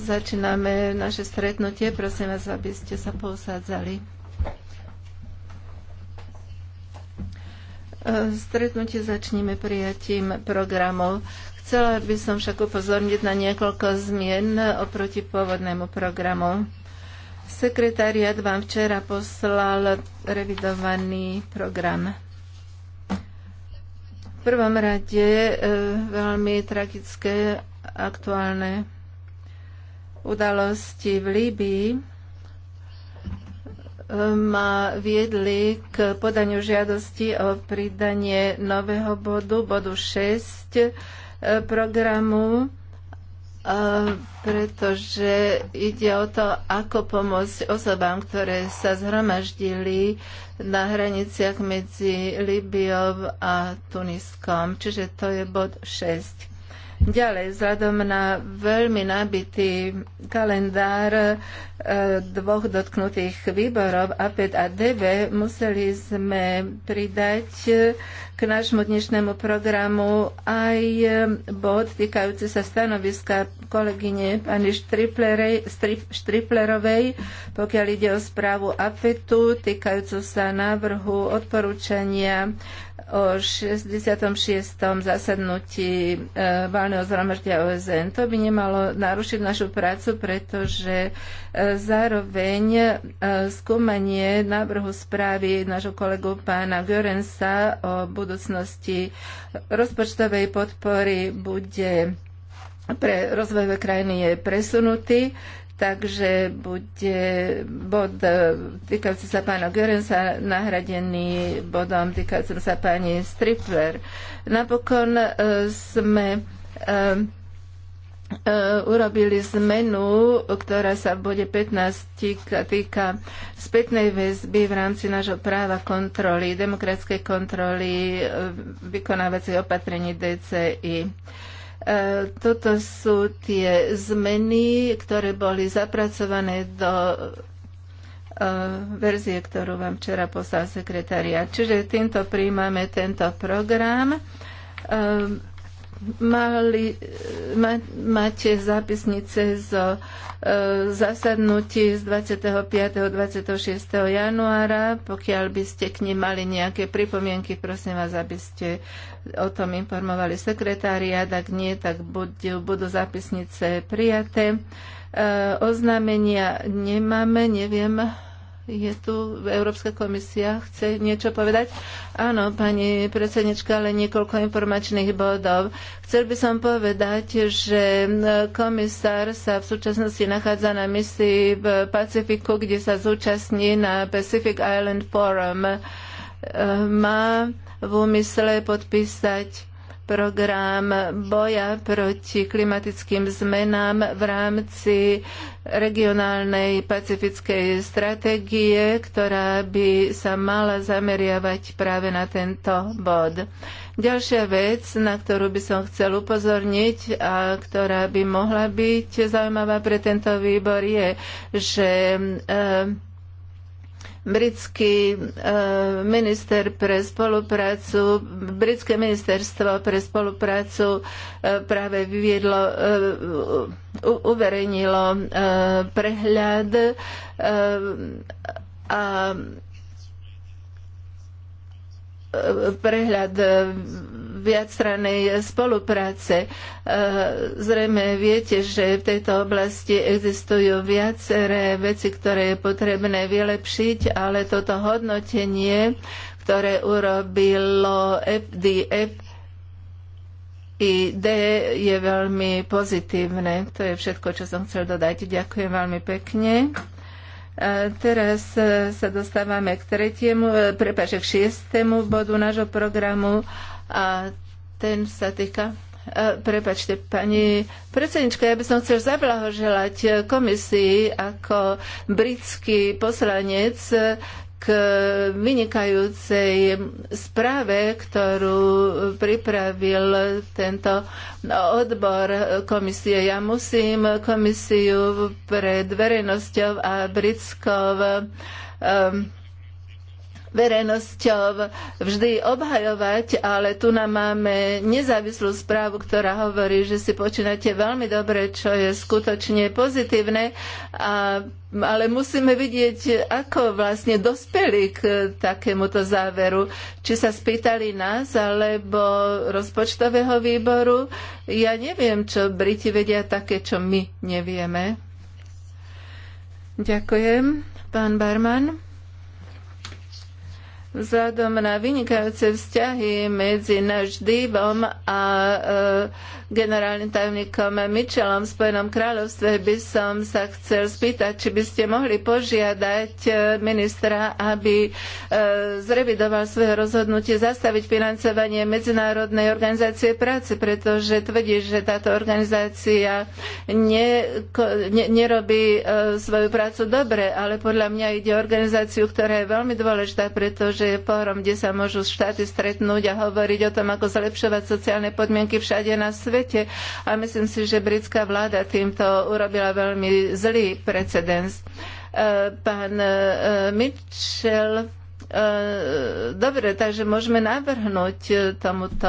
Začíname naše stretnutie. Prosím vás, aby ste sa posádzali. E, stretnutie začneme prijatím programov. Chcela by som však upozorniť na niekoľko zmien oproti pôvodnému programu. Sekretariat vám včera poslal revidovaný program prvom rade e, veľmi tragické aktuálne udalosti v Líbii e, ma viedli k podaniu žiadosti o pridanie nového bodu, bodu 6 e, programu pretože ide o to, ako pomôcť osobám, ktoré sa zhromaždili na hraniciach medzi Libiou a Tuniskom. Čiže to je bod 6. Ďalej, vzhľadom na veľmi nabitý kalendár e, dvoch dotknutých výborov A5 a DV museli sme pridať e, k nášmu dnešnému programu aj e, bod týkajúci sa stanoviska kolegyne pani Štriplerovej, pokiaľ ide o správu APETu týkajúcu sa návrhu odporúčania o 66. zasadnutí e, valného zhromaždia OSN. To by nemalo narušiť našu prácu, pretože e, zároveň e, skúmanie návrhu správy nášho kolegu pána Görensa o budúcnosti rozpočtovej podpory bude pre rozvojové krajiny je presunutý takže bude bod e, týkajúci sa pána Görensa nahradený bodom týkajúcim sa pani Stripler. Napokon e, sme e, urobili zmenu, ktorá sa v bode 15 týka, týka spätnej väzby v rámci nášho práva kontroly, demokratickej kontroly vykonávacej opatrení DCI. Toto sú tie zmeny, ktoré boli zapracované do e, verzie, ktorú vám včera poslal sekretariat. Čiže týmto príjmame tento program. E, mali, ma, máte zápisnice z e, zasadnutí z 25. 26. januára. Pokiaľ by ste k nim mali nejaké pripomienky, prosím vás, aby ste o tom informovali sekretária. Ak nie, tak budú, budú zápisnice prijaté. E, oznámenia nemáme, neviem, je tu Európska komisia, chce niečo povedať? Áno, pani predsednička, ale niekoľko informačných bodov. Chcel by som povedať, že komisár sa v súčasnosti nachádza na misii v Pacifiku, kde sa zúčastní na Pacific Island Forum. Má v úmysle podpísať program boja proti klimatickým zmenám v rámci regionálnej pacifickej stratégie, ktorá by sa mala zameriavať práve na tento bod. Ďalšia vec, na ktorú by som chcel upozorniť a ktorá by mohla byť zaujímavá pre tento výbor je, že e, britský e, minister pre spoluprácu, britské ministerstvo pre spoluprácu e, práve vyviedlo, e, uverejnilo prehľad a prehľad eh, viacstrannej spolupráce. Eh, zrejme viete, že v tejto oblasti existujú viaceré veci, ktoré je potrebné vylepšiť, ale toto hodnotenie, ktoré urobilo FDF, i D je veľmi pozitívne. To je všetko, čo som chcel dodať. Ďakujem veľmi pekne. Teraz e, sa dostávame k tretiemu, e, prepáče, k šiestému bodu nášho programu a ten sa týka e, prepačte, pani predsednička, ja by som chcel zablahoželať komisii ako britský poslanec k vynikajúcej správe, ktorú pripravil tento odbor komisie. Ja musím komisiu pred verejnosťou a britskou um, verejnosťou vždy obhajovať, ale tu nám máme nezávislú správu, ktorá hovorí, že si počínate veľmi dobre, čo je skutočne pozitívne, a, ale musíme vidieť, ako vlastne dospeli k takémuto záveru. Či sa spýtali nás, alebo rozpočtového výboru. Ja neviem, čo Briti vedia také, čo my nevieme. Ďakujem, pán Barman. Vzhľadom na vynikajúce vzťahy medzi náš divom a e, generálnym tajomníkom Mitchellom v Spojenom kráľovstve, by som sa chcel spýtať, či by ste mohli požiadať e, ministra, aby e, zrevidoval svoje rozhodnutie zastaviť financovanie Medzinárodnej organizácie práce, pretože tvrdí, že táto organizácia ne, ne, nerobí e, svoju prácu dobre, ale podľa mňa ide o organizáciu, ktorá je veľmi dôležitá, pretože je pohrom, kde sa môžu štáty stretnúť a hovoriť o tom, ako zlepšovať sociálne podmienky všade na svete svete. A myslím si, že britská vláda týmto urobila veľmi zlý precedens. E, pán e, Mitchell e, dobre, takže môžeme navrhnúť tomuto,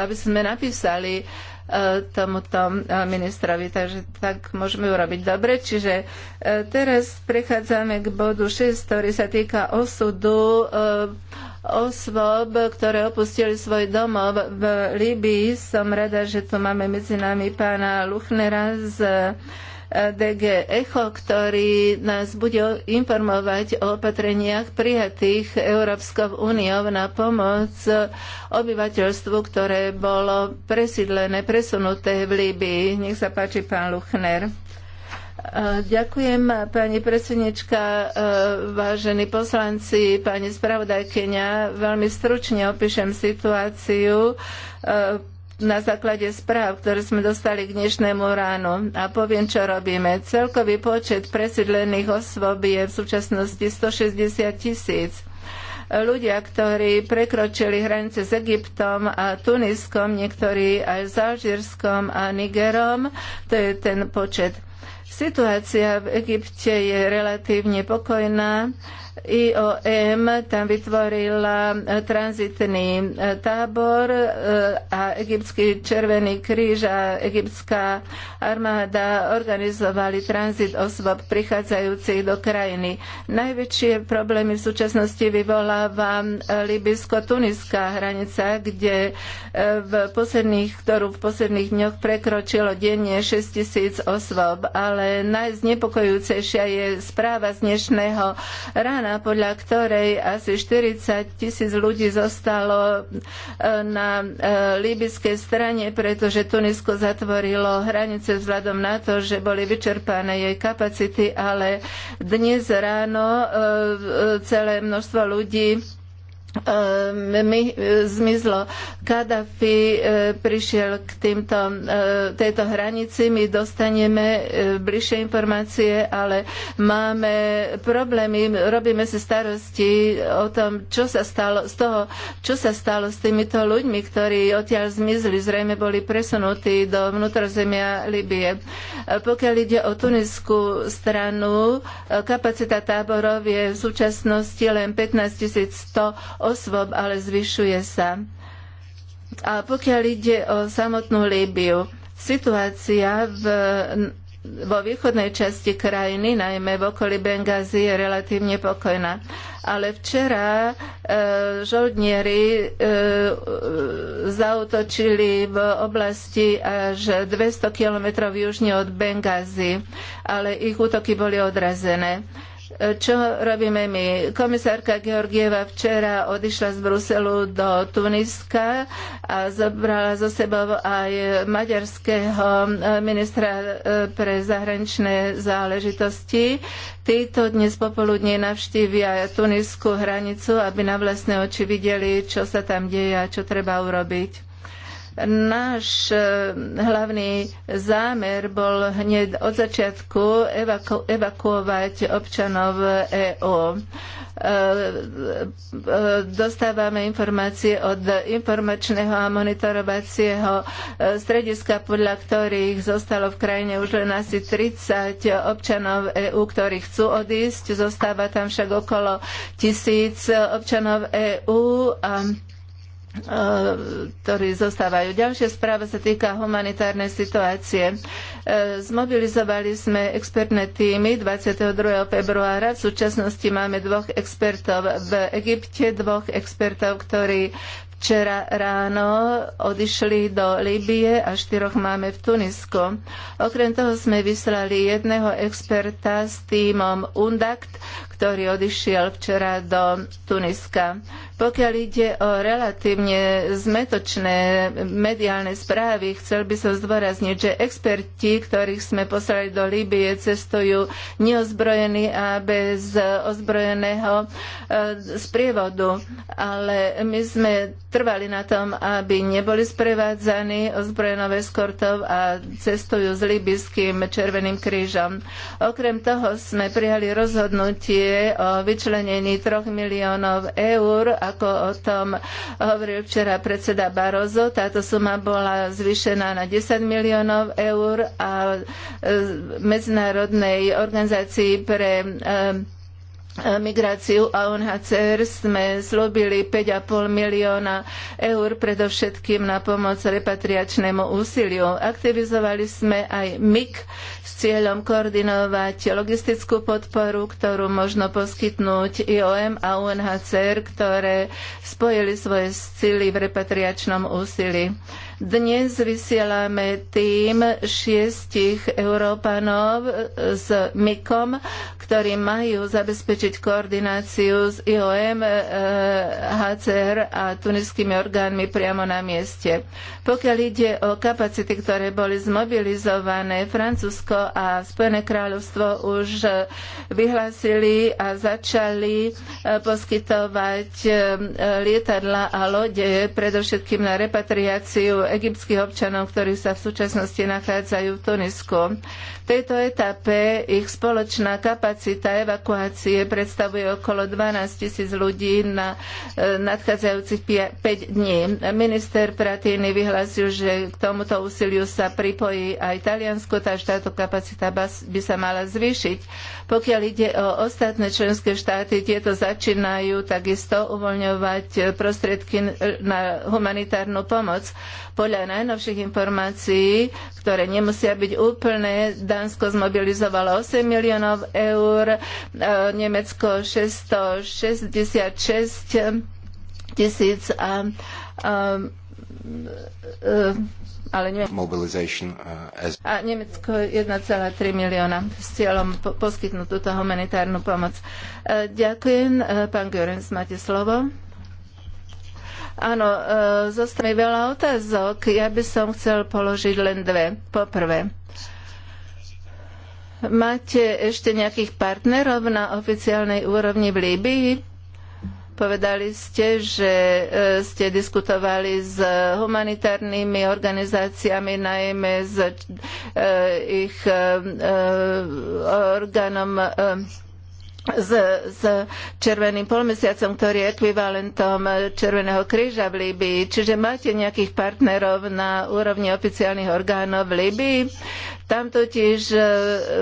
aby sme napísali E, tomuto e, ministrovi. Takže tak môžeme urobiť dobre. Čiže e, teraz prechádzame k bodu 6, ktorý sa týka osudu osôb, ktoré opustili svoj domov v Líbii. Som rada, že tu máme medzi nami pána Luchnera z DG ECHO, ktorý nás bude informovať o opatreniach prijatých Európskou úniou na pomoc obyvateľstvu, ktoré bolo presídlené, presunuté v Líbii. Nech sa páči, pán Luchner. Ďakujem, pani predsednička, vážení poslanci, pani spravodajkyňa. Veľmi stručne opíšem situáciu na základe správ, ktoré sme dostali k dnešnému ránu. A poviem, čo robíme. Celkový počet presídlených osôb je v súčasnosti 160 tisíc. Ľudia, ktorí prekročili hranice s Egyptom a Tuniskom, niektorí aj s Alžírskom a Nigerom, to je ten počet. Situácia v Egypte je relatívne pokojná IOM tam vytvorila e, tranzitný e, tábor e, a egyptský Červený kríž a egyptská armáda organizovali tranzit osôb prichádzajúcich do krajiny. Najväčšie problémy v súčasnosti vyvoláva libysko-tuniská hranica, kde v posledných, ktorú v posledných dňoch prekročilo denne 6 tisíc osôb, ale najznepokojúcejšia je správa z dnešného rána strana, podľa ktorej asi 40 tisíc ľudí zostalo e, na e, líbyskej strane, pretože Tunisko zatvorilo hranice vzhľadom na to, že boli vyčerpané jej kapacity, ale dnes ráno e, celé množstvo ľudí my, ehm, eh, zmizlo. Kadafi eh, prišiel k týmto, eh, tejto hranici, my dostaneme bližšie informácie, ale máme problémy, robíme si starosti o tom, čo sa stalo, z toho, čo sa stalo s týmito ľuďmi, ktorí odtiaľ zmizli, zrejme boli presunutí do vnútrozemia Libie. Pokiaľ ide o tuniskú stranu, kapacita táborov je v súčasnosti len 15 100 osôb, ale zvyšuje sa. A pokiaľ ide o samotnú Líbiu, situácia v, vo východnej časti krajiny, najmä v okolí Bengázy, je relatívne pokojná. Ale včera e, žoldnieri e, zautočili v oblasti až 200 kilometrov južne od Bengázy, ale ich útoky boli odrazené. E, čo robíme my? Komisárka Georgieva včera odišla z Bruselu do Tuniska a zobrala zo sebou aj maďarského e, ministra e, pre zahraničné záležitosti. Títo dnes popoludne navštívia tuniskú hranicu, aby na vlastné oči videli, čo sa tam deje a čo treba urobiť. Náš e, hlavný zámer bol hneď od začiatku evaku- evakuovať občanov EÚ. E, e, dostávame informácie od informačného a monitorovacieho strediska, podľa ktorých zostalo v krajine už len asi 30 občanov EÚ, ktorí chcú odísť. Zostáva tam však okolo tisíc občanov EÚ a E, ktorí zostávajú. Ďalšia správa sa týka humanitárnej situácie. E, zmobilizovali sme expertné týmy 22. februára. V súčasnosti máme dvoch expertov v Egypte, dvoch expertov, ktorí Včera ráno odišli do Líbie a štyroch máme v Tunisku. Okrem toho sme vyslali jedného experta s týmom UNDACT, ktorý odišiel včera do Tuniska. Pokiaľ ide o relatívne zmetočné mediálne správy, chcel by som zdôrazniť, že experti, ktorých sme poslali do Líbie, cestujú neozbrojení a bez ozbrojeného sprievodu. E, Ale my sme trvali na tom, aby neboli sprevádzani ozbrojenou eskortov a cestujú s libyským Červeným krížom. Okrem toho sme prijali rozhodnutie uvažuje o e, vyčlenení 3 miliónov eur, ako o tom hovoril včera predseda Barozo. Táto suma bola zvýšená na 10 miliónov eur a e, Medzinárodnej organizácii pre e, migráciu a UNHCR sme zlobili 5,5 milióna eur predovšetkým na pomoc repatriačnému úsiliu. Aktivizovali sme aj MIG s cieľom koordinovať logistickú podporu, ktorú možno poskytnúť IOM a UNHCR, ktoré spojili svoje sily v repatriačnom úsilí. Dnes vysielame tým šiestich Európanov s MIKom, ktorí majú zabezpečiť koordináciu s IOM, HCR eh, a tuniskými orgánmi priamo na mieste. Pokiaľ ide o kapacity, ktoré boli zmobilizované, Francúzsko a Spojené kráľovstvo už eh, vyhlásili a začali eh, poskytovať lietadla a lode, predovšetkým na repatriáciu egyptských občanov, ktorí sa v súčasnosti nachádzajú v Tunisku tejto etape ich spoločná kapacita evakuácie predstavuje okolo 12 tisíc ľudí na e, nadchádzajúcich 5 dní. Minister Pratini vyhlásil, že k tomuto úsiliu sa pripojí aj Taliansko, tá štátu kapacita by sa mala zvýšiť. Pokiaľ ide o ostatné členské štáty, tieto začínajú takisto uvoľňovať prostriedky na humanitárnu pomoc. Podľa najnovších informácií, ktoré nemusia byť úplné, Dánsko zmobilizovalo 8 miliónov eur, e, Nemecko 666 tisíc a, a, e, ale nie. E, a Nemecko 1,3 milióna s cieľom po- poskytnúť túto humanitárnu pomoc. Ďakujem. Pán Görens, máte slovo. Áno, zostane veľa otázok. Ja by som chcel položiť len dve. Poprvé, prvé, Máte ešte nejakých partnerov na oficiálnej úrovni v Líbii? Povedali ste, že e, ste diskutovali s humanitárnymi organizáciami, najmä s e, ich e, orgánom s, s Červeným polmesiacom, ktorý je ekvivalentom Červeného kríža v Líbii. Čiže máte nejakých partnerov na úrovni oficiálnych orgánov v Líbii? Tam totiž e,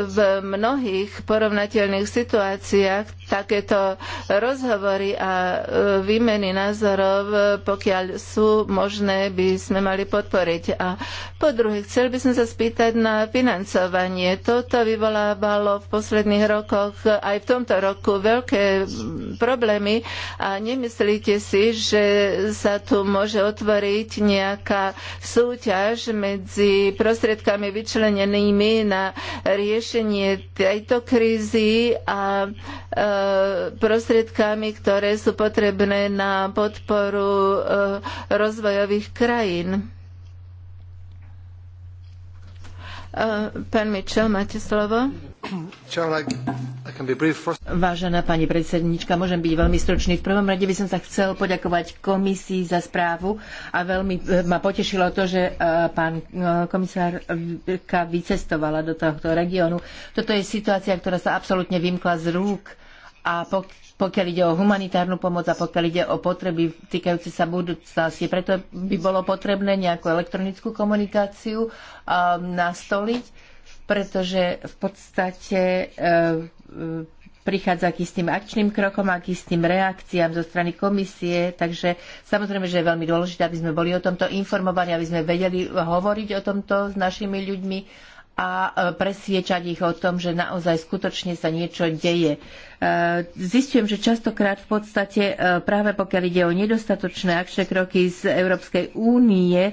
v mnohých porovnateľných situáciách takéto rozhovory a e, výmeny názorov, e, pokiaľ sú možné, by sme mali podporiť. A po druhé, chcel by som sa spýtať na financovanie. Toto vyvolávalo v posledných rokoch aj v tomto tohto roku veľké problémy a nemyslíte si, že sa tu môže otvoriť nejaká súťaž medzi prostriedkami vyčlenenými na riešenie tejto krízy a e, prostriedkami, ktoré sú potrebné na podporu e, rozvojových krajín. Eh, pán Mitchell, máte slovo. Vážená pani predsednička, môžem byť veľmi stručný. V prvom rade by som sa chcel poďakovať komisii za správu a veľmi eh, ma potešilo to, že eh, pán komisárka vycestovala do tohto regiónu. Toto je situácia, ktorá sa absolútne vymkla z rúk a pokiaľ pokiaľ ide o humanitárnu pomoc a pokiaľ ide o potreby týkajúce sa budúcnosti. Preto by bolo potrebné nejakú elektronickú komunikáciu um, nastoliť, pretože v podstate um, prichádza k istým akčným krokom a k istým reakciám zo strany komisie, takže samozrejme, že je veľmi dôležité, aby sme boli o tomto informovaní, aby sme vedeli hovoriť o tomto s našimi ľuďmi a uh, presviečať ich o tom, že naozaj skutočne sa niečo deje E, Zistujem, že častokrát v podstate e, práve pokiaľ ide o nedostatočné akčné kroky z Európskej únie, e,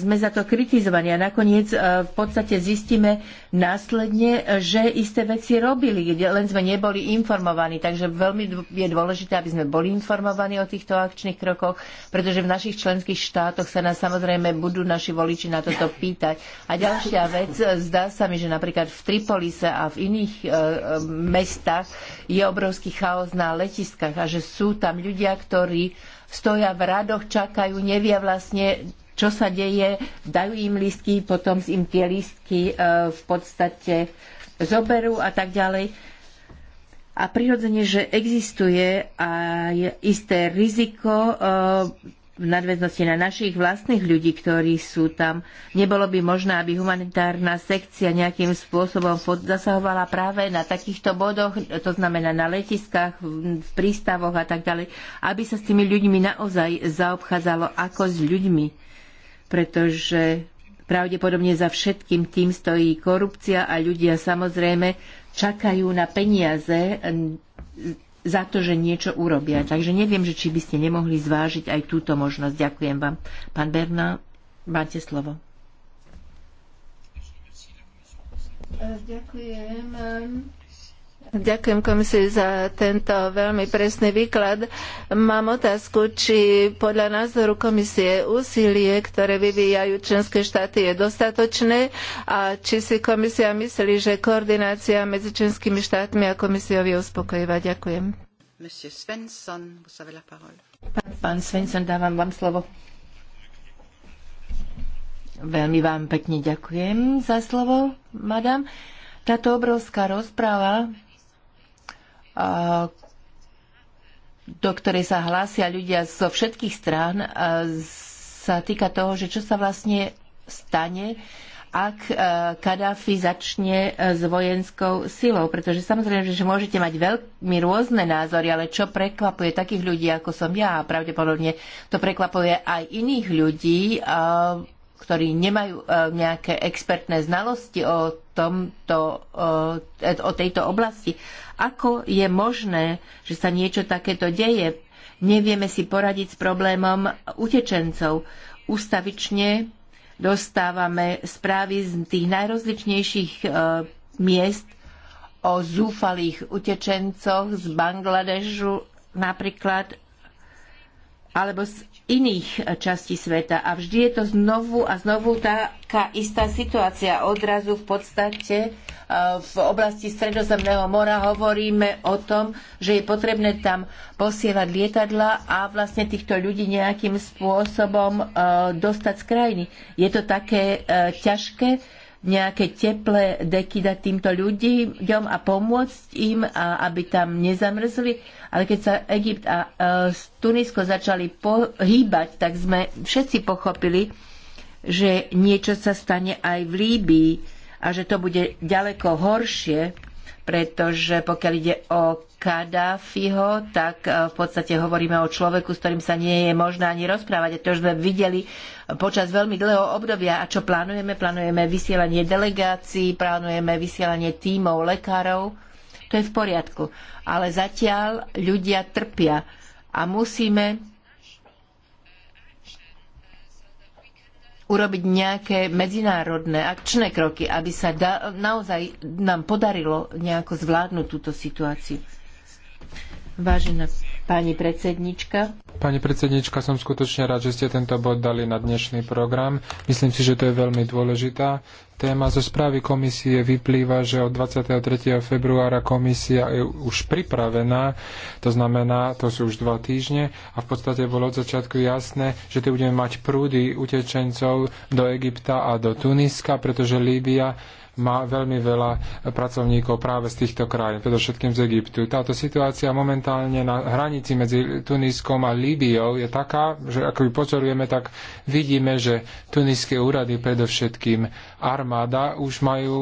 sme za to kritizovaní a nakoniec v podstate zistíme následne, že isté veci robili, len sme neboli informovaní. Takže veľmi je dôležité, aby sme boli informovaní o týchto akčných krokoch, pretože v našich členských štátoch sa nás samozrejme budú naši voliči na toto pýtať. A ďalšia vec, zdá sa mi, že napríklad v Tripolise a v iných mestách je obrovský chaos na letiskách a že sú tam ľudia, ktorí stoja v radoch, čakajú, nevia vlastne, čo sa deje, dajú im lístky, potom im tie e, v podstate zoberú a tak ďalej. A prirodzene, že existuje aj isté riziko e, v nadväznosti na našich vlastných ľudí, ktorí sú tam. Nebolo by možné, aby humanitárna sekcia nejakým spôsobom zasahovala práve na takýchto bodoch, to znamená na letiskách, v prístavoch a tak ďalej, aby sa s tými ľuďmi naozaj zaobchádzalo ako s ľuďmi. Pretože pravdepodobne za všetkým tým stojí korupcia a ľudia samozrejme čakajú na peniaze za to, že niečo urobia. Takže neviem, že či by ste nemohli zvážiť aj túto možnosť. Ďakujem vám. Pán Berna, máte slovo. Ďakujem. Ďakujem komisii za tento veľmi presný výklad. Mám otázku, či podľa názoru komisie úsilie, ktoré vyvíjajú členské štáty, je dostatočné a či si komisia myslí, že koordinácia medzi členskými štátmi a komisiou je uspokojivá. Ďakujem. Svensson, pán, pán Svensson, dávam vám slovo. Veľmi vám pekne ďakujem za slovo, madam. Táto obrovská rozpráva do ktorej sa hlásia ľudia zo všetkých strán, e, sa týka toho, že čo sa vlastne stane, ak e, Kadáfi začne e, s vojenskou silou. Pretože samozrejme, že môžete mať veľmi rôzne názory, ale čo prekvapuje takých ľudí, ako som ja, a pravdepodobne to prekvapuje aj iných ľudí, ktorí nemajú nejaké expertné znalosti o, tomto, o tejto oblasti. Ako je možné, že sa niečo takéto deje? Nevieme si poradiť s problémom utečencov. Ústavične dostávame správy z tých najrozličnejších e, miest o zúfalých utečencoch z Bangladežu napríklad, alebo z iných eh, častí sveta. A vždy je to znovu a znovu taká istá situácia. Odrazu v podstate eh, v oblasti Stredozemného mora hovoríme o tom, že je potrebné tam posielať lietadla a vlastne týchto ľudí nejakým spôsobom eh, dostať z krajiny. Je to také ťažké nejaké teplé deky dať týmto ľuďom a pomôcť im, a aby tam nezamrzli. Ale keď sa Egypt a e, Tunisko začali pohýbať, tak sme všetci pochopili, že niečo sa stane aj v Líbii a že to bude ďaleko horšie, pretože pokiaľ ide o Kadáfiho, tak e, v podstate hovoríme o človeku, s ktorým sa nie je možné ani rozprávať. A to už sme videli počas veľmi dlhého obdobia. A čo plánujeme? Plánujeme vysielanie delegácií, plánujeme vysielanie tímov lekárov. To je v poriadku. Ale zatiaľ ľudia trpia a musíme urobiť nejaké medzinárodné akčné kroky, aby sa da, naozaj nám podarilo nejako zvládnuť túto situáciu. Vážená pani predsednička, Pani predsednička, som skutočne rád, že ste tento bod dali na dnešný program. Myslím si, že to je veľmi dôležitá téma. Zo správy komisie vyplýva, že od 23. februára komisia je už pripravená, to znamená, to sú už dva týždne a v podstate bolo od začiatku jasné, že tu budeme mať prúdy utečencov do Egypta a do Tuniska, pretože Líbia má veľmi veľa pracovníkov práve z týchto krajín, predovšetkým z Egyptu. Táto situácia momentálne na hranici medzi Tuniskom a Líbiou je taká, že ako ju pozorujeme, tak vidíme, že tuniské úrady, predovšetkým armáda, už majú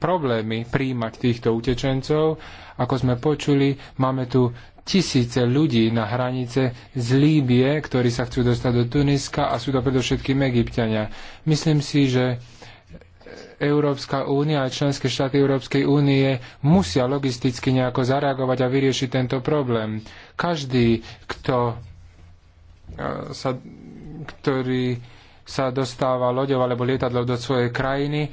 problémy príjmať týchto utečencov. Ako sme počuli, máme tu tisíce ľudí na hranice z Líbie, ktorí sa chcú dostať do Tuniska a sú to predovšetkým egyptiania. Myslím si, že Európska únia a členské štáty Európskej únie musia logisticky nejako zareagovať a vyriešiť tento problém. Každý, kto e, sa, ktorý sa dostáva loďov alebo lietadlov do svojej krajiny, e,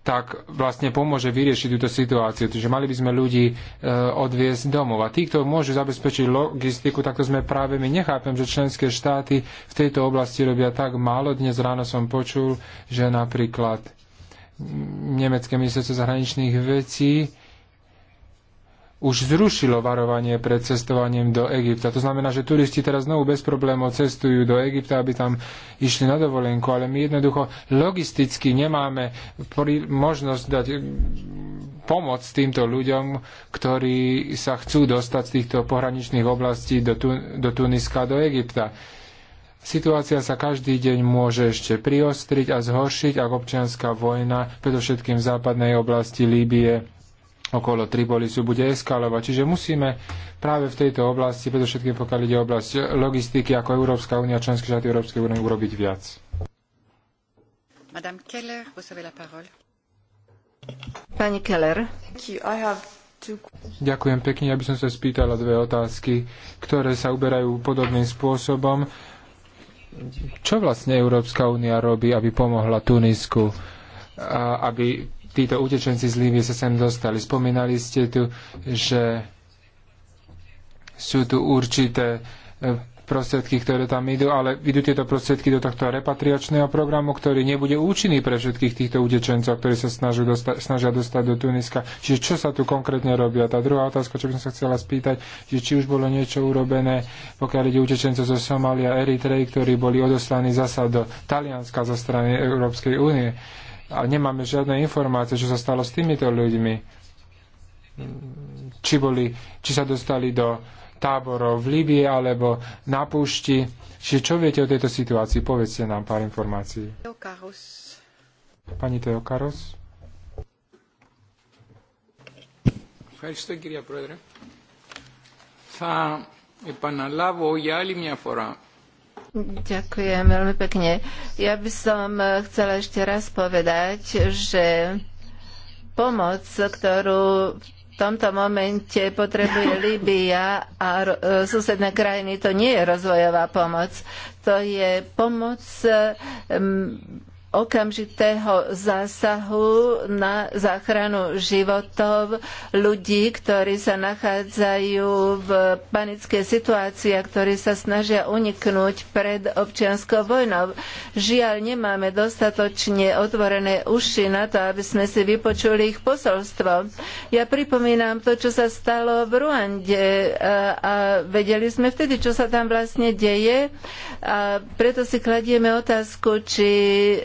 tak vlastne pomôže vyriešiť túto situáciu. Takže mali by sme ľudí e, odviesť domov. A tí, kto môžu zabezpečiť logistiku, tak to sme práve my. Nechápem, že členské štáty v tejto oblasti robia tak málo. Dnes ráno som počul, že napríklad nemecké ministerstvo zahraničných vecí už zrušilo varovanie pred cestovaním do Egypta. To znamená, že turisti teraz znovu bez problémov cestujú do Egypta, aby tam išli na dovolenku, ale my jednoducho logisticky nemáme možnosť dať mm, pomoc týmto ľuďom, ktorí sa chcú dostať z týchto pohraničných oblastí do, Tun- do Tuniska do Egypta. Situácia sa každý deň môže ešte priostriť a zhoršiť, ak občianská vojna, predovšetkým v západnej oblasti Líbie, okolo Tribolisu bude eskalovať. Čiže musíme práve v tejto oblasti, predovšetkým pokiaľ ide oblasť logistiky, ako Európska únia, členské štáty Európskej únie, urobiť viac. Madame Keller, vous avez la parole. Pani Keller. Ďakujem pekne. aby som sa spýtala dve otázky, ktoré sa uberajú podobným spôsobom čo vlastne Európska únia robí, aby pomohla Tunisku, a aby títo utečenci z Líbie sa sem dostali? Spomínali ste tu, že sú tu určité eh, prostriedky, ktoré tam idú, ale idú tieto prostriedky do tohto repatriačného programu, ktorý nebude účinný pre všetkých týchto utečencov, ktorí sa snažia dostať, snažia dostať do Tuniska. Čiže čo sa tu konkrétne robí? A tá druhá otázka, čo by som sa chcela spýtať, že či už bolo niečo urobené, pokiaľ ide utečencov zo Somalia, Eritrej, ktorí boli odoslaní zasa do Talianska zo strany Európskej únie. A nemáme žiadne informácie, čo sa stalo s týmito ľuďmi. Či, boli, či sa dostali do táborov v Libii alebo na púšti. Čiže čo viete o tejto situácii? Povedzte nám pár informácií. Pani Teokaros. Ďakujem veľmi pekne. Ja by som chcela ešte raz povedať, že pomoc, ktorú tomto momente potrebuje Líbia a e, susedné krajiny, to nie je rozvojová pomoc. To je pomoc e, okamžitého zásahu na záchranu životov ľudí, ktorí sa nachádzajú v panickej situácii a ktorí sa snažia uniknúť pred občianskou vojnou. Žiaľ, nemáme dostatočne otvorené uši na to, aby sme si vypočuli ich posolstvo. Ja pripomínam to, čo sa stalo v Ruande a vedeli sme vtedy, čo sa tam vlastne deje a preto si kladieme otázku, či e,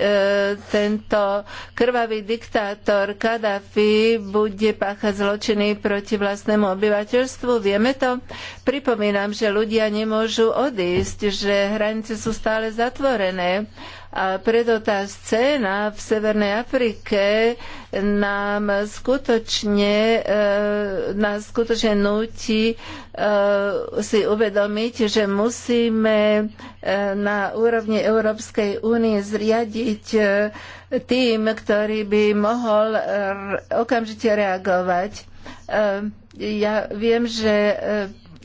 tento krvavý diktátor Kadafi bude páchať zločiny proti vlastnému obyvateľstvu. Vieme to? Pripomínam, že ľudia nemôžu odísť, že hranice sú stále zatvorené a preto tá scéna v Severnej Afrike nám skutočne, eh, nás skutočne nutí eh, si uvedomiť, že musíme eh, na úrovni Európskej únie zriadiť tým, ktorý by mohol okamžite reagovať. Ja viem, že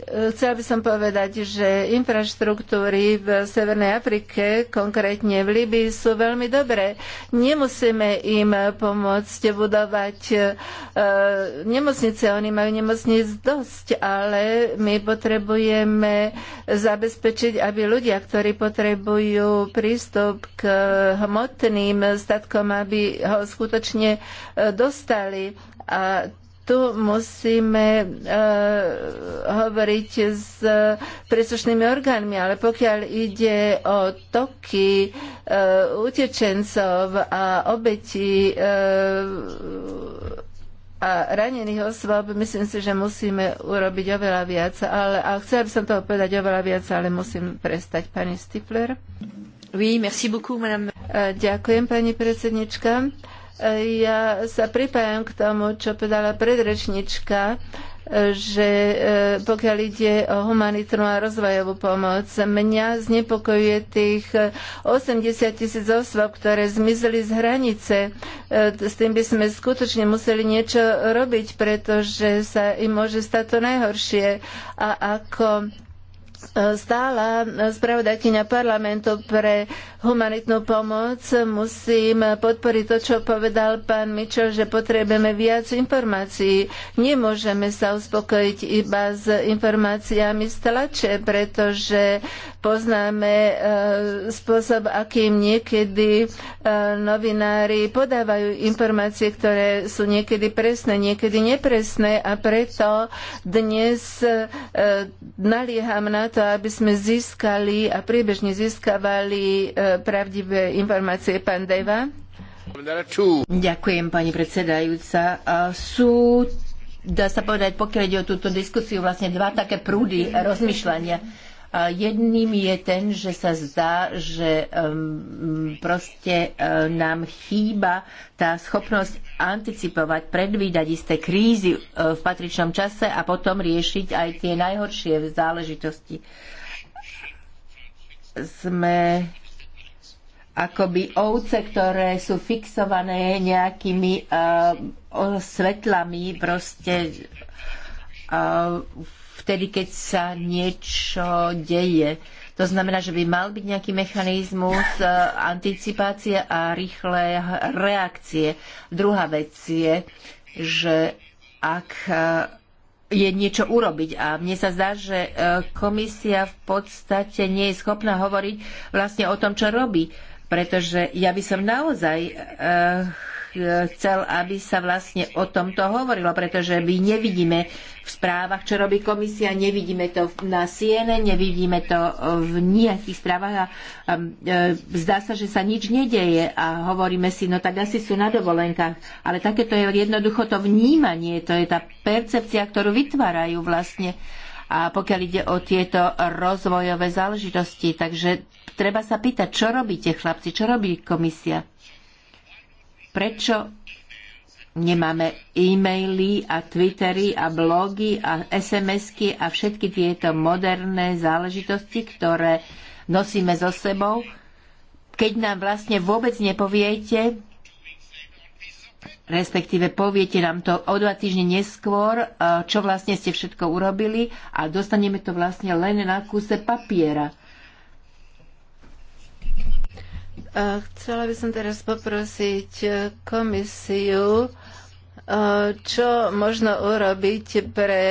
Chcela by som povedať, že infraštruktúry v Severnej Afrike, konkrétne v Libii, sú veľmi dobré. Nemusíme im pomôcť budovať e, nemocnice, oni majú nemocnic dosť, ale my potrebujeme zabezpečiť, aby ľudia, ktorí potrebujú prístup k hmotným statkom, aby ho skutočne e, dostali. A tu musíme uh, hovoriť s príslušnými orgánmi, ale pokiaľ ide o toky uh, utečencov a obeti uh, e, a ranených osôb, myslím si, že musíme urobiť oveľa viac. Ale, a chcela by som toho povedať oveľa viac, ale musím prestať. Pani Stifler. Oui, merci beaucoup, madame. Ďakujem, pani predsednička. Ja sa pripájam k tomu, čo povedala predrečnička, že e, pokiaľ ide o humanitnú a rozvojovú pomoc, mňa znepokojuje tých 80 tisíc osôb, ktoré zmizli z hranice. E, s tým by sme skutočne museli niečo robiť, pretože sa im môže stať to najhoršie. A ako stála spravodajkyňa parlamentu pre humanitnú pomoc, musím podporiť to, čo povedal pán Mičel, že potrebujeme viac informácií. Nemôžeme sa uspokojiť iba s informáciami z tlače, pretože poznáme e, spôsob, akým niekedy e, novinári podávajú informácie, ktoré sú niekedy presné, niekedy nepresné a preto dnes e, nalieham na to, to, aby sme získali a priebežne získavali e, pravdivé informácie. Pán Deva. Ďakujem, pani predsedajúca. Sú, dá sa povedať, pokiaľ ide o túto diskusiu, vlastne dva také prúdy rozmýšľania. Jedným je ten, že sa zdá, že um, proste um, nám chýba tá schopnosť anticipovať, predvídať isté krízy eh, v patričnom čase a potom riešiť aj tie najhoršie záležitosti. Sme akoby ovce, ktoré sú fixované nejakými uh, svetlami, proste uh, vtedy, keď sa niečo deje. Uh, to znamená, že by mal byť nejaký mechanizmus e, anticipácie a rýchle reakcie. Druhá vec je, že ak e, je niečo urobiť. A mne sa zdá, že e, komisia v podstate nie je schopná hovoriť vlastne o tom, čo robí. Pretože ja by som naozaj chcel, aby sa vlastne o tomto hovorilo, pretože my nevidíme v správach, čo robí komisia, nevidíme to na CNN, nevidíme to v nejakých správach a, e, zdá sa, že sa nič nedeje a hovoríme si, no tak asi sú na dovolenkách. Ale takéto je jednoducho to vnímanie, to je tá percepcia, ktorú vytvárajú vlastne a pokiaľ ide o tieto rozvojové záležitosti. Takže treba sa pýtať, čo robíte chlapci, čo robí komisia? Prečo nemáme e-maily a twittery a blogy a SMSky a všetky tieto moderné záležitosti, ktoré nosíme so sebou, keď nám vlastne vôbec nepoviete, respektíve poviete nám to o dva týždne neskôr, e, čo vlastne ste všetko urobili a dostaneme to vlastne len na kúse papiera. Chcela by som teraz poprosiť e, komisiu, e, čo možno urobiť pre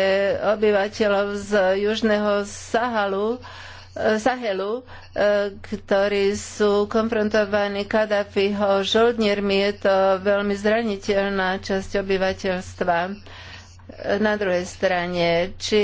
obyvateľov z južného Sahalu, e, Sahelu, ktorí sú konfrontovaní Kadafiho žoldniermi. Je to veľmi zraniteľná časť obyvateľstva na druhej strane, či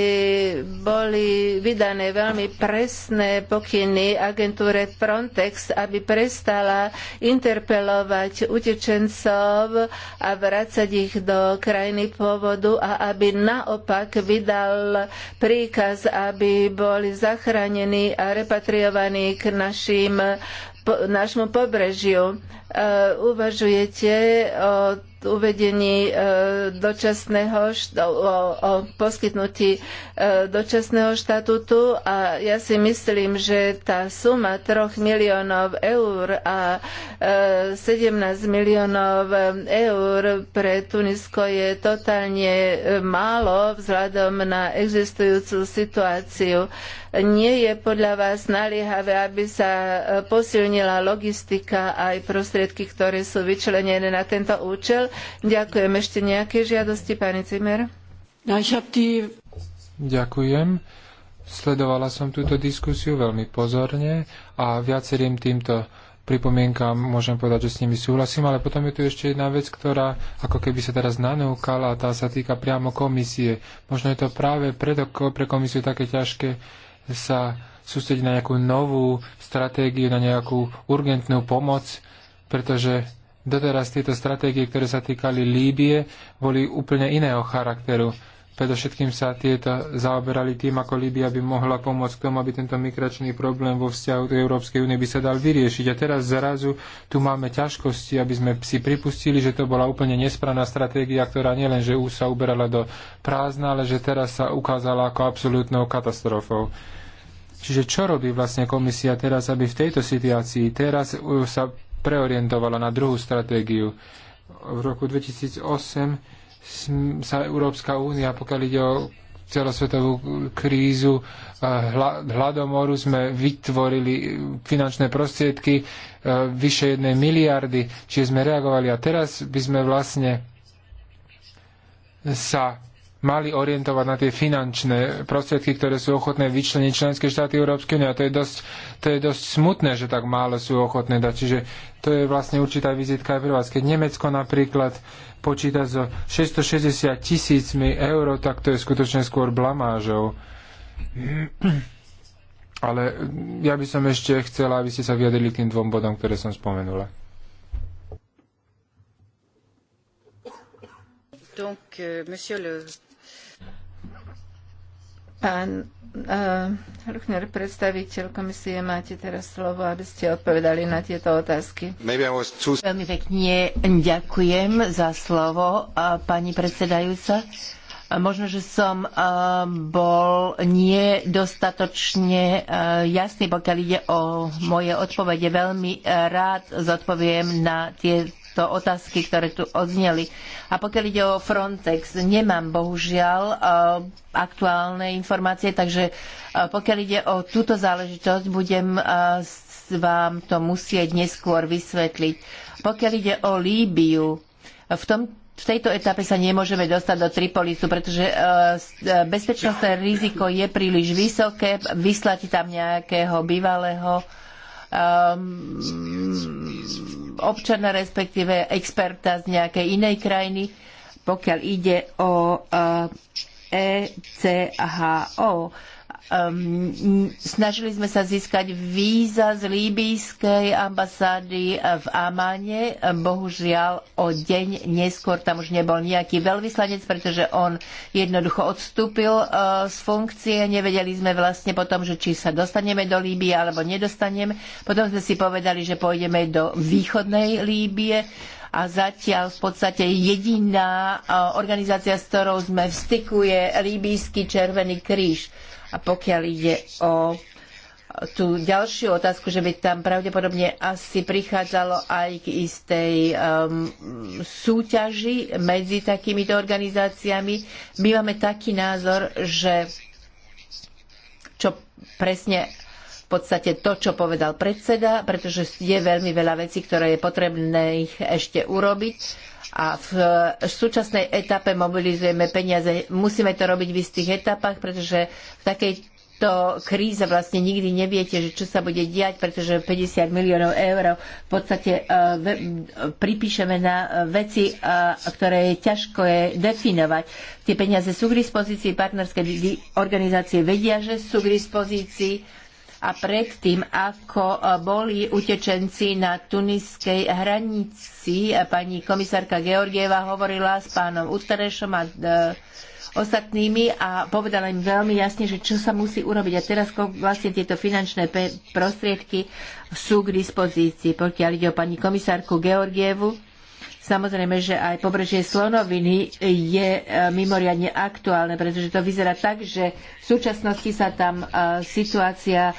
boli vydané veľmi presné pokyny agentúre Frontex, aby prestala interpelovať utečencov a vrácať ich do krajiny pôvodu a aby naopak vydal príkaz, aby boli zachránení a repatriovaní k našim po, nášmu pobrežiu. Uh, uvažujete o uvedení e, dočasného, o, o poskytnutí e, dočasného štatútu a ja si myslím, že tá suma 3 miliónov eur a 17 e, miliónov eur pre Tunisko je totálne málo vzhľadom na existujúcu situáciu. Nie je podľa vás naliehavé, aby sa posilnila logistika aj prostriedky, ktoré sú vyčlenené na tento účel, Ďakujem. Ešte nejaké žiadosti, pani Cimer? No, Ďakujem. Sledovala som túto diskusiu veľmi pozorne a viacerým týmto pripomienkam môžem povedať, že s nimi súhlasím, ale potom je tu ešte jedna vec, ktorá ako keby sa teraz nanúkala a tá sa týka priamo komisie. Možno je to práve preto pre komisiu také ťažké sa sústrediť na nejakú novú stratégiu, na nejakú urgentnú pomoc, pretože Doteraz tieto stratégie, ktoré sa týkali Líbie, boli úplne iného charakteru. Predovšetkým sa tieto zaoberali tým, ako Líbia by mohla pomôcť k tomu, aby tento migračný problém vo vzťahu do Európskej únie by sa dal vyriešiť. A teraz zrazu tu máme ťažkosti, aby sme si pripustili, že to bola úplne nesprávna stratégia, ktorá nielenže už sa uberala do prázdna, ale že teraz sa ukázala ako absolútnou katastrofou. Čiže čo robí vlastne komisia teraz, aby v tejto situácii teraz sa preorientovala na druhú stratégiu. V roku 2008 sa Európska únia, pokiaľ ide o celosvetovú krízu eh, hladomoru sme vytvorili finančné prostriedky eh, vyše jednej miliardy, čiže sme reagovali a teraz by sme vlastne sa mali orientovať na tie finančné prostriedky, ktoré sú ochotné vyčleniť členské štáty Európskej únie. A to je, dosť, to je dosť smutné, že tak málo sú ochotné dať. Čiže to je vlastne určitá vizitka aj pre vás. Keď Nemecko napríklad počíta so 660 tisícmi eur, tak to je skutočne skôr blamážou. Ale ja by som ešte chcela, aby ste sa vyjadrili k tým dvom bodom, ktoré som spomenula. Donc, euh, monsieur le Pán uh, Ruchner, predstaviteľ komisie, máte teraz slovo, aby ste odpovedali na tieto otázky. Veľmi pekne ďakujem za slovo, pani predsedajúca. Možno, že som e, bol nedostatočne e, jasný, pokiaľ ide o moje odpovede. Veľmi rád zodpoviem na tie tieto otázky, ktoré tu odzneli. A pokiaľ ide o Frontex, nemám bohužiaľ e, aktuálne informácie, takže e, pokiaľ ide o túto záležitosť, budem e, vám to musieť neskôr vysvetliť. Pokiaľ ide o Líbiu, v tom v tejto etape sa nemôžeme dostať do Tripolisu, pretože bezpečnostné riziko je príliš vysoké. Vyslať tam nejakého bývalého um, občana, respektíve experta z nejakej inej krajiny, pokiaľ ide o ECHO. Eh, e um, snažili sme sa získať víza z líbyjskej ambasády eh, v Amane. Ehm, bohužiaľ o deň neskôr tam už nebol nejaký veľvyslanec, pretože on jednoducho odstúpil uh, z funkcie. Nevedeli sme vlastne potom, že či sa dostaneme do Líbie alebo nedostaneme. Potom sme si povedali, že pôjdeme do východnej Líbie a zatiaľ v podstate jediná eh, organizácia, s ktorou sme v styku, je Líbijský Červený kríž. A pokiaľ ide o tú ďalšiu otázku, že by tam pravdepodobne asi prichádzalo aj k istej um, súťaži medzi takýmito organizáciami. My máme taký názor, že čo presne v podstate to, čo povedal predseda, pretože je veľmi veľa vecí, ktoré je potrebné ich ešte urobiť a v e, súčasnej etape mobilizujeme peniaze. Musíme to robiť v istých etapách, pretože v takejto kríze vlastne nikdy neviete, že čo sa bude diať, pretože 50 miliónov eur v podstate e, pripíšeme na e, veci, ktoré je ťažko je definovať. Tie peniaze sú k dispozícii, partnerské organizácie vedia, že sú k dispozícii a predtým, ako e, boli utečenci na tuniskej hranici, e, pani komisárka Georgieva hovorila s pánom Utarešom a e, ostatnými a povedala im veľmi jasne, že čo sa musí urobiť. A teraz vlastne tieto finančné prostriedky sú k dispozícii. Pokiaľ ide o pani komisárku Georgievu, Samozrejme, že aj pobrežie Slonoviny je e, mimoriadne aktuálne, pretože to vyzerá tak, že v súčasnosti sa tam e, situácia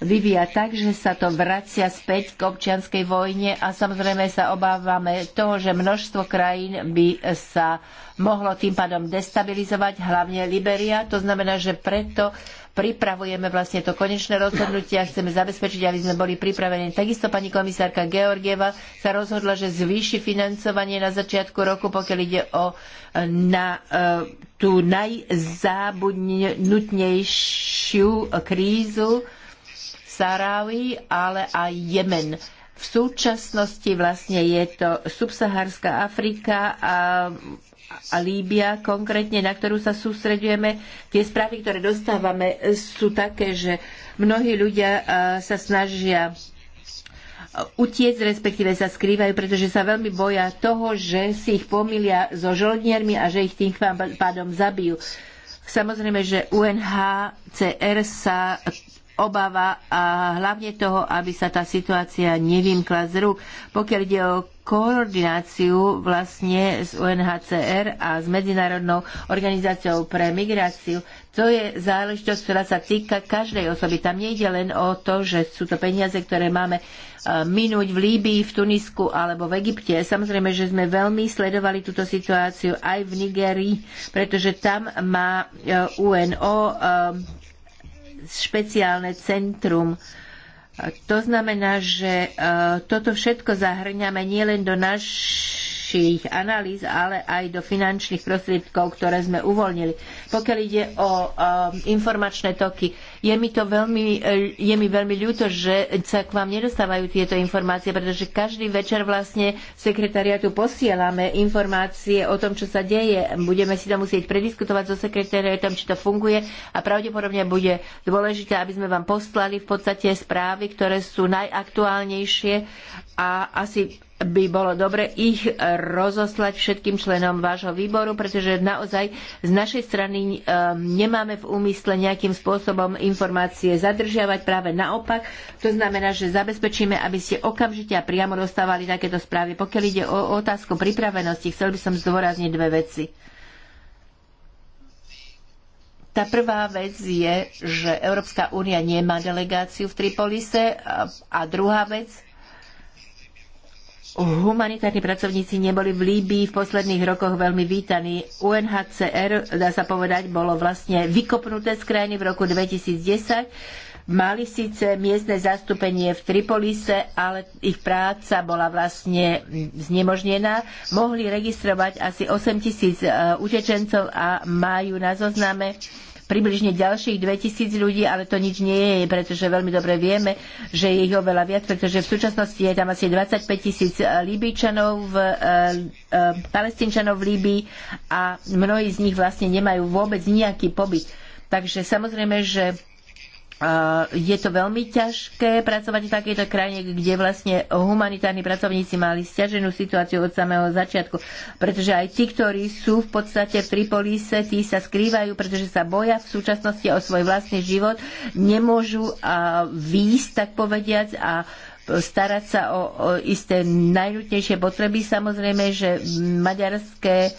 vyvíja tak, že sa to vracia späť k občianskej vojne a samozrejme sa obávame toho, že množstvo krajín by sa mohlo tým pádom destabilizovať, hlavne Liberia. To znamená, že preto pripravujeme vlastne to konečné rozhodnutie a chceme zabezpečiť, aby sme boli pripravení. Takisto pani komisárka Georgieva sa rozhodla, že zvýši financovanie na začiatku roku, pokiaľ ide o na, e, tú najzábudnutnejšiu krízu Sarawi, ale aj Jemen. V súčasnosti vlastne je to subsaharská Afrika a a Líbia konkrétne, na ktorú sa sústredujeme. Tie správy, ktoré dostávame, sú také, že mnohí ľudia sa snažia utiec, respektíve sa skrývajú, pretože sa veľmi boja toho, že si ich pomilia so žoldniermi a že ich tým pádom zabijú. Samozrejme, že UNHCR sa obava a hlavne toho, aby sa tá situácia nevymkla z rúk. Pokiaľ ide o koordináciu vlastne s UNHCR a s Medzinárodnou organizáciou pre migráciu. To je záležitosť, ktorá sa týka každej osoby. Tam nejde len o to, že sú to peniaze, ktoré máme e, minúť v Líbii, v Tunisku alebo v Egypte. Samozrejme, že sme veľmi sledovali túto situáciu aj v Nigerii, pretože tam má e, UNO e, špeciálne centrum. To znamená, že e, toto všetko zahrňame nielen do našich našich analýz, ale aj do finančných prostriedkov, ktoré sme uvoľnili. Pokiaľ ide o um, informačné toky, je mi to veľmi, eh, je mi veľmi ľúto, že sa k vám nedostávajú tieto informácie, pretože každý večer vlastne sekretariatu posielame informácie o tom, čo sa deje. Budeme si to musieť prediskutovať so sekretariatom, či to funguje a pravdepodobne bude dôležité, aby sme vám poslali v podstate správy, ktoré sú najaktuálnejšie a asi by bolo dobre ich rozoslať všetkým členom vášho výboru, pretože naozaj z našej strany um, nemáme v úmysle nejakým spôsobom informácie zadržiavať, práve naopak. To znamená, že zabezpečíme, aby ste okamžite a priamo dostávali takéto správy. Pokiaľ ide o otázku pripravenosti, chcel by som zdôrazniť dve veci. Tá prvá vec je, že Európska únia nemá delegáciu v Tripolise a druhá vec, humanitárni pracovníci neboli v Líbii v posledných rokoch veľmi vítaní. UNHCR, dá sa povedať, bolo vlastne vykopnuté z krajiny v roku 2010. Mali síce miestne zastúpenie v Tripolise, ale ich práca bola vlastne znemožnená. Mohli registrovať asi 8 tisíc e, utečencov a majú na zozname približne ďalších 2000 ľudí, ale to nič nie je, pretože veľmi dobre vieme, že je ich oveľa viac, pretože v súčasnosti je tam asi 25 tisíc Líbyčanov, palestínčanov v Líbii a mnohí z nich vlastne nemajú vôbec nejaký pobyt. Takže samozrejme, že Eh, je to veľmi ťažké pracovať v takejto krajine, kde vlastne humanitárni pracovníci mali stiaženú situáciu od samého začiatku. Pretože aj tí, ktorí sú v podstate pri polise, tí sa skrývajú, pretože sa boja v súčasnosti o svoj vlastný život, nemôžu a eh, výjsť, tak povediať, a starať sa o, o isté najnutnejšie potreby. Samozrejme, že maďarské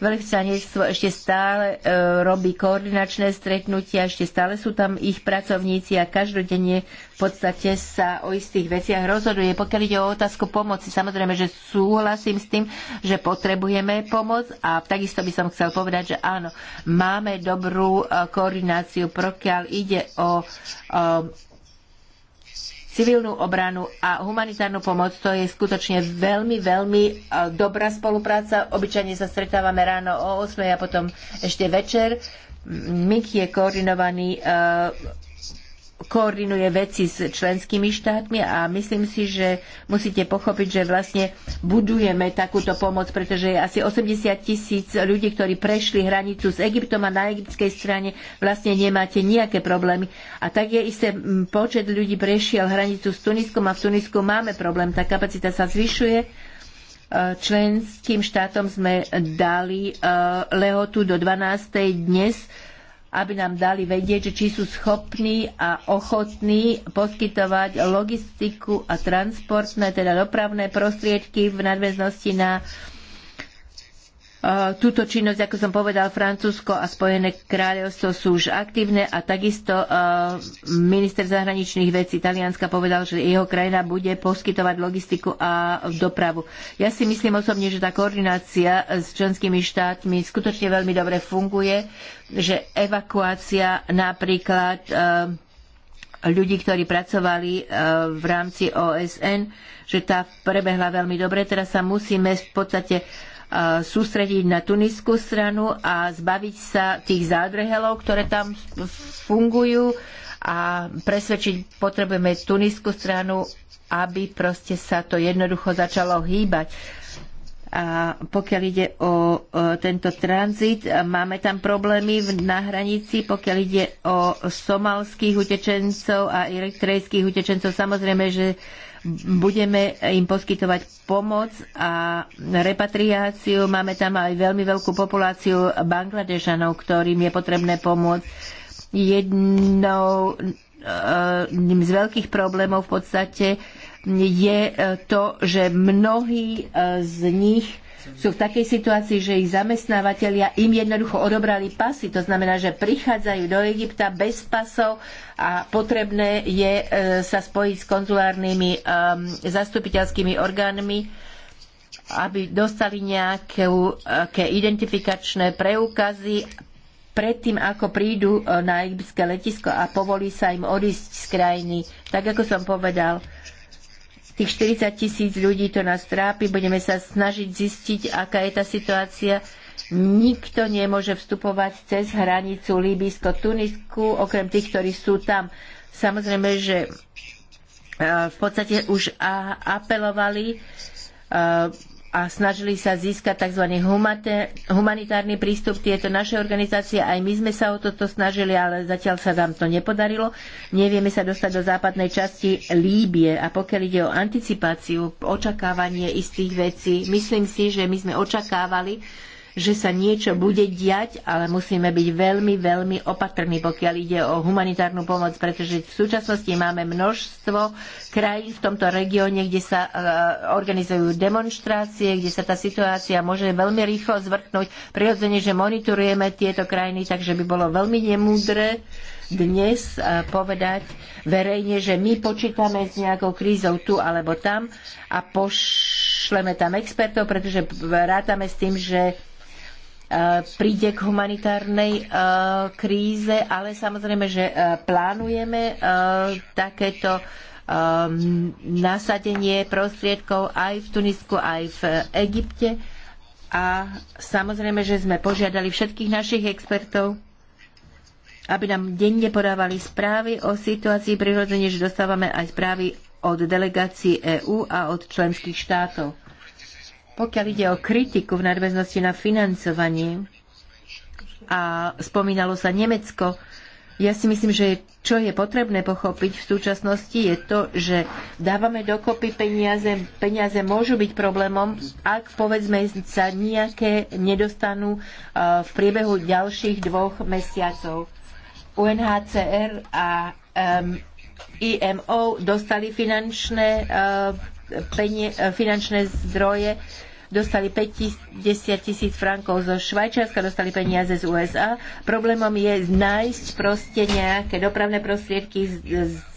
Veľvyslanectvo ešte stále e, robí koordinačné stretnutia, ešte stále sú tam ich pracovníci a každodenne v podstate sa o istých veciach rozhoduje. Pokiaľ ide o otázku pomoci, samozrejme, že súhlasím s tým, že potrebujeme pomoc a takisto by som chcel povedať, že áno, máme dobrú e, koordináciu, pokiaľ ide o e, civilnú obranu a humanitárnu pomoc. To je skutočne veľmi, veľmi dobrá spolupráca. Obyčajne sa stretávame ráno o 8 a potom ešte večer. MIK je koordinovaný koordinuje veci s členskými štátmi a myslím si, že musíte pochopiť, že vlastne budujeme takúto pomoc, pretože je asi 80 tisíc ľudí, ktorí prešli hranicu s Egyptom a na egyptskej strane vlastne nemáte nejaké problémy. A tak je isté, počet ľudí prešiel hranicu s Tuniskom a v Tunisku máme problém. Tá kapacita sa zvyšuje, e, členským štátom sme dali e, lehotu do 12. dnes aby nám dali vedieť, či sú schopní a ochotní poskytovať logistiku a transportné, teda dopravné prostriedky v nadväznosti na uh, Eh, túto činnosť, ako som povedal, Francúzsko a Spojené kráľovstvo sú už aktívne a takisto eh, minister zahraničných vecí Talianska povedal, že jeho krajina bude poskytovať logistiku a dopravu. Ja si myslím osobne, že tá koordinácia s členskými štátmi skutočne veľmi dobre funguje, že evakuácia napríklad eh, ľudí, ktorí pracovali v rámci OSN, že tá prebehla veľmi dobre. Teraz sa musíme v podstate Eh, sústrediť na tuniskú stranu a zbaviť sa tých zádrhelov, ktoré tam fungujú a presvedčiť potrebujeme tuniskú stranu, aby proste sa to jednoducho začalo hýbať. A pokiaľ ide o, tento tranzit, máme tam problémy na hranici, pokiaľ ide o somalských utečencov a eritrejských utečencov. Samozrejme, že budeme im poskytovať pomoc a repatriáciu. Máme tam aj veľmi veľkú populáciu Bangladežanov, ktorým je potrebné pomôcť. Jednou z veľkých problémov v podstate je to, že mnohí z nich sú v takej situácii, že ich zamestnávateľia im jednoducho odobrali pasy. To znamená, že prichádzajú do Egypta bez pasov a potrebné je e, sa spojiť s konzulárnymi e, zastupiteľskými orgánmi, aby dostali e, nejaké identifikačné preukazy predtým, ako prídu na egyptské letisko a povolí sa im odísť z krajiny. Tak ako som povedal, Tých 40 tisíc ľudí to nás trápi, budeme sa snažiť zistiť, aká je tá situácia. Nikto nemôže vstupovať cez hranicu Líbysko-Tunisku, okrem tých, ktorí sú tam. Samozrejme, že e, v podstate už apelovali e, a snažili sa získať tzv. humanitárny prístup tieto naše organizácie. Aj my sme sa o toto snažili, ale zatiaľ sa nám to nepodarilo. Nevieme sa dostať do západnej časti Líbie. A pokiaľ ide o anticipáciu, očakávanie istých vecí, myslím si, že my sme očakávali, že sa niečo bude diať, ale musíme byť veľmi, veľmi opatrní, pokiaľ ide o humanitárnu pomoc, pretože v súčasnosti máme množstvo krajín v tomto regióne, kde sa e, organizujú demonštrácie, kde sa tá situácia môže veľmi rýchlo zvrtnúť. Prirodzene, že monitorujeme tieto krajiny, takže by bolo veľmi nemúdre dnes e, povedať verejne, že my počítame s nejakou krízou tu alebo tam a pošleme tam expertov, pretože rátame s tým, že Eh, príde k humanitárnej eh, kríze, ale samozrejme, že eh, plánujeme takéto nasadenie prostriedkov aj v Tunisku, aj v Egypte. A samozrejme, že sme požiadali všetkých našich expertov, aby nám denne podávali správy o situácii, prirodzene, že dostávame aj správy od delegácií EÚ a od členských štátov. Pokiaľ ide o kritiku v nadväznosti na financovanie a spomínalo sa Nemecko, ja si myslím, že čo je potrebné pochopiť v súčasnosti je to, že dávame dokopy peniaze, peniaze môžu byť problémom, ak povedzme sa nejaké nedostanú v priebehu ďalších dvoch mesiacov. UNHCR a um, IMO dostali finančné, uh, penie, finančné zdroje dostali 50 tisíc frankov zo Švajčiarska, dostali peniaze z USA. Problémom je nájsť proste nejaké dopravné prostriedky,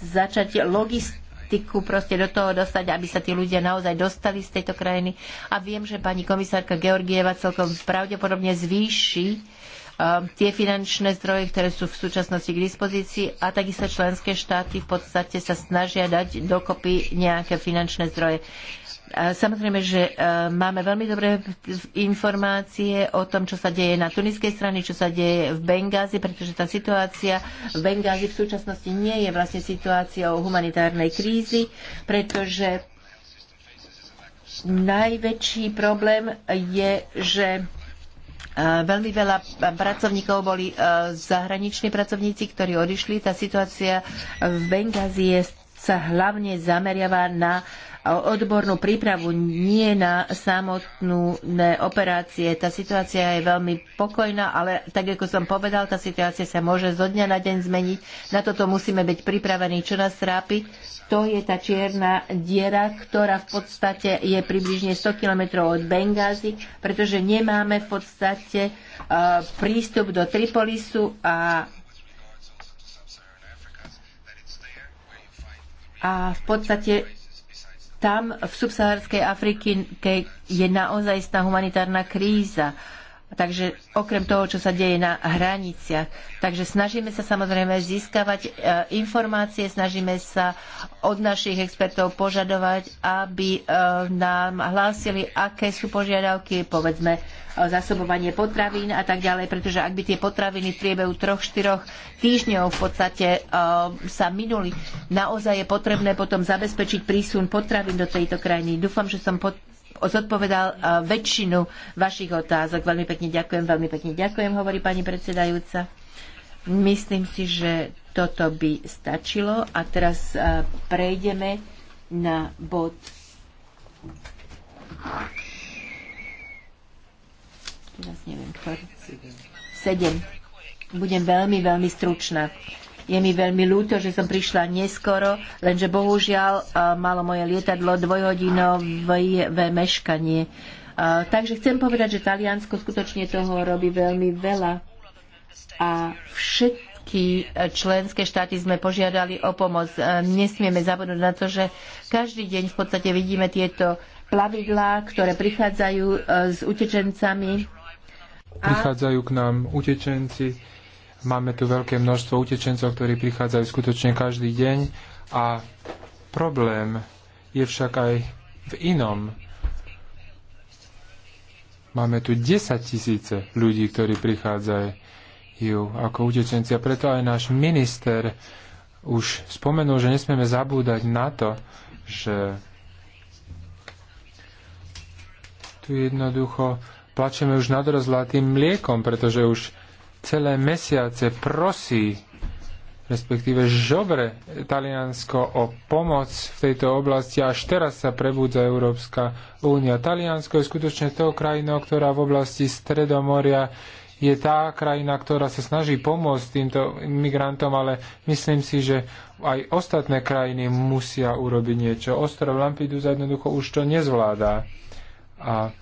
začať logistiku proste do toho dostať, aby sa tí ľudia naozaj dostali z tejto krajiny. A viem, že pani komisárka Georgieva celkom pravdepodobne zvýši um, tie finančné zdroje, ktoré sú v súčasnosti k dispozícii a takisto členské štáty v podstate sa snažia dať dokopy nejaké finančné zdroje samozrejme, že e, máme veľmi dobré informácie o tom, čo sa deje na tuniskej strane, čo sa deje v Bengázi, pretože tá situácia v Bengázi v súčasnosti nie je vlastne situáciou humanitárnej krízy, pretože najväčší problém je, že e, Veľmi veľa pracovníkov boli e, zahraniční pracovníci, ktorí odišli. Tá situácia v Bengázi je sa hlavne zameriava na odbornú prípravu, nie na samotné operácie. Tá situácia je veľmi pokojná, ale tak ako som povedal, tá situácia sa môže zo dňa na deň zmeniť. Na toto musíme byť pripravení, čo nás trápi. To je tá čierna diera, ktorá v podstate je približne 100 kilometrov od Bengázy, pretože nemáme v podstate e, prístup do Tripolisu a A v podstate tam v subsaharskej Afrike je naozaj tá humanitárna kríza. Takže okrem toho, čo sa deje na hraniciach. Takže snažíme sa samozrejme získavať e, informácie, snažíme sa od našich expertov požadovať, aby e, nám hlásili, aké sú požiadavky, povedzme e, zasobovanie potravín a tak ďalej, pretože ak by tie potraviny v priebehu troch, štyroch týždňov v podstate sa minuli, naozaj je potrebné potom zabezpečiť prísun potravín do tejto krajiny. Dúfam, že som pod zodpovedal e, väčšinu vašich otázok. Veľmi pekne ďakujem, veľmi pekne ďakujem, hovorí pani predsedajúca. Myslím si, že toto by stačilo a teraz e, prejdeme na bod teraz neviem, ktorý. Sedem. Budem veľmi, veľmi stručná. Je mi veľmi ľúto, že som prišla neskoro, lenže bohužiaľ e, malo moje lietadlo dvojhodinové meškanie. E, takže chcem povedať, že Taliansko skutočne toho robí veľmi veľa. A všetky členské štáty sme požiadali o pomoc. E, nesmieme zabudnúť na to, že každý deň v podstate vidíme tieto plavidlá, ktoré prichádzajú s utečencami. Prichádzajú k nám utečenci Máme tu veľké množstvo utečencov, ktorí prichádzajú skutočne každý deň a problém je však aj v inom. Máme tu 10 tisíce ľudí, ktorí prichádzajú ako utečenci a preto aj náš minister už spomenul, že nesmieme zabúdať na to, že tu jednoducho plačeme už nad rozlatým mliekom, pretože už celé mesiace prosí, respektíve žobre Taliansko o pomoc v tejto oblasti. Až teraz sa prebudza Európska únia. Taliansko je skutočne tou krajinou, ktorá v oblasti Stredomoria je tá krajina, ktorá sa snaží pomôcť týmto migrantom, ale myslím si, že aj ostatné krajiny musia urobiť niečo. Ostrov Lampidusa jednoducho už to nezvládá. A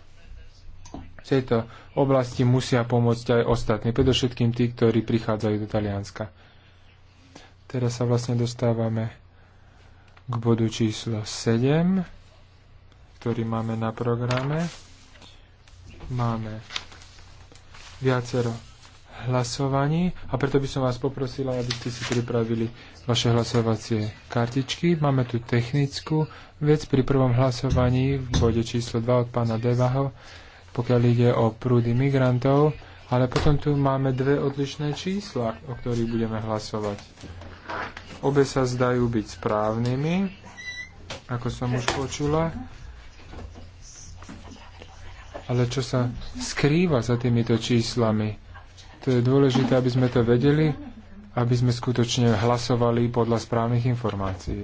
tejto oblasti musia pomôcť aj ostatní, predovšetkým tí, ktorí prichádzajú do Talianska. Teraz sa vlastne dostávame k bodu číslo 7, ktorý máme na programe. Máme viacero hlasovaní a preto by som vás poprosila, aby ste si pripravili vaše hlasovacie kartičky. Máme tu technickú vec pri prvom hlasovaní v bode číslo 2 od pána Devaho pokiaľ ide o prúdy migrantov, ale potom tu máme dve odlišné čísla, o ktorých budeme hlasovať. Obe sa zdajú byť správnymi, ako som už počula, ale čo sa skrýva za týmito číslami. To je dôležité, aby sme to vedeli, aby sme skutočne hlasovali podľa správnych informácií.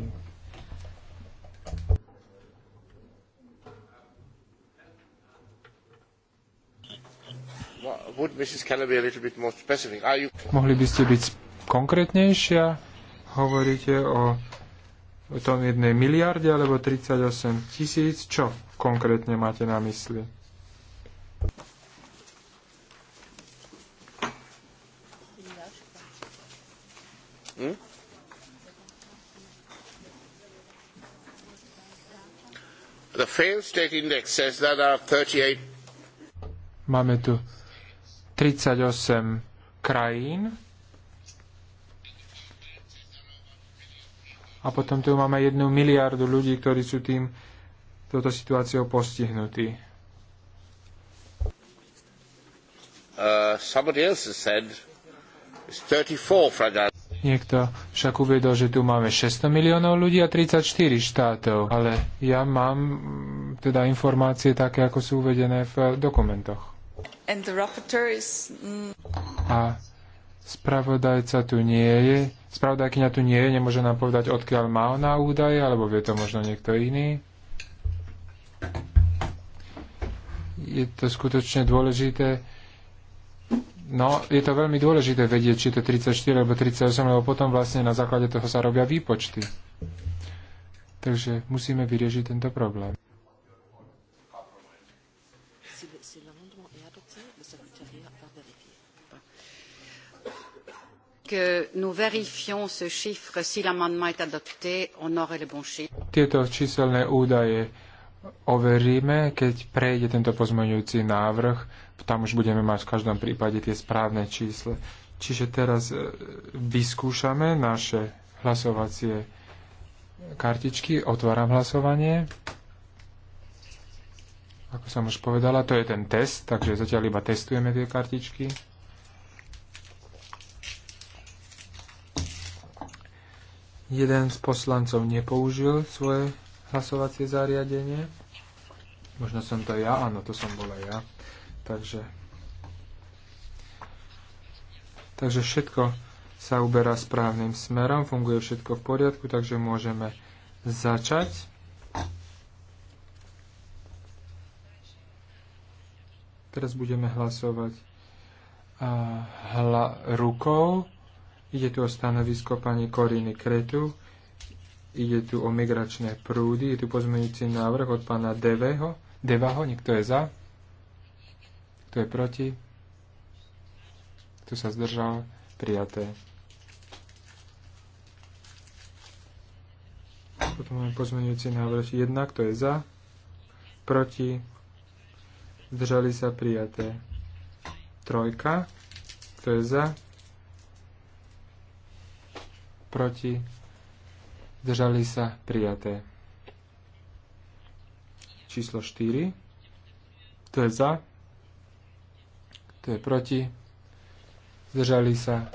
would Mrs. Keller be a little bit more specific? Are you... Mohli by ste byť konkrétnejšia? Hovoríte o, o tom jednej miliarde alebo 38 tisíc? Čo konkrétne máte na mysli? Hm? The failed state index says that are 38 Máme tu 38 krajín. A potom tu máme jednu miliardu ľudí, ktorí sú tým toto situáciou postihnutí. Uh, somebody else said it's 34 Niekto však uviedol, že tu máme 600 miliónov ľudí a 34 štátov, ale ja mám mm, teda informácie také, ako sú uvedené v dokumentoch. Is... Mm. A spravodajca tu nie je, spravodajkyňa tu nie je, nemôže nám povedať, odkiaľ má ona údaje, alebo vie to možno niekto iný. Je to skutočne dôležité. No, je to veľmi dôležité vedieť, či to 34 alebo 38, lebo potom vlastne na základe toho sa robia výpočty. Takže musíme vyriešiť tento problém. Tieto číselné údaje overíme, keď prejde tento pozmeňujúci návrh, tam už budeme mať v každom prípade tie správne čísle. Čiže teraz e, vyskúšame naše hlasovacie kartičky, otváram hlasovanie. Ako som už povedala, to je ten test, takže zatiaľ iba testujeme tie kartičky. Jeden z poslancov nepoužil svoje hlasovacie zariadenie. Možno som to ja, áno, to som bola ja. Takže, takže všetko sa uberá správnym smerom, funguje všetko v poriadku, takže môžeme začať. Teraz budeme hlasovať hla, rukou Ide tu o stanovisko pani Koriny Kretu, ide tu o migračné prúdy, je tu pozmeňujúci návrh od pána Deveho. Devaho, niekto je za? Kto je proti? Kto sa zdržal? Prijaté. Potom máme pozmeňujúci návrh 1, kto je za? Proti? Zdržali sa prijaté. Trojka, kto je za? proti, držali sa prijaté. Číslo 4, to je za, to je proti, zdržali sa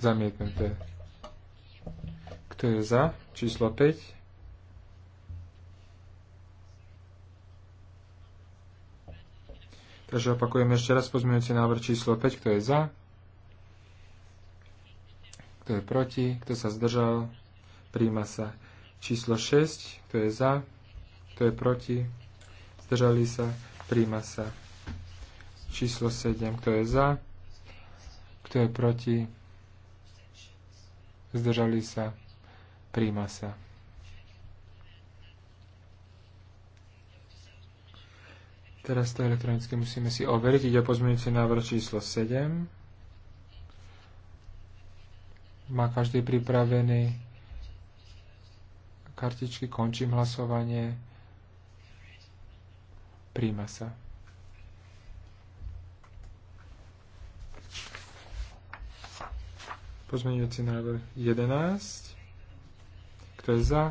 zamietnuté. Kto je za? Číslo 5. Takže opakujeme ešte raz pozmeňujúci návrh číslo 5. Kto je za? Kto je proti? Kto sa zdržal? Príjma sa. Číslo 6. Kto je za? Kto je proti? Zdržali sa? Príjma sa. Číslo 7. Kto je za? Kto je proti? Zdržali sa? Príjma sa. Teraz to elektronicky musíme si overiť. Ide o pozmeňujúci návrh číslo 7. Má každý pripravený kartičky, končím hlasovanie. Príjma sa. Pozmeňujúci návrh 11. Kto je za?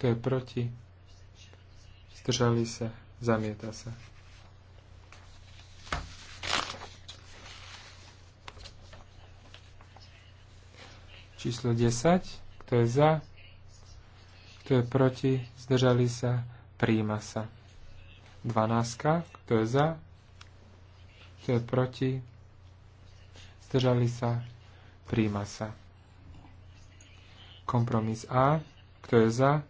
Kto je proti? Zdržali sa. Zamieta sa. Číslo 10. Kto je za? Kto je proti? Zdržali sa? Príjma sa. 12. Kto je za? Kto je proti? Zdržali sa? Príjma sa. Kompromis A. Kto je za?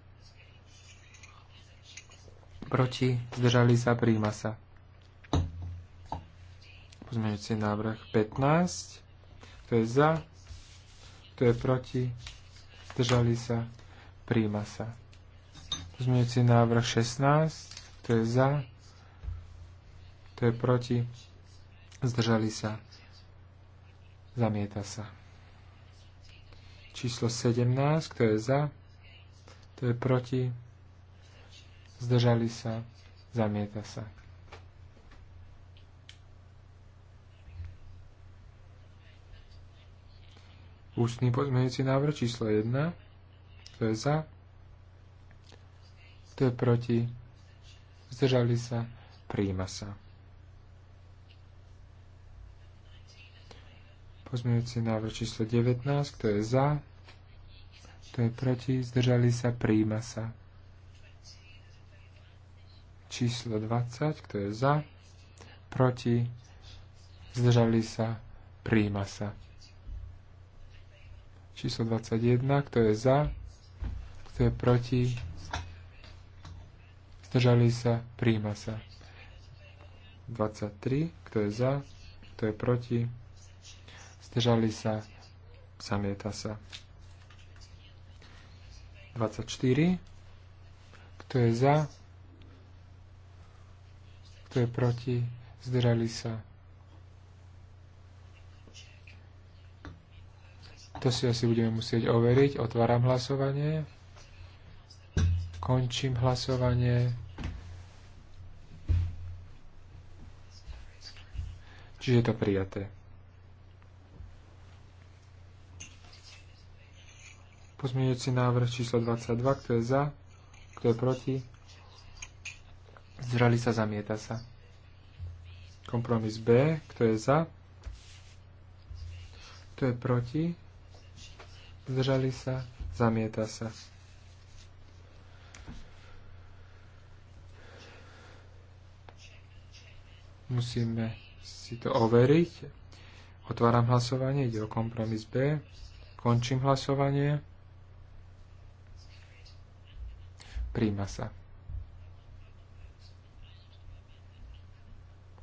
Proti? Zdržali sa? Príjma sa. Pozmeňujúci návrh 15. Kto je za? Kto je proti? Zdržali sa? Príjma sa. Pozmeňujúci návrh 16. Kto je za? Kto je proti? Zdržali sa? Zamieta sa. Číslo 17. Kto je za? Kto je proti? Zdržali sa? Zamieta sa. Ústny pozmeňujúci návrh číslo 1. Kto je za? Kto je proti? Zdržali sa? Príjima sa. Pozmeňujúci návrh číslo 19. Kto je za? Kto je proti? Zdržali sa? Príjima sa. Číslo 20. Kto je za? Proti? Zdržali sa? Príjima sa. Číslo 21, kto je za, kto je proti, zdržali sa, príjma sa. 23, kto je za, kto je proti, zdržali sa, zamieta sa. 24, kto je za, kto je proti, zdržali sa, To si asi budeme musieť overiť. Otváram hlasovanie. Končím hlasovanie. Čiže je to prijaté. Pozmeňujúci návrh číslo 22, kto je za, kto je proti. Zrali sa, zamieta sa. Kompromis B, kto je za, kto je proti zdržali sa, zamieta sa. Musíme si to overiť. Otváram hlasovanie, ide o kompromis B. Končím hlasovanie. Príjma sa.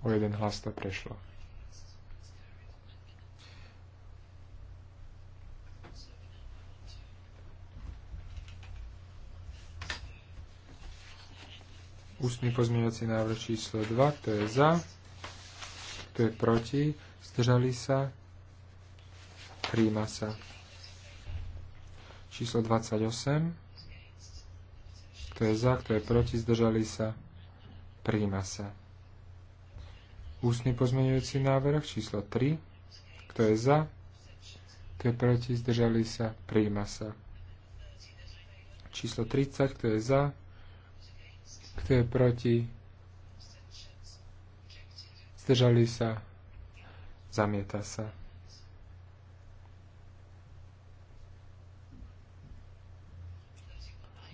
O jeden hlas to prešlo. ústny pozmeňovací návrh číslo 2, kto je za, kto je proti, zdržali sa, príjma sa. Číslo 28, kto je za, kto je proti, zdržali sa, príjma sa. Ústny pozmeňujúci návrh číslo 3, kto je za, kto je proti, zdržali sa, príjma sa. Číslo 30, kto je za, kto je proti? Zdržali sa? Zamieta sa.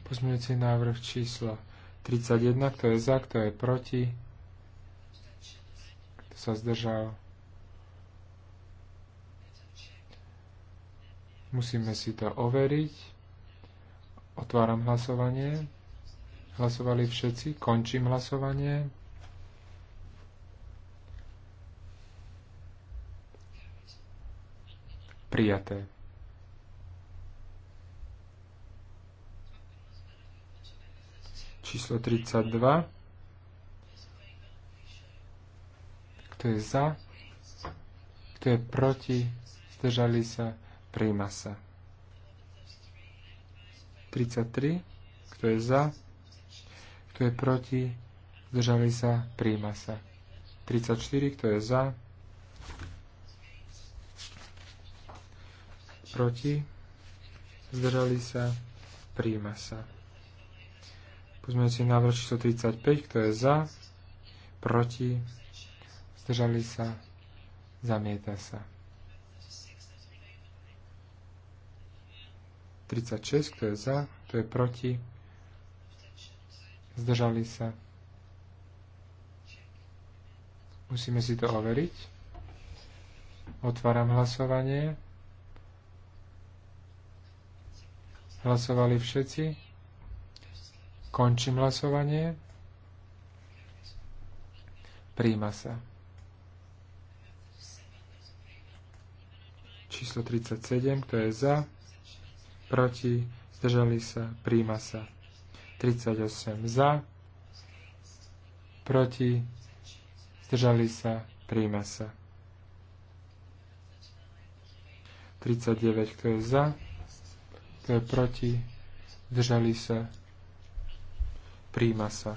Pozmeňujúci návrh číslo 31, kto je za, kto je proti, kto sa zdržal. Musíme si to overiť. Otváram hlasovanie. Hlasovali všetci. Končím hlasovanie. Prijaté. Číslo 32. Kto je za? Kto je proti? Zdržali sa? Prijíma sa. 33. Kto je za? kto je proti, zdržali sa, príjma sa. 34, kto je za, proti, zdržali sa, príjma sa. Pozmeňujúci návrh číslo 35, kto je za, proti, zdržali sa, zamieta sa. 36, kto je za, kto je proti, zdržali sa. Musíme si to overiť. Otváram hlasovanie. Hlasovali všetci. Končím hlasovanie. Príjma sa. Číslo 37, kto je za, proti, zdržali sa, príjma sa. 38 za, proti, zdržali sa, príjma sa. 39, kto je za, kto je proti, zdržali sa, príjma sa.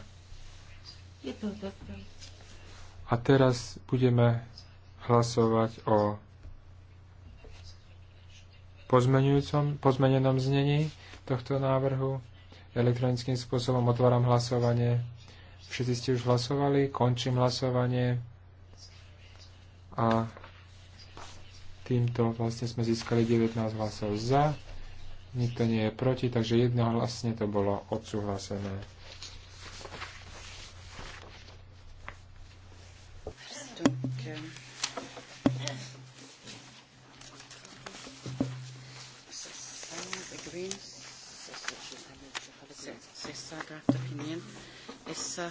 A teraz budeme hlasovať o pozmenenom znení tohto návrhu. Elektronickým spôsobom otváram hlasovanie. Všetci ste už hlasovali. Končím hlasovanie. A týmto vlastne sme získali 19 hlasov za. Nikto nie je proti, takže jednohlasne to bolo odsúhlasené.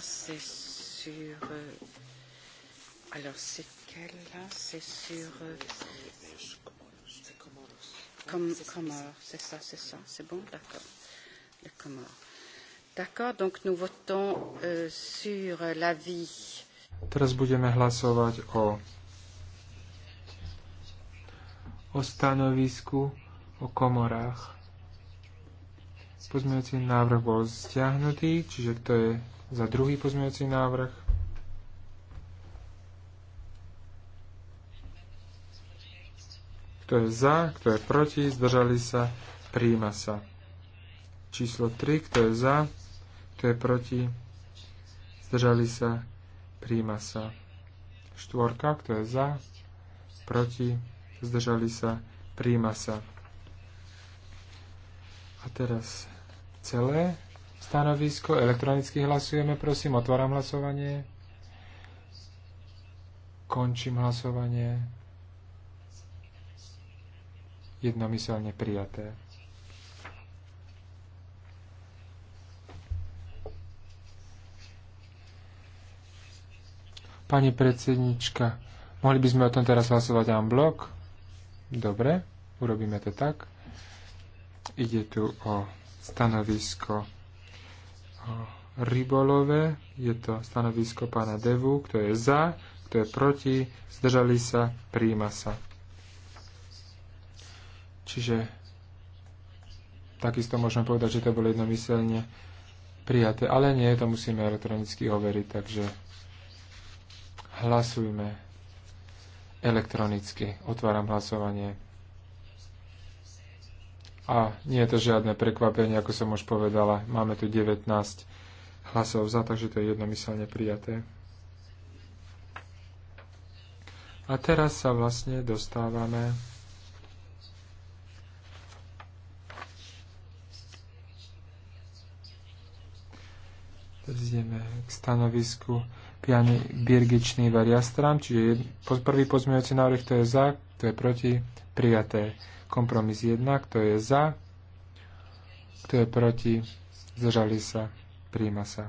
ça c'est sur. Euh, alors c'est là C'est sur. Euh, c'est ça, c'est ça. C'est bon D'accord. Le D'accord, donc nous votons euh, sur euh, l'avis. Teraz budeme hlasovať o o stanovisku o komorách. Pozmeňujúci návrh bol stiahnutý, čiže kto je za druhý pozmeňujúci návrh. Kto je za, kto je proti, zdržali sa, príjma sa. Číslo 3, kto je za, kto je proti, zdržali sa, príjma sa. Štvorka, kto je za, proti, zdržali sa, príjma sa. A teraz celé stanovisko. Elektronicky hlasujeme, prosím. Otváram hlasovanie. Končím hlasovanie. Jednomyselne prijaté. Pani predsednička, mohli by sme o tom teraz hlasovať en blok? Dobre, urobíme to tak. Ide tu o stanovisko rybolové, Je to stanovisko pána Devu, kto je za, kto je proti, zdržali sa, príjima sa. Čiže takisto môžeme povedať, že to bolo jednomyselne prijaté. Ale nie, to musíme elektronicky overiť, takže hlasujme elektronicky. Otváram hlasovanie. A nie je to žiadne prekvapenie, ako som už povedala. Máme tu 19 hlasov za, takže to je jednomyselne prijaté. A teraz sa vlastne dostávame Zdeme k stanovisku Piany Birgičný variastram, čiže prvý pozmeňujúci návrh, to je za, to je proti, prijaté. Kompromis 1, kto je za, kto je proti, zdržali sa, príjma sa.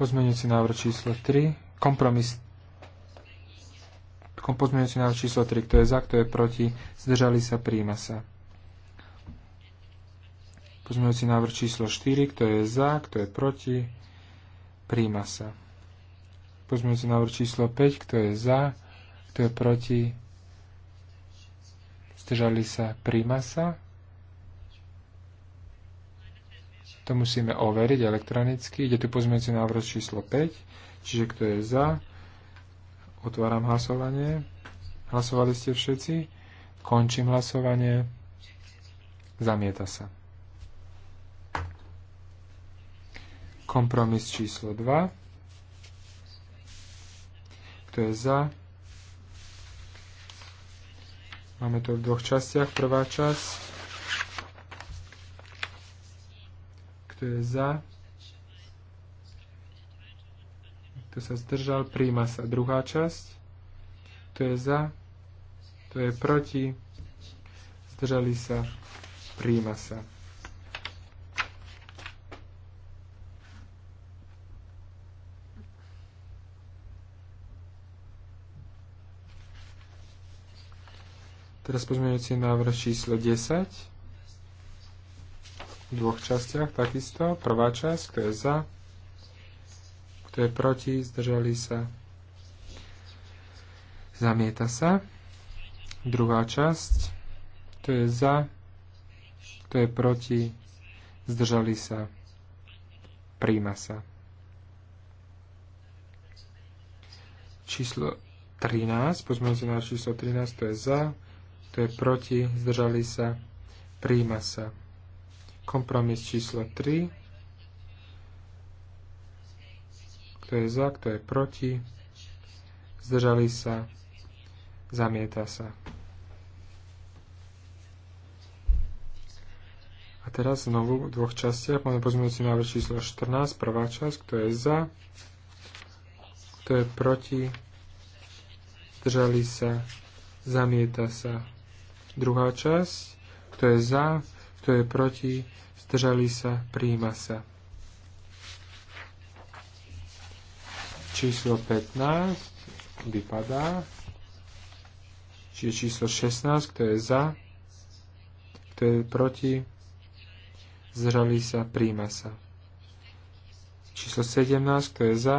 Pozmeňujúci návrh číslo 3, kompromis pozmeňujúci návrh číslo 3, kto je za, kto je proti, zdržali sa, príjma sa. Pozmeňujúci návrh číslo 4, kto je za, kto je proti, príjma sa si návrh číslo 5, kto je za, kto je proti, zdržali sa, príjma sa. To musíme overiť elektronicky. Ide tu pozmeňujúci návrh číslo 5, čiže kto je za, otváram hlasovanie. Hlasovali ste všetci? Končím hlasovanie. Zamieta sa. Kompromis číslo 2. Kto je za? Máme to v dvoch častiach. Prvá časť. Kto je za? Kto sa zdržal? Príjma sa. Druhá časť. Kto je za? Kto je proti? Zdržali sa? Príjma sa. Teraz pozmeňujúci návrh číslo 10 v dvoch častiach takisto. Prvá časť, kto je za, kto je proti, zdržali sa, zamieta sa. Druhá časť, kto je za, kto je proti, zdržali sa, príjma sa. Číslo 13, pozmeňujúci návrh číslo 13, to je za, kto je proti, zdržali sa, príjma sa. Kompromis číslo 3, kto je za, kto je proti, zdržali sa, zamieta sa. A teraz znovu v dvoch častiach máme pozmeňujúci návrh číslo 14, prvá časť, kto je za, kto je proti, zdržali sa, zamieta sa. Druhá časť, kto je za, kto je proti, zdržali sa, príjma sa. Číslo 15 vypadá. Čiže číslo 16, kto je za, kto je proti, zdržali sa, príjma sa. Číslo 17, kto je za,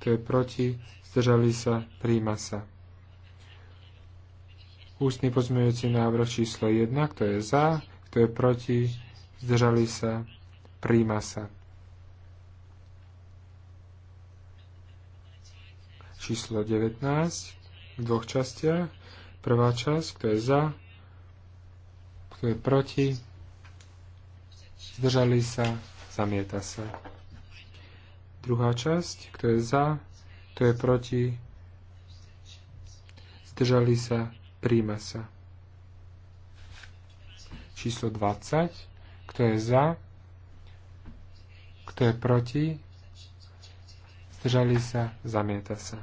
kto je proti, zdržali sa, príjma sa. Ústny pozmeňujúci návrh číslo 1, kto je za, kto je proti, zdržali sa, príjma sa. Číslo 19 v dvoch častiach. Prvá časť, kto je za, kto je proti, zdržali sa, zamieta sa. Druhá časť, kto je za, kto je proti, zdržali sa, príjme sa. Číslo 20, kto je za, kto je proti, zdržali sa, zamieta sa.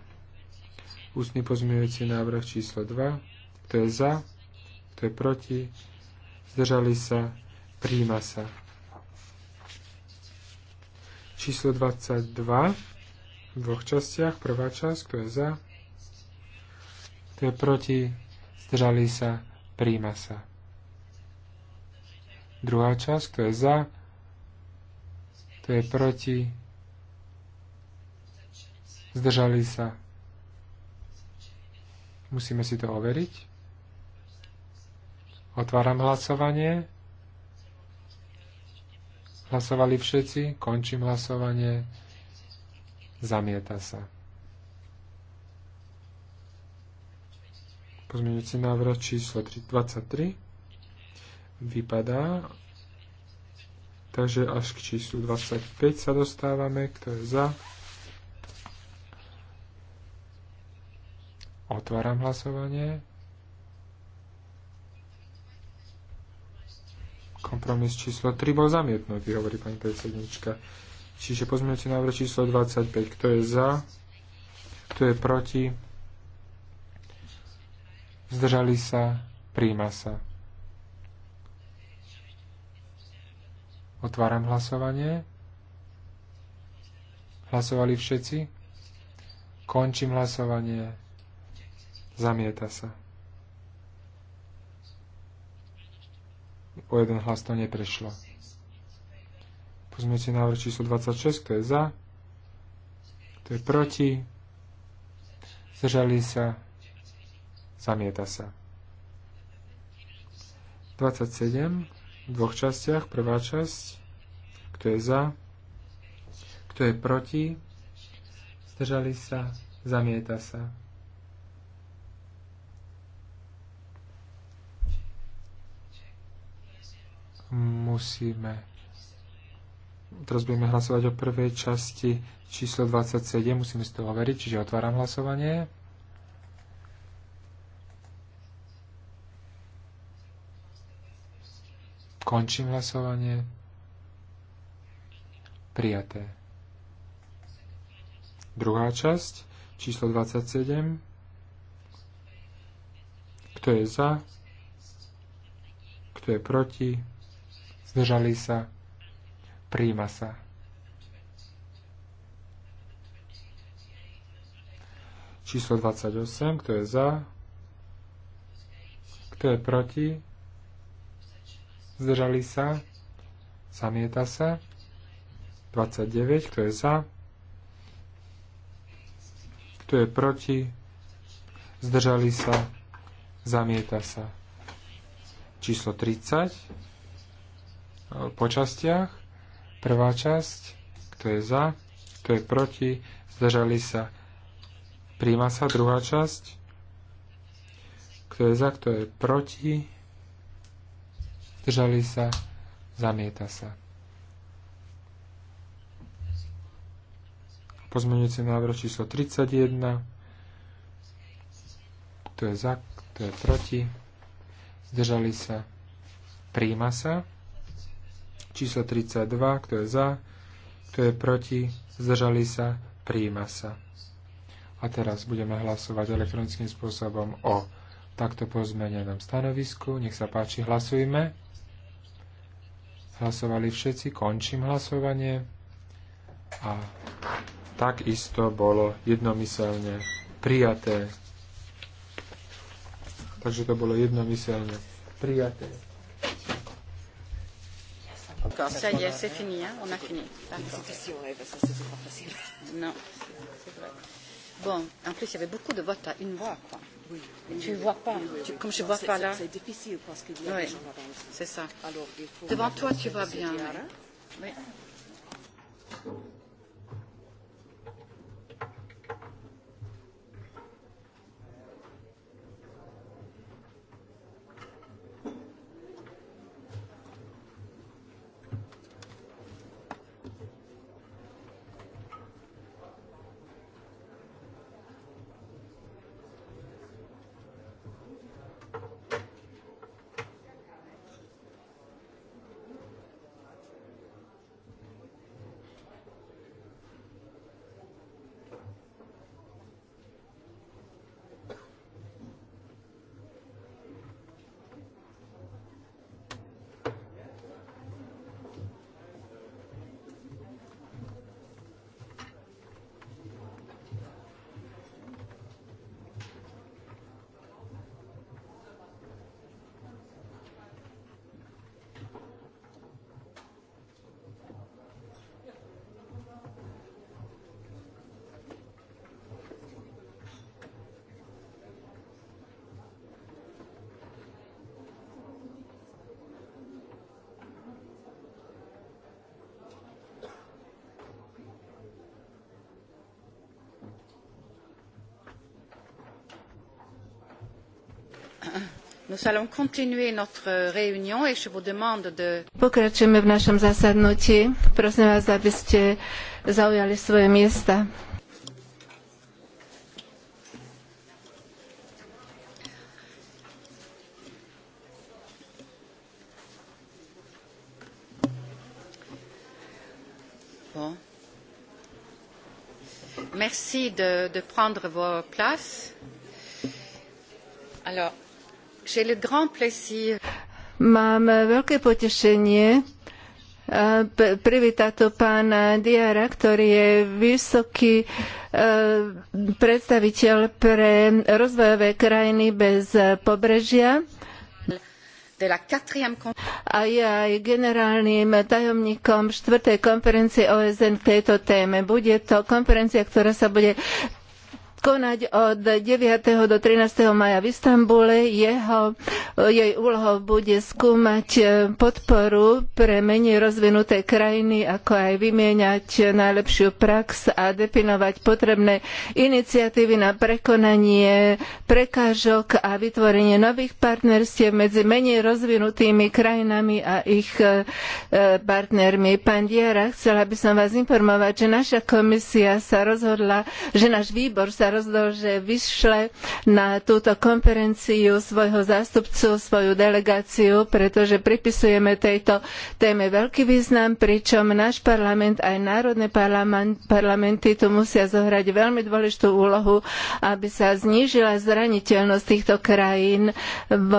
Ústny pozmiujúci návrh číslo 2, kto je za, kto je proti, zdržali sa, príjma sa. Číslo 22 v dvoch častiach. Prvá časť, kto je za, kto je proti, zdržali sa, príjma sa. Druhá časť, kto je za, kto je proti, zdržali sa. Musíme si to overiť. Otváram hlasovanie. Hlasovali všetci, končím hlasovanie, zamieta sa. Pozmeňujúci návrh číslo 23 vypadá. Takže až k číslu 25 sa dostávame. Kto je za? Otváram hlasovanie. Kompromis číslo 3 bol zamietnutý, hovorí pani predsednička. Čiže pozmeňujúci návrh číslo 25. Kto je za? Kto je proti? zdržali sa, príjma sa. Otváram hlasovanie. Hlasovali všetci? Končím hlasovanie. Zamieta sa. O jeden hlas to neprešlo. Pozmite si návrh číslo 26, to je za, to je proti, zdržali sa, Zamieta sa. 27 v dvoch častiach. Prvá časť. Kto je za? Kto je proti? Zdržali sa? Zamieta sa. Musíme teraz budeme hlasovať o prvej časti číslo 27, musíme si to overiť, čiže otváram hlasovanie. Končím hlasovanie. Prijaté. Druhá časť, číslo 27. Kto je za? Kto je proti? Zdržali sa? Príjma sa. Číslo 28. Kto je za? Kto je proti? zdržali sa, zamieta sa. 29, kto je za, kto je proti, zdržali sa, zamieta sa. Číslo 30, po častiach, prvá časť, kto je za, kto je proti, zdržali sa, príjma sa, druhá časť, kto je za, kto je proti, Držali sa? Zamieta sa. Pozmeňujúci návrh číslo 31. Kto je za? Kto je proti? Zdržali sa? Príjma sa. Číslo 32. Kto je za? Kto je proti? Zdržali sa? Príjma sa. A teraz budeme hlasovať elektronickým spôsobom o takto pozmenenom stanovisku. Nech sa páči, hlasujme. Hlasovali všetci, končím hlasovanie. A takisto bolo jednomyselne prijaté. Takže to bolo jednomyselne prijaté. Bon, en plus, il y avait beaucoup de votes à une voix. Quoi tu ne vois pas, tu, comme je ne vois pas là. C'est difficile parce qu'il y a des gens là-bas C'est ça. Alors, Devant toi, tu vois bien. Oui. Euh, Pokračujeme v našom zasadnutí. Prosím vás, aby ste zaujali svoje miesta. Bon. Merci de, de prendre vos places. Alors, Mám veľké potešenie eh, privítať tu pána Diara, ktorý je vysoký eh, predstaviteľ pre rozvojové krajiny bez pobrežia a je aj generálnym tajomníkom štvrtej konferencie OSN k tejto téme. Bude to konferencia, ktorá sa bude konať od 9. do 13. maja v Istambule. Jeho, jej úlohou bude skúmať e, podporu pre menej rozvinuté krajiny, ako aj vymieňať najlepšiu prax a definovať potrebné iniciatívy na prekonanie prekážok a vytvorenie nových partnerstiev medzi menej rozvinutými krajinami a ich e, e, partnermi. Pán Diera, chcela by som vás informovať, že naša komisia sa rozhodla, že náš výbor sa rozhodol, že vyšle na túto konferenciu svojho zástupcu, svoju delegáciu, pretože pripisujeme tejto téme veľký význam, pričom náš parlament aj národné parlamenty tu musia zohrať veľmi dôležitú úlohu, aby sa znížila zraniteľnosť týchto krajín v,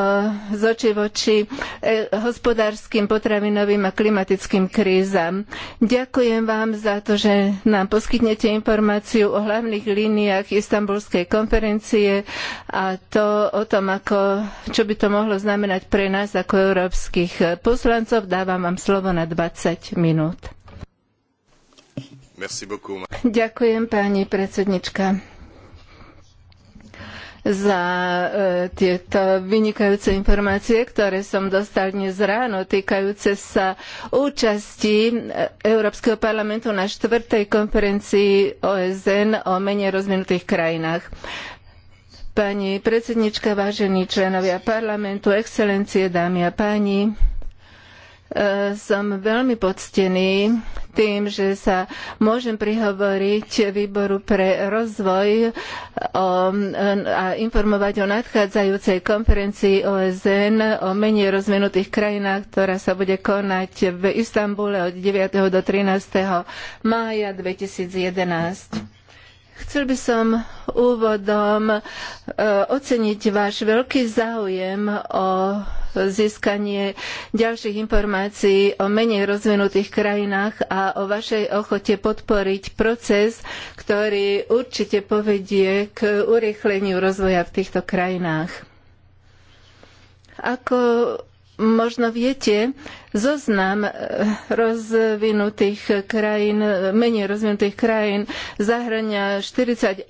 z voči e, hospodárskym, potravinovým a klimatickým krízam. Ďakujem vám za to, že nám poskytnete informáciu o hlavných líniách istambulskej konferencie a to o tom, ako, čo by to mohlo znamenať pre nás ako európskych poslancov. Dávam vám slovo na 20 minút. Ďakujem, pani predsednička za e, tieto vynikajúce informácie, ktoré som dostal dnes ráno týkajúce sa účasti e, Európskeho parlamentu na štvrtej konferencii OSN o menej rozvinutých krajinách. Pani predsednička, vážení členovia parlamentu, excelencie, dámy a páni, E, som veľmi poctený tým, že sa môžem prihovoriť výboru pre rozvoj e, a informovať o nadchádzajúcej konferencii OSN o menej rozvinutých krajinách, ktorá sa bude konať v Istambule od 9. do 13. mája 2011. Chcel by som úvodom e, oceniť váš veľký záujem o získanie ďalších informácií o menej rozvinutých krajinách a o vašej ochote podporiť proces, ktorý určite povedie k urýchleniu rozvoja v týchto krajinách. Ako Možno viete, zoznam eh, rozvinutých krajín, menej rozvinutých krajín zahrania 48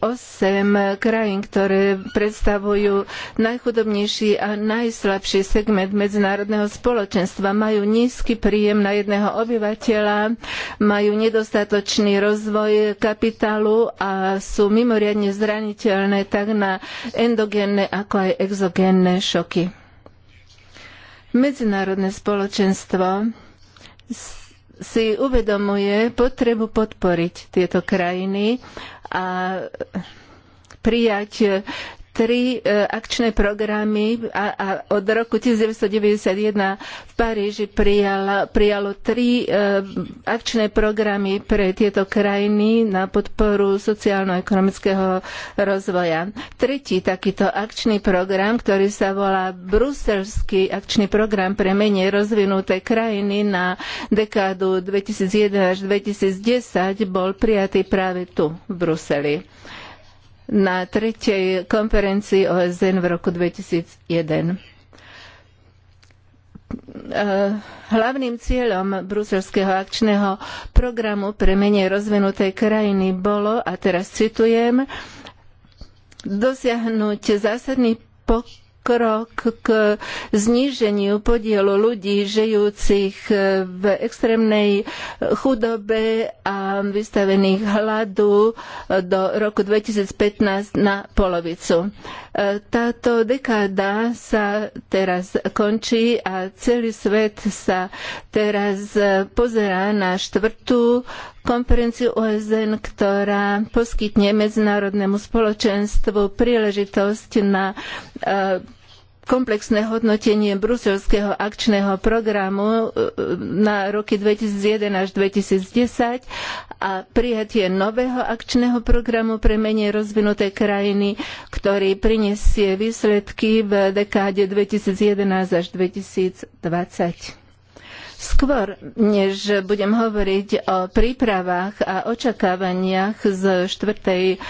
krajín, ktoré predstavujú najchudobnejší a najslabší segment medzinárodného spoločenstva. Majú nízky príjem na jedného obyvateľa, majú nedostatočný rozvoj kapitálu a sú mimoriadne zraniteľné tak na endogénne ako aj exogénne šoky. Medzinárodné spoločenstvo si uvedomuje potrebu podporiť tieto krajiny a prijať tri e, akčné programy a, a od roku 1991 v Paríži prijala, prijalo tri e, akčné programy pre tieto krajiny na podporu sociálno-ekonomického rozvoja. Tretí takýto akčný program, ktorý sa volá Bruselský akčný program pre menej rozvinuté krajiny na dekádu 2001 až 2010, bol prijatý práve tu v Bruseli na tretej konferencii OSN v roku 2001. E, hlavným cieľom bruselského akčného programu pre menej rozvinuté krajiny bolo, a teraz citujem, dosiahnuť zásadný pokrok krok k zníženiu podielu ľudí žijúcich v extrémnej chudobe a vystavených hladu do roku 2015 na polovicu. Táto dekáda sa teraz končí a celý svet sa teraz pozerá na štvrtú konferenciu OSN, ktorá poskytne medzinárodnému spoločenstvu príležitosť na eh, komplexné hodnotenie bruselského akčného programu e, na roky 2001 až 2010 a prijatie nového akčného programu pre menej rozvinuté krajiny, ktorý prinesie výsledky v dekáde 2011 až 2020. Skôr, než budem hovoriť o prípravách a očakávaniach z štvrtej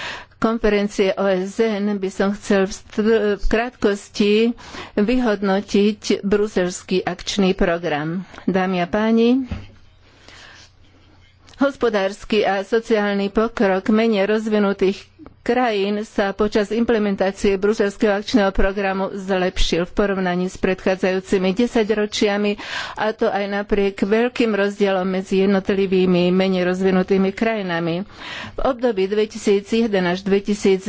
konferencie OSN by som chcel v krátkosti vyhodnotiť bruselský akčný program. Dámy a páni, hospodársky a sociálny pokrok menej rozvinutých krajín sa počas implementácie Bruselského akčného programu zlepšil v porovnaní s predchádzajúcimi desaťročiami a to aj napriek veľkým rozdielom medzi jednotlivými menej rozvinutými krajinami. V období 2001 až 2010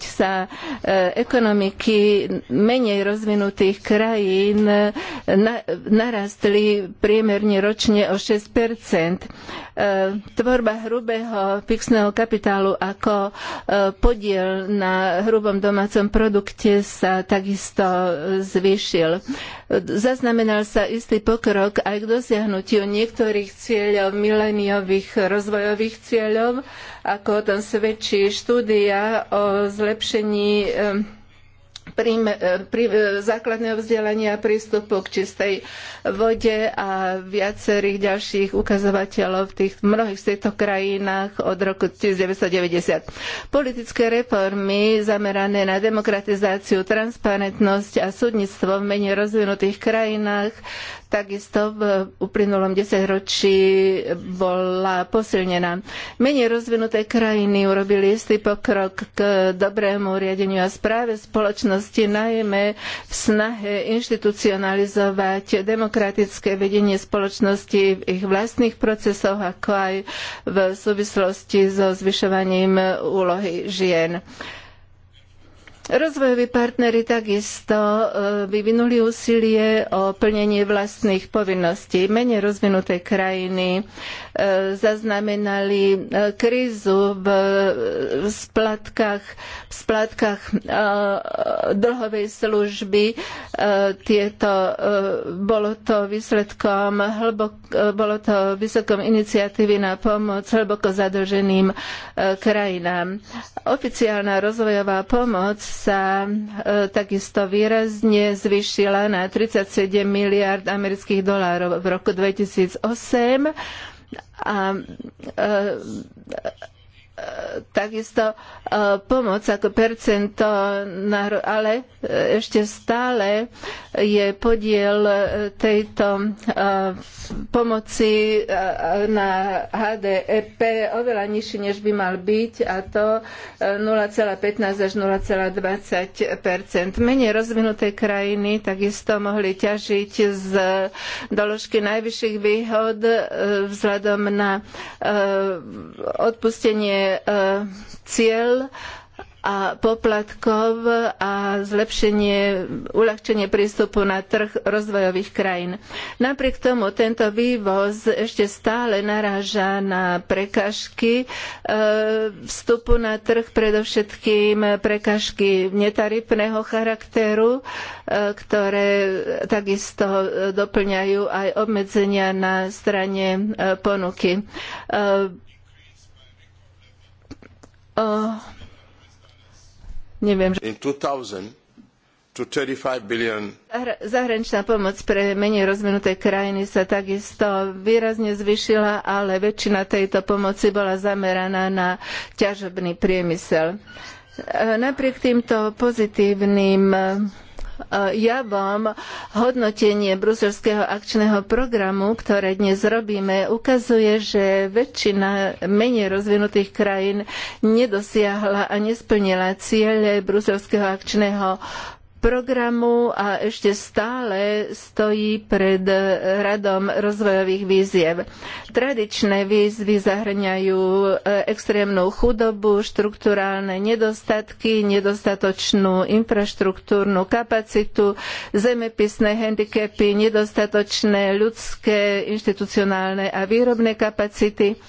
sa e, ekonomiky menej rozvinutých krajín e, narastli priemerne ročne o 6 e, Tvorba hrubého fixného kapitálu ako podiel na hrubom domácom produkte sa takisto zvýšil. Zaznamenal sa istý pokrok aj k dosiahnutiu niektorých cieľov, mileniových rozvojových cieľov, ako o tom svedčí štúdia o zlepšení E, e, základného vzdelania, prístupu k čistej vode a viacerých ďalších ukazovateľov v tých, mnohých z týchto krajinách od roku 1990. Politické reformy zamerané na demokratizáciu, transparentnosť a súdnictvo v menej rozvinutých krajinách Takisto v uplynulom desaťročí bola posilnená. Menej rozvinuté krajiny urobili istý pokrok k dobrému riadeniu a správe spoločnosti, najmä v snahe inštitucionalizovať demokratické vedenie spoločnosti v ich vlastných procesoch, ako aj v súvislosti so zvyšovaním úlohy žien. Rozvojoví partnery takisto e, vyvinuli úsilie o plnenie vlastných povinností. Menej rozvinuté krajiny zaznamenali e, krízu v splatkách, v splatkách e, dlhovej služby. E, tieto, bolo to výsledkom hlbok, bolo to výsledkom iniciatívy na pomoc hlboko zadlženým krajinám. Oficiálna rozvojová pomoc sa takisto výrazne zvýšila na 37 miliard amerických dolárov v roku 2008 a e, takisto e, pomoc ako percento, ale e, ešte stále je podiel e, tejto pomoci na HDP oveľa nižší, než by mal byť a to 0,15 až 0,20 Menej rozvinuté krajiny takisto mohli ťažiť z doložky najvyšších výhod vzhľadom na odpustenie zníženie cieľ a poplatkov a zlepšenie, uľahčenie prístupu na trh rozvojových krajín. Napriek tomu tento vývoz ešte stále naráža na prekažky e, vstupu na trh, predovšetkým prekažky netarifného charakteru, e, ktoré takisto doplňajú aj obmedzenia na strane e, ponuky Eh, neviem, že... In 2000, to Zahraničná pomoc pre menej rozvinuté krajiny sa takisto výrazne zvyšila, ale väčšina tejto pomoci bola zameraná na ťažobný priemysel. Eh, napriek týmto pozitívnym E, javom hodnotenie bruselského akčného programu, ktoré dnes robíme, ukazuje, že väčšina menej rozvinutých krajín nedosiahla a nesplnila ciele bruselského akčného programu programu a ešte stále stojí pred radom rozvojových výziev. Tradičné výzvy zahrňajú e, extrémnu chudobu, štrukturálne nedostatky, nedostatočnú infraštruktúrnu kapacitu, zemepisné handicapy, nedostatočné ľudské, inštitucionálne a výrobné kapacity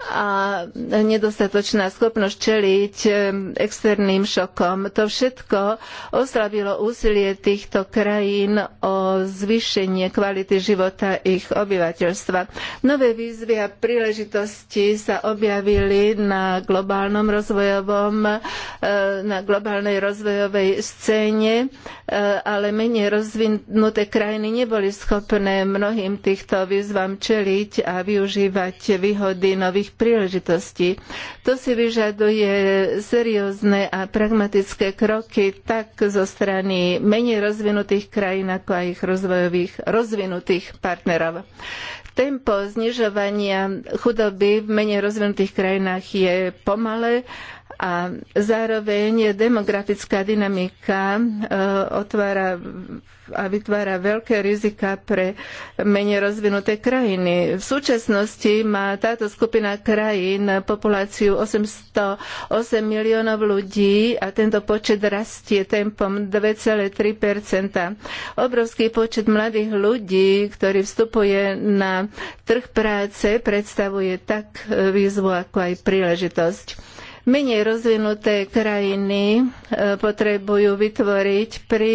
a nedostatočná schopnosť čeliť externým šokom. To všetko oslabilo úsilie týchto krajín o zvýšenie kvality života ich obyvateľstva. Nové výzvy a príležitosti sa objavili na globálnom rozvojovom, e, na globálnej rozvojovej scéne, e, ale menej rozvinuté krajiny neboli schopné mnohým týchto výzvam čeliť a využívať výhody nových nových príležitostí. To si vyžaduje seriózne a pragmatické kroky tak zo strany menej rozvinutých krajín, ako aj ich rozvojových rozvinutých partnerov. Tempo znižovania chudoby v menej rozvinutých krajinách je pomalé a zároveň demografická dynamika e, otvára a vytvára veľké rizika pre menej rozvinuté krajiny. V súčasnosti má táto skupina krajín populáciu 808 miliónov ľudí a tento počet rastie tempom 2,3 Obrovský počet mladých ľudí, ktorý vstupuje na trh práce, predstavuje tak výzvu ako aj príležitosť. Menej rozvinuté krajiny e, potrebujú vytvoriť pri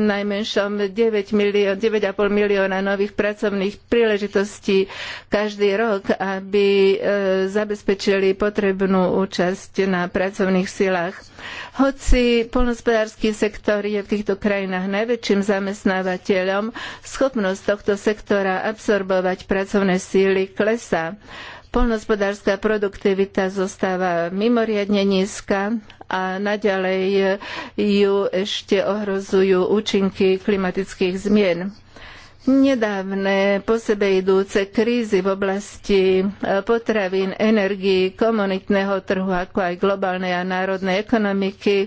najmenšom 9 milión, 9,5 milióna nových pracovných príležitostí každý rok, aby e, zabezpečili potrebnú účasť na pracovných silách. Hoci polnospodársky sektor je v týchto krajinách najväčším zamestnávateľom, schopnosť tohto sektora absorbovať pracovné síly klesá. Polnospodárska produktivita zostáva mimoriadne nízka a naďalej ju ešte ohrozujú účinky klimatických zmien. Nedávne po sebe idúce krízy v oblasti e, potravín, energii, komunitného trhu, ako aj globálnej a národnej ekonomiky e,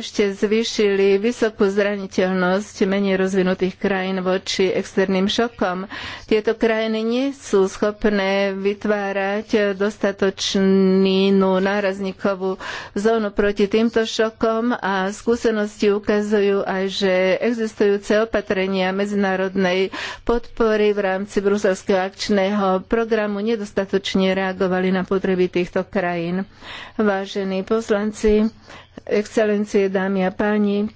ešte zvýšili vysokú zraniteľnosť menej rozvinutých krajín voči externým šokom. Tieto krajiny nie sú schopné vytvárať dostatočnú nárazníkovú zónu proti týmto šokom a skúsenosti ukazujú aj, že existujúce opatrenia medzinárodných medzinárodnej podpory v rámci Bruselského akčného programu nedostatočne reagovali na potreby týchto krajín. Vážení poslanci, excelencie, dámy a páni, e,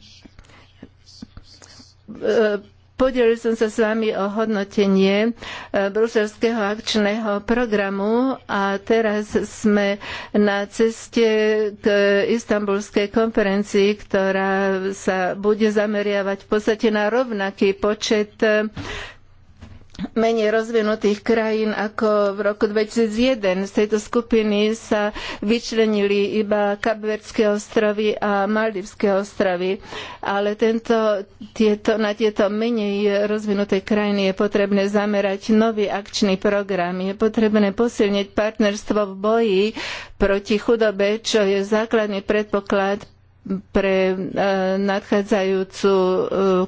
Podelil som sa s vami o hodnotenie e, bruselského akčného programu a teraz sme na ceste k istambulskej konferencii, ktorá sa bude zameriavať v podstate na rovnaký počet e, menej rozvinutých krajín ako v roku 2001. Z tejto skupiny sa vyčlenili iba Kapverdské ostrovy a Maldivské ostrovy, ale tento, tieto, na tieto menej rozvinuté krajiny je potrebné zamerať nový akčný program. Je potrebné posilniť partnerstvo v boji proti chudobe, čo je základný predpoklad pre e, nadchádzajúcu e,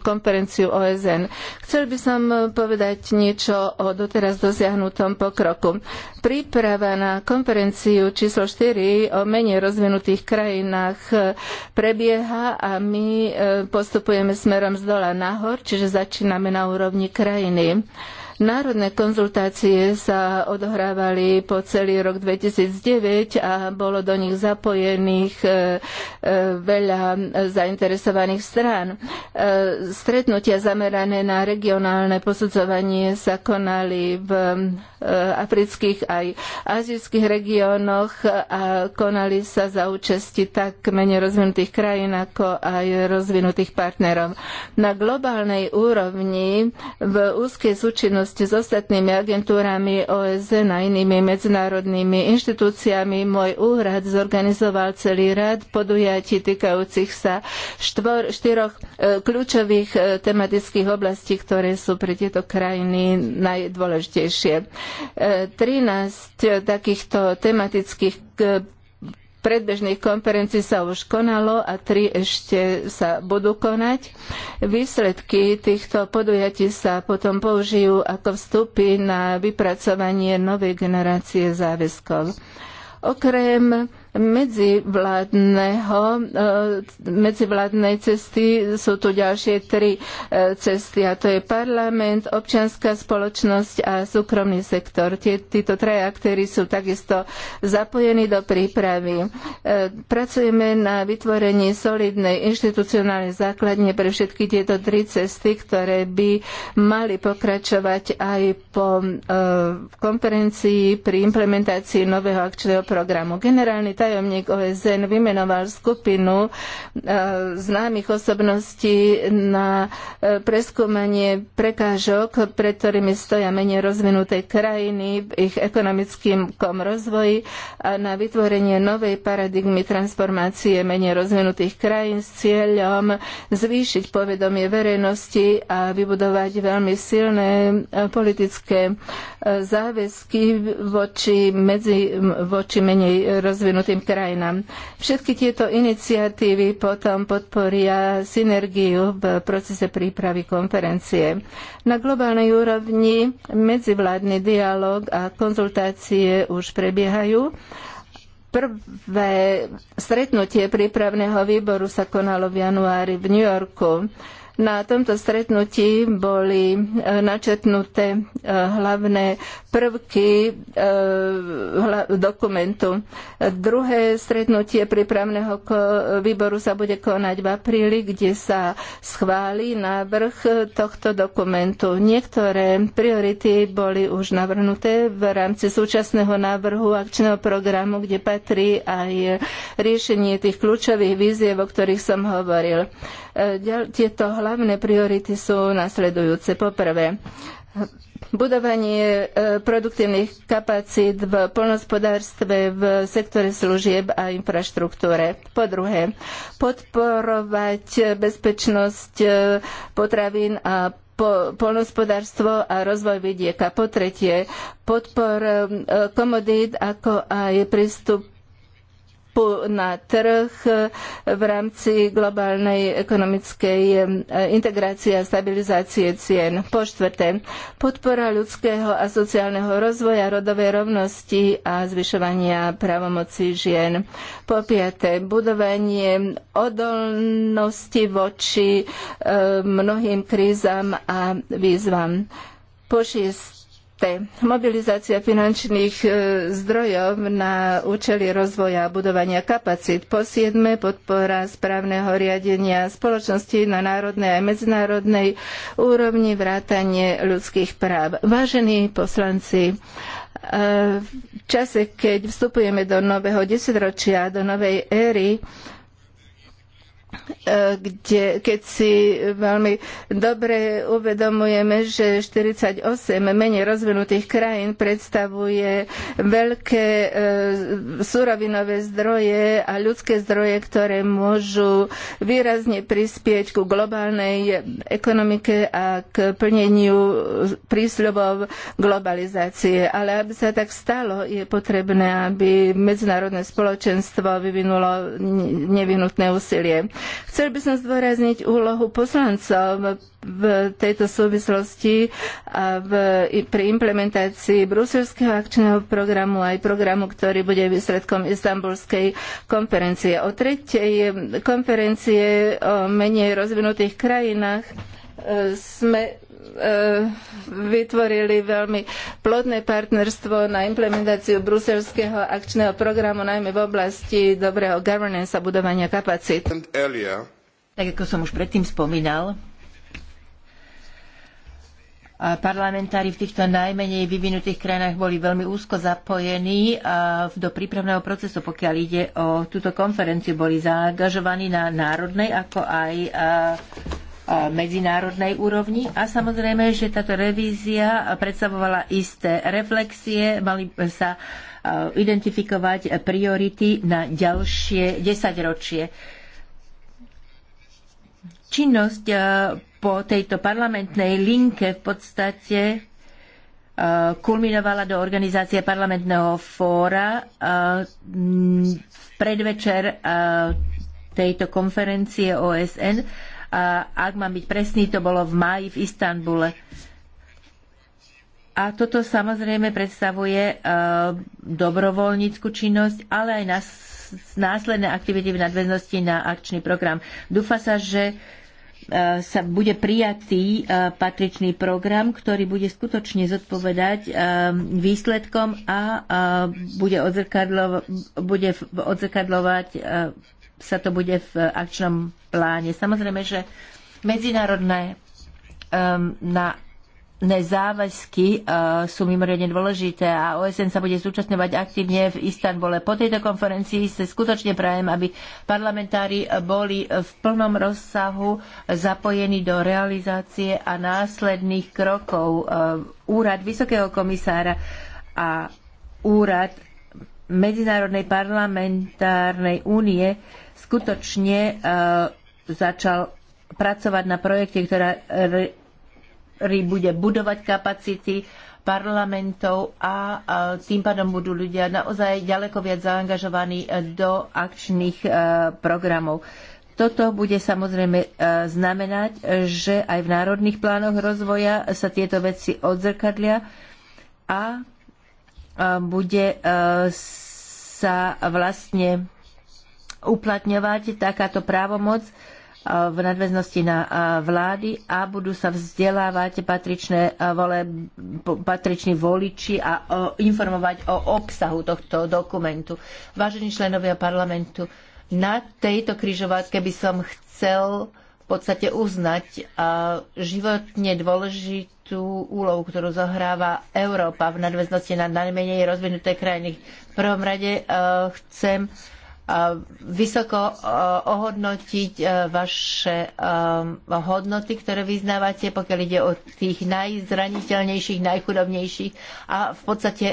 konferenciu OSN. Chcel by som povedať niečo o doteraz dosiahnutom pokroku. Príprava na konferenciu číslo 4 o menej rozvinutých krajinách e, prebieha a my postupujeme smerom z dola nahor, čiže začíname na úrovni krajiny. Národné konzultácie sa odohrávali po celý rok 2009 a bolo do nich zapojených e, e, veľa zainteresovaných strán. E, stretnutia zamerané na regionálne posudzovanie sa konali v afrických aj azijských regiónoch a konali sa za účasti tak menej rozvinutých krajín ako aj rozvinutých partnerov. Na globálnej úrovni v úzkej súčinnosti spoločnosť s ostatnými agentúrami OSN a inými medzinárodnými inštitúciami môj úrad zorganizoval celý rad podujatí týkajúcich sa štvor, štyroch e, kľúčových e, tematických oblastí, ktoré sú pre tieto krajiny najdôležitejšie. E, 13 e, takýchto tematických predbežných konferencií sa už konalo a tri ešte sa budú konať. Výsledky týchto podujatí sa potom použijú ako vstupy na vypracovanie novej generácie záväzkov. Okrem medzivládneho, e, medzivládnej cesty sú tu ďalšie tri e, cesty a to je parlament, občianská spoločnosť a súkromný sektor. Tie, títo traja aktéry sú takisto zapojení do prípravy. E, pracujeme na vytvorení solidnej inštitucionálnej základne pre všetky tieto tri cesty, ktoré by mali pokračovať aj po konferencii pri implementácii nového akčného programu. Generálny tajomník OSN vymenoval skupinu e, známych osobností na e, preskúmanie prekážok, pred ktorými stoja menej rozvinuté krajiny v ich ekonomickom rozvoji a na vytvorenie novej paradigmy transformácie menej rozvinutých krajín s cieľom zvýšiť povedomie verejnosti a vybudovať veľmi silné e, politické záväzky voči, medzi, voči menej rozvinutým tým krajinám. Všetky tieto iniciatívy potom podporia synergiu v procese prípravy konferencie. Na globálnej úrovni medzivládny dialog a konzultácie už prebiehajú. Prvé stretnutie prípravného výboru sa konalo v januári v New Yorku. Na tomto stretnutí boli e, načetnuté e, hlavné prvky e, dokumentu. Druhé stretnutie prípravného výboru sa bude konať v apríli, kde sa schváli návrh tohto dokumentu. Niektoré priority boli už navrhnuté v rámci súčasného návrhu akčného programu, kde patrí aj riešenie tých kľúčových výziev o ktorých som hovoril. E, tieto hlavné priority sú nasledujúce. Poprvé, budovanie e, produktívnych kapacít v poľnohospodárstve, v sektore služieb a infraštruktúre. Po druhé, podporovať bezpečnosť e, potravín a poľnohospodárstvo a rozvoj vidieka. Po tretie, podpor komodít ako aj prístup na trh e, v rámci globálnej ekonomickej e, integrácie a stabilizácie cien. Po štvrté, podpora ľudského a sociálneho rozvoja, rodovej rovnosti a zvyšovania právomocí žien. Po piaté, budovanie odolnosti voči e, mnohým krízam a výzvam. Po šiesté, P. Mobilizácia finančných e, zdrojov na účely rozvoja a budovania kapacít. Po siedme, podpora správneho riadenia spoločnosti na národnej a medzinárodnej úrovni vrátanie ľudských práv. Vážení poslanci, e, v čase, keď vstupujeme do nového desaťročia, do novej éry, E, kde, keď si veľmi dobre uvedomujeme, že 48 menej rozvinutých krajín predstavuje veľké e, surovinové zdroje a ľudské zdroje, ktoré môžu výrazne prispieť ku globálnej ekonomike a k plneniu prísľubov globalizácie. Ale aby sa tak stalo, je potrebné, aby medzinárodné spoločenstvo vyvinulo nevyhnutné úsilie. Chcel by som zdôrazniť úlohu poslancov v tejto súvislosti a v, pri implementácii bruselského akčného programu aj programu, ktorý bude výsledkom istambulskej konferencie. O tretej konferencie o menej rozvinutých krajinách e, sme E, vytvorili veľmi plodné partnerstvo na implementáciu bruselského akčného programu, najmä v oblasti dobrého governance a budovania kapacít. Tak ako som už predtým spomínal, a parlamentári v týchto najmenej vyvinutých krajinách boli veľmi úzko zapojení do prípravného procesu, pokiaľ ide o túto konferenciu, boli zaangažovaní na národnej ako aj medzinárodnej úrovni a samozrejme, že táto revízia predstavovala isté reflexie, mali sa identifikovať priority na ďalšie desaťročie. Činnosť po tejto parlamentnej linke v podstate kulminovala do organizácie parlamentného fóra v predvečer tejto konferencie OSN a ak mám byť presný, to bolo v máji v Istanbule. A toto samozrejme predstavuje e, dobrovoľníckú činnosť, ale aj následné aktivity v nadväznosti na akčný program. Dúfa sa, že e, sa bude prijatý e, patričný program, ktorý bude skutočne zodpovedať výsledkom a bude, odzrkadlo, bude odzrkadlovať sa to bude v akčnom pláne. Samozrejme, že medzinárodné um, na záväzky uh, sú mimoriadne dôležité a OSN sa bude zúčastňovať aktívne v Istanbule. Po tejto konferencii sa skutočne prajem, aby parlamentári boli v plnom rozsahu zapojení do realizácie a následných krokov. Uh, úrad Vysokého komisára a úrad Medzinárodnej parlamentárnej únie skutočne uh, začal pracovať na projekte, ktorý bude budovať kapacity parlamentov a tým pádom budú ľudia naozaj ďaleko viac zaangažovaní do akčných e, programov. Toto bude samozrejme e, znamenať, že aj v národných plánoch rozvoja sa tieto veci odzrkadlia a e, bude sa vlastne uplatňovať takáto právomoc v nadväznosti na vlády a budú sa vzdelávať patričné vole, patriční voliči a informovať o obsahu tohto dokumentu. Vážení členovia parlamentu, na tejto križovatke by som chcel v podstate uznať životne dôležitú úlohu, ktorú zohráva Európa v nadväznosti na najmenej rozvinuté krajiny. V prvom rade chcem vysoko ohodnotiť vaše hodnoty, ktoré vyznávate, pokiaľ ide o tých najzraniteľnejších, najchudobnejších a v podstate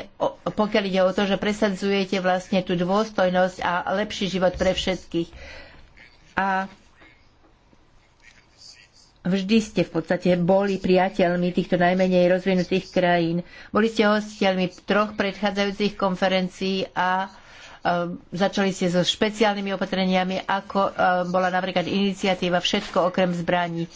pokiaľ ide o to, že presadzujete vlastne tú dôstojnosť a lepší život pre všetkých. A Vždy ste v podstate boli priateľmi týchto najmenej rozvinutých krajín. Boli ste hostiteľmi troch predchádzajúcich konferencií a Ehm, začali ste so špeciálnymi opatreniami, ako ehm, bola napríklad iniciatíva Všetko okrem zbraní.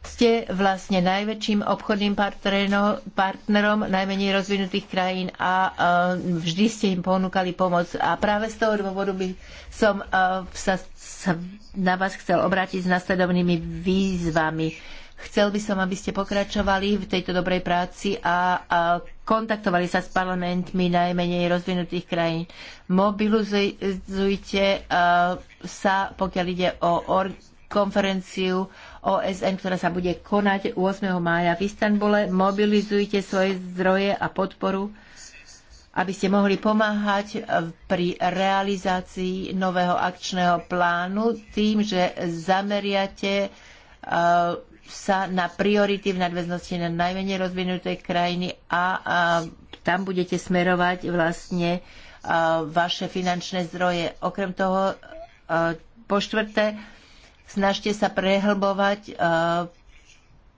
Ste vlastne najväčším obchodným partnerom najmenej rozvinutých krajín a ehm, vždy ste im ponúkali pomoc. A práve z toho dôvodu by som sa na vás chcel obrátiť s nasledovnými výzvami Chcel by som, aby ste pokračovali v tejto dobrej práci a, a kontaktovali sa s parlamentmi najmenej rozvinutých krajín. Mobilizujte sa, pokiaľ ide o konferenciu OSN, ktorá sa bude konať 8. mája v Istanbule. Mobilizujte svoje zdroje a podporu, aby ste mohli pomáhať e, pri realizácii nového akčného plánu tým, že zameriate e, sa na priority v nadväznosti na najmenej rozvinuté krajiny a, a tam budete smerovať vlastne a, vaše finančné zdroje. Okrem toho, a, po štvrté, snažte sa prehlbovať a,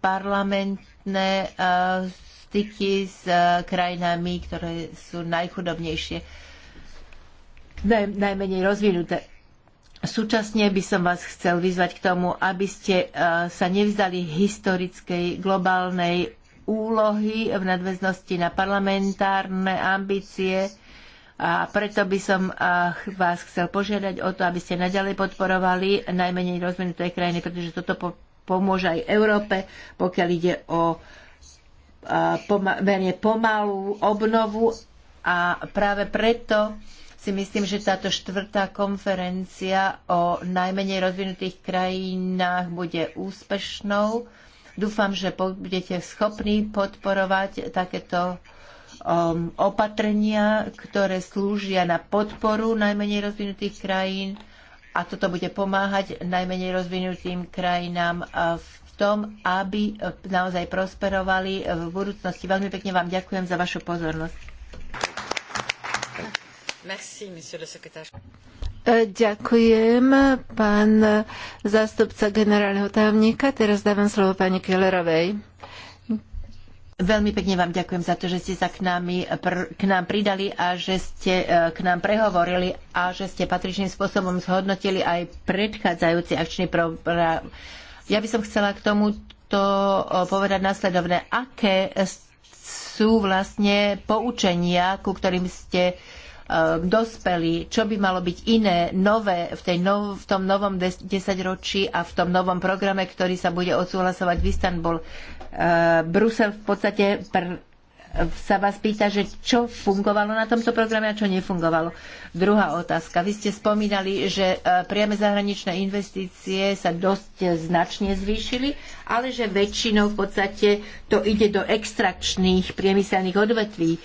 parlamentné a, styky s a, krajinami, ktoré sú najchudobnejšie, najmenej rozvinuté. Súčasne by som vás chcel vyzvať k tomu, aby ste e, sa nevzdali historickej globálnej úlohy v nadväznosti na parlamentárne ambície a preto by som e, vás chcel požiadať o to, aby ste naďalej podporovali najmenej rozvinuté krajiny, pretože toto pomôže aj Európe, pokiaľ ide o e, pomerne pomalú obnovu a práve preto si myslím, že táto štvrtá konferencia o najmenej rozvinutých krajinách bude úspešnou. Dúfam, že budete schopní podporovať takéto um, opatrenia, ktoré slúžia na podporu najmenej rozvinutých krajín a toto bude pomáhať najmenej rozvinutým krajinám uh, v tom, aby uh, naozaj prosperovali uh, v budúcnosti. Veľmi pekne vám ďakujem za vašu pozornosť. Merci, monsieur le secrétaire. E, ďakujem, pán zástupca generálneho tajomníka. Teraz dávam slovo pani Kellerovej. Veľmi pekne vám ďakujem za to, že ste sa k, nami, pr, k nám pridali a že ste e, k nám prehovorili a že ste patričným spôsobom zhodnotili aj predchádzajúci akčný program. Ja by som chcela k tomuto e, povedať následovné. Aké sú vlastne poučenia, ku ktorým ste uh, Eh, dospeli, čo by malo byť iné, nové v, tej nov, v tom novom desaťročí a v tom novom programe, ktorý sa bude odsúhlasovať v Istanbul. Eh, Brusel v podstate pr- sa vás pýta, že čo fungovalo na tomto programe a čo nefungovalo. Druhá otázka. Vy ste spomínali, že eh, priame zahraničné investície sa dosť značne zvýšili, ale že väčšinou v podstate to ide do extrakčných priemyselných odvetví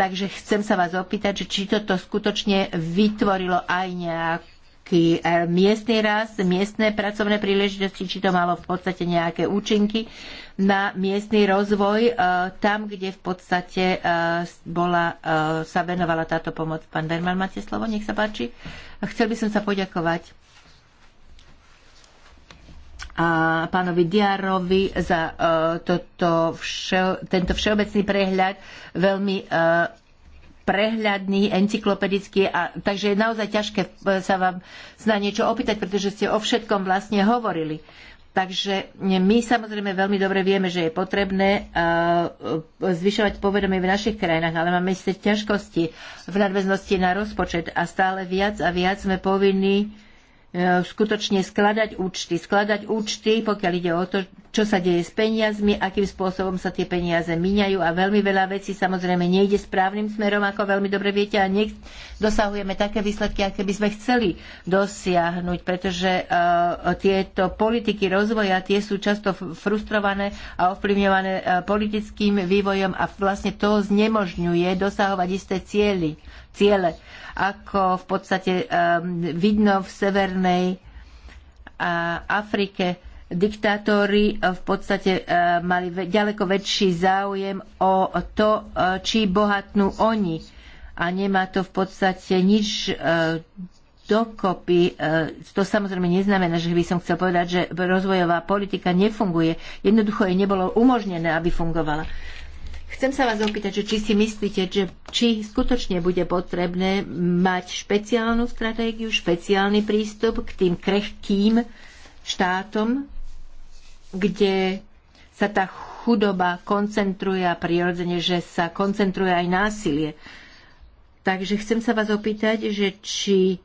Takže chcem sa vás opýtať, že či toto skutočne vytvorilo aj nejaký e, miestny rast, miestne pracovné príležitosti, či to malo v podstate nejaké účinky na miestny rozvoj, e, tam, kde v podstate e, bola, sa venovala táto pomoc. Pán Berman, máte slovo, nech sa páči. Chcel by som sa poďakovať a pánovi Diarovi za e, toto tento všeobecný prehľad, veľmi e, prehľadný, encyklopedický, a, takže je naozaj ťažké e, sa vám na niečo opýtať, pretože ste o všetkom vlastne hovorili. Takže my samozrejme veľmi dobre vieme, že je potrebné zvyšovať povedomie v našich krajinách, ale máme isté ťažkosti v nadväznosti na rozpočet a stále viac a viac sme povinní E, skutočne skladať účty. Skladať účty, pokiaľ ide o to, čo sa deje s peniazmi, akým spôsobom sa tie peniaze míňajú a veľmi veľa vecí samozrejme nejde správnym smerom, ako veľmi dobre viete, a nech dosahujeme také výsledky, aké by sme chceli dosiahnuť, pretože uh, tieto politiky rozvoja tie sú často frustrované a ovplyvňované uh, politickým vývojom a vlastne to znemožňuje dosahovať isté cieľy ciele. Ako v podstate um, vidno v severnej uh, Afrike, diktátori uh, v podstate uh, mali ďaleko väčší záujem o to, či bohatnú oni. A nemá to v podstate nič dokopy. To samozrejme neznamená, že by som chcel povedať, že rozvojová politika nefunguje. Jednoducho jej nebolo umožnené, aby fungovala. Chcem sa vás opýtať, že či si myslíte, že či skutočne bude potrebné mať špeciálnu stratégiu, špeciálny prístup k tým krehkým štátom, kde sa tá chudoba koncentruje a prirodzene, že sa koncentruje aj násilie. Takže chcem sa vás opýtať, že či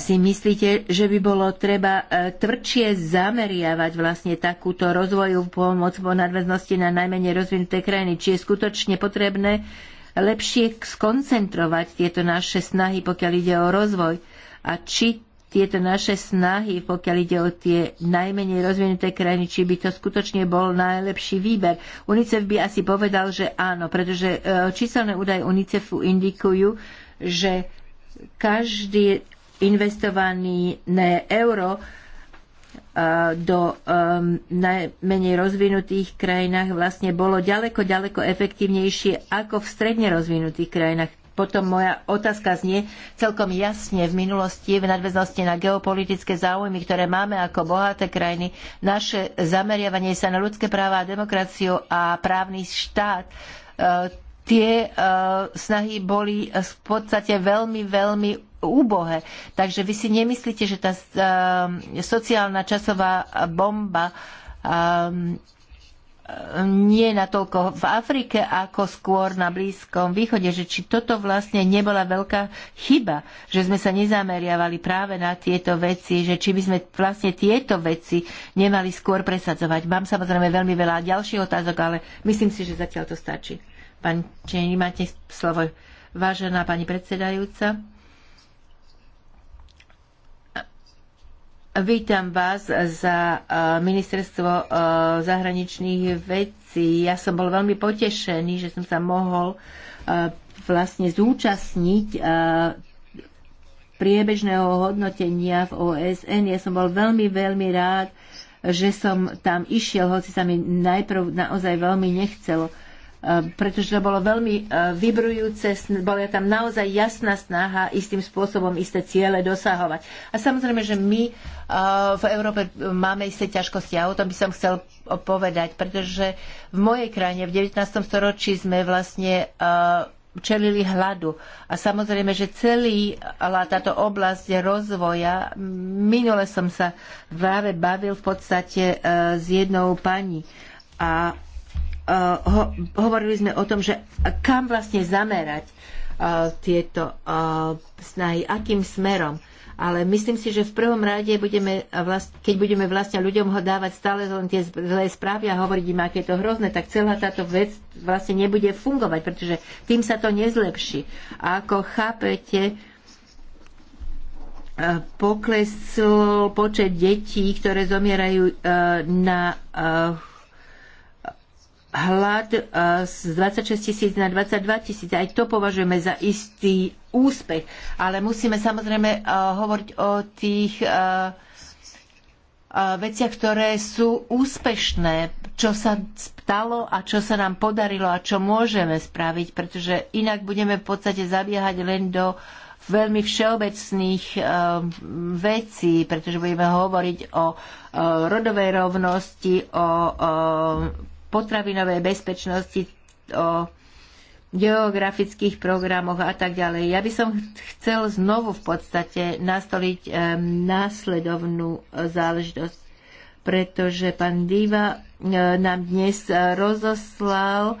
si myslíte, že by bolo treba e, tvrdšie zameriavať vlastne takúto rozvoju pomoc po nadväznosti na najmenej rozvinuté krajiny? Či je skutočne potrebné lepšie skoncentrovať tieto naše snahy, pokiaľ ide o rozvoj? A či tieto naše snahy, pokiaľ ide o tie najmenej rozvinuté krajiny, či by to skutočne bol najlepší výber. UNICEF by asi povedal, že áno, pretože e, číselné údaje UNICEFu indikujú, že každý investované euro e, do um, najmenej rozvinutých krajinách vlastne bolo ďaleko, ďaleko efektívnejšie ako v stredne rozvinutých krajinách. Potom moja otázka znie celkom jasne v minulosti v nadväznosti na geopolitické záujmy, ktoré máme ako bohaté krajiny. Naše zameriavanie sa na ľudské práva a demokraciu a právny štát e, tie e, snahy boli v podstate veľmi, veľmi úbohé. Takže vy si nemyslíte, že tá e, sociálna časová bomba e, nie natoľko v Afrike, ako skôr na Blízkom východe, že či toto vlastne nebola veľká chyba, že sme sa nezameriavali práve na tieto veci, že či by sme vlastne tieto veci nemali skôr presadzovať. Mám samozrejme veľmi veľa ďalších otázok, ale myslím si, že zatiaľ to stačí. Pani Čení, máte slovo. Vážená pani predsedajúca, Vítam vás za e, ministerstvo e, zahraničných vecí. Ja som bol veľmi potešený, že som sa mohol e, vlastne zúčastniť priebežného hodnotenia v OSN. Ja som bol veľmi, veľmi rád, že som tam išiel, hoci sa mi najprv naozaj veľmi nechcelo. E, pretože to bolo veľmi e, vybrujúce, bola tam naozaj jasná snaha istým spôsobom isté ciele dosahovať. A samozrejme, že my e, v Európe máme isté ťažkosti a o tom by som chcel povedať, pretože v mojej krajine v 19. storočí sme vlastne čelili hladu. A samozrejme, že celý táto oblasť rozvoja, minule som sa práve bavil v podstate s jednou pani a Eh, ho, hovorili sme o tom, že kam vlastne zamerať uh, tieto uh, snahy, akým smerom. Ale myslím si, že v prvom rade, budeme vlast, keď budeme vlastne ľuďom ho dávať stále len tie zlé správy a hovoriť im, aké je to hrozné, tak celá táto vec vlastne nebude fungovať, pretože tým sa to nezlepší. A ako chápete, poklesol počet detí, ktoré zomierajú na hlad e, z 26 tisíc na 22 tisíc. Aj to považujeme za istý úspech. Ale musíme samozrejme e, hovoriť o tých e, veciach, ktoré sú úspešné, čo sa stalo a čo sa nám podarilo a čo môžeme spraviť, pretože inak budeme v podstate zabiehať len do veľmi všeobecných vecí, pretože budeme hovoriť o rodovej rovnosti, o potravinovej bezpečnosti, o geografických programoch a tak ďalej. Ja by som chcel znovu v podstate nastoliť následovnú e, záležitosť, pretože pán Diva e, nám dnes rozoslal e,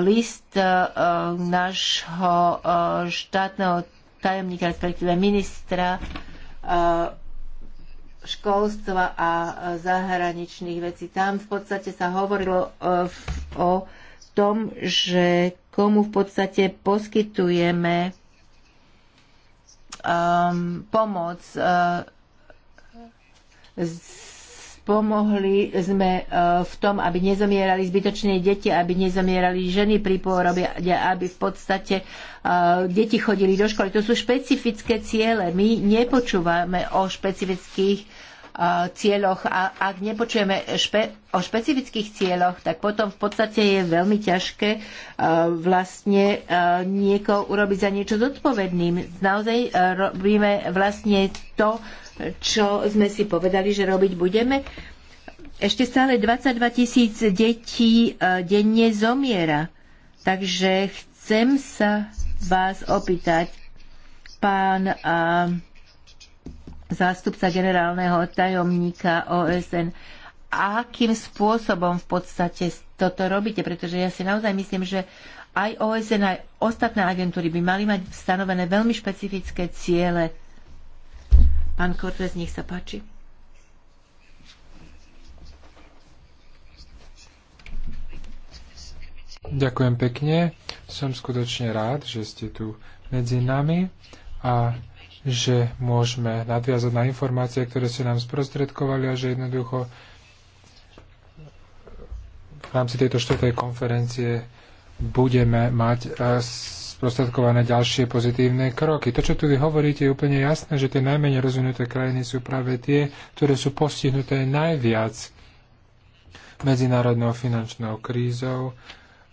list nášho štátneho tajomníka, respektíve ministra školstva a zahraničných vecí. Tam v podstate sa hovorilo e, o tom, že komu v podstate poskytujeme um, pomoc. Uh, pomohli sme uh, v tom, aby nezomierali zbytočné deti, aby nezomierali ženy pri pôrobe, aby v podstate uh, deti chodili do školy. To sú špecifické ciele. My nepočúvame o špecifických cieľoch a ak nepočujeme špe, o špecifických cieľoch, tak potom v podstate je veľmi ťažké vlastne niekoho urobiť za niečo zodpovedným. Naozaj robíme vlastne to, čo sme si povedali, že robiť budeme. Ešte stále 22 tisíc detí denne zomiera. Takže chcem sa vás opýtať, pán zástupca generálneho tajomníka OSN. Akým spôsobom v podstate toto robíte? Pretože ja si naozaj myslím, že aj OSN, aj ostatné agentúry by mali mať stanovené veľmi špecifické ciele. Pán Kortres, nech sa páči. Ďakujem pekne. Som skutočne rád, že ste tu medzi nami a že môžeme nadviazať na informácie, ktoré ste nám sprostredkovali a že jednoducho v rámci tejto štvrtej konferencie budeme mať e, sprostredkované ďalšie pozitívne kroky. To, čo tu vy hovoríte, je úplne jasné, že tie najmenej rozvinuté krajiny sú práve tie, ktoré sú postihnuté najviac medzinárodnou finančnou krízou,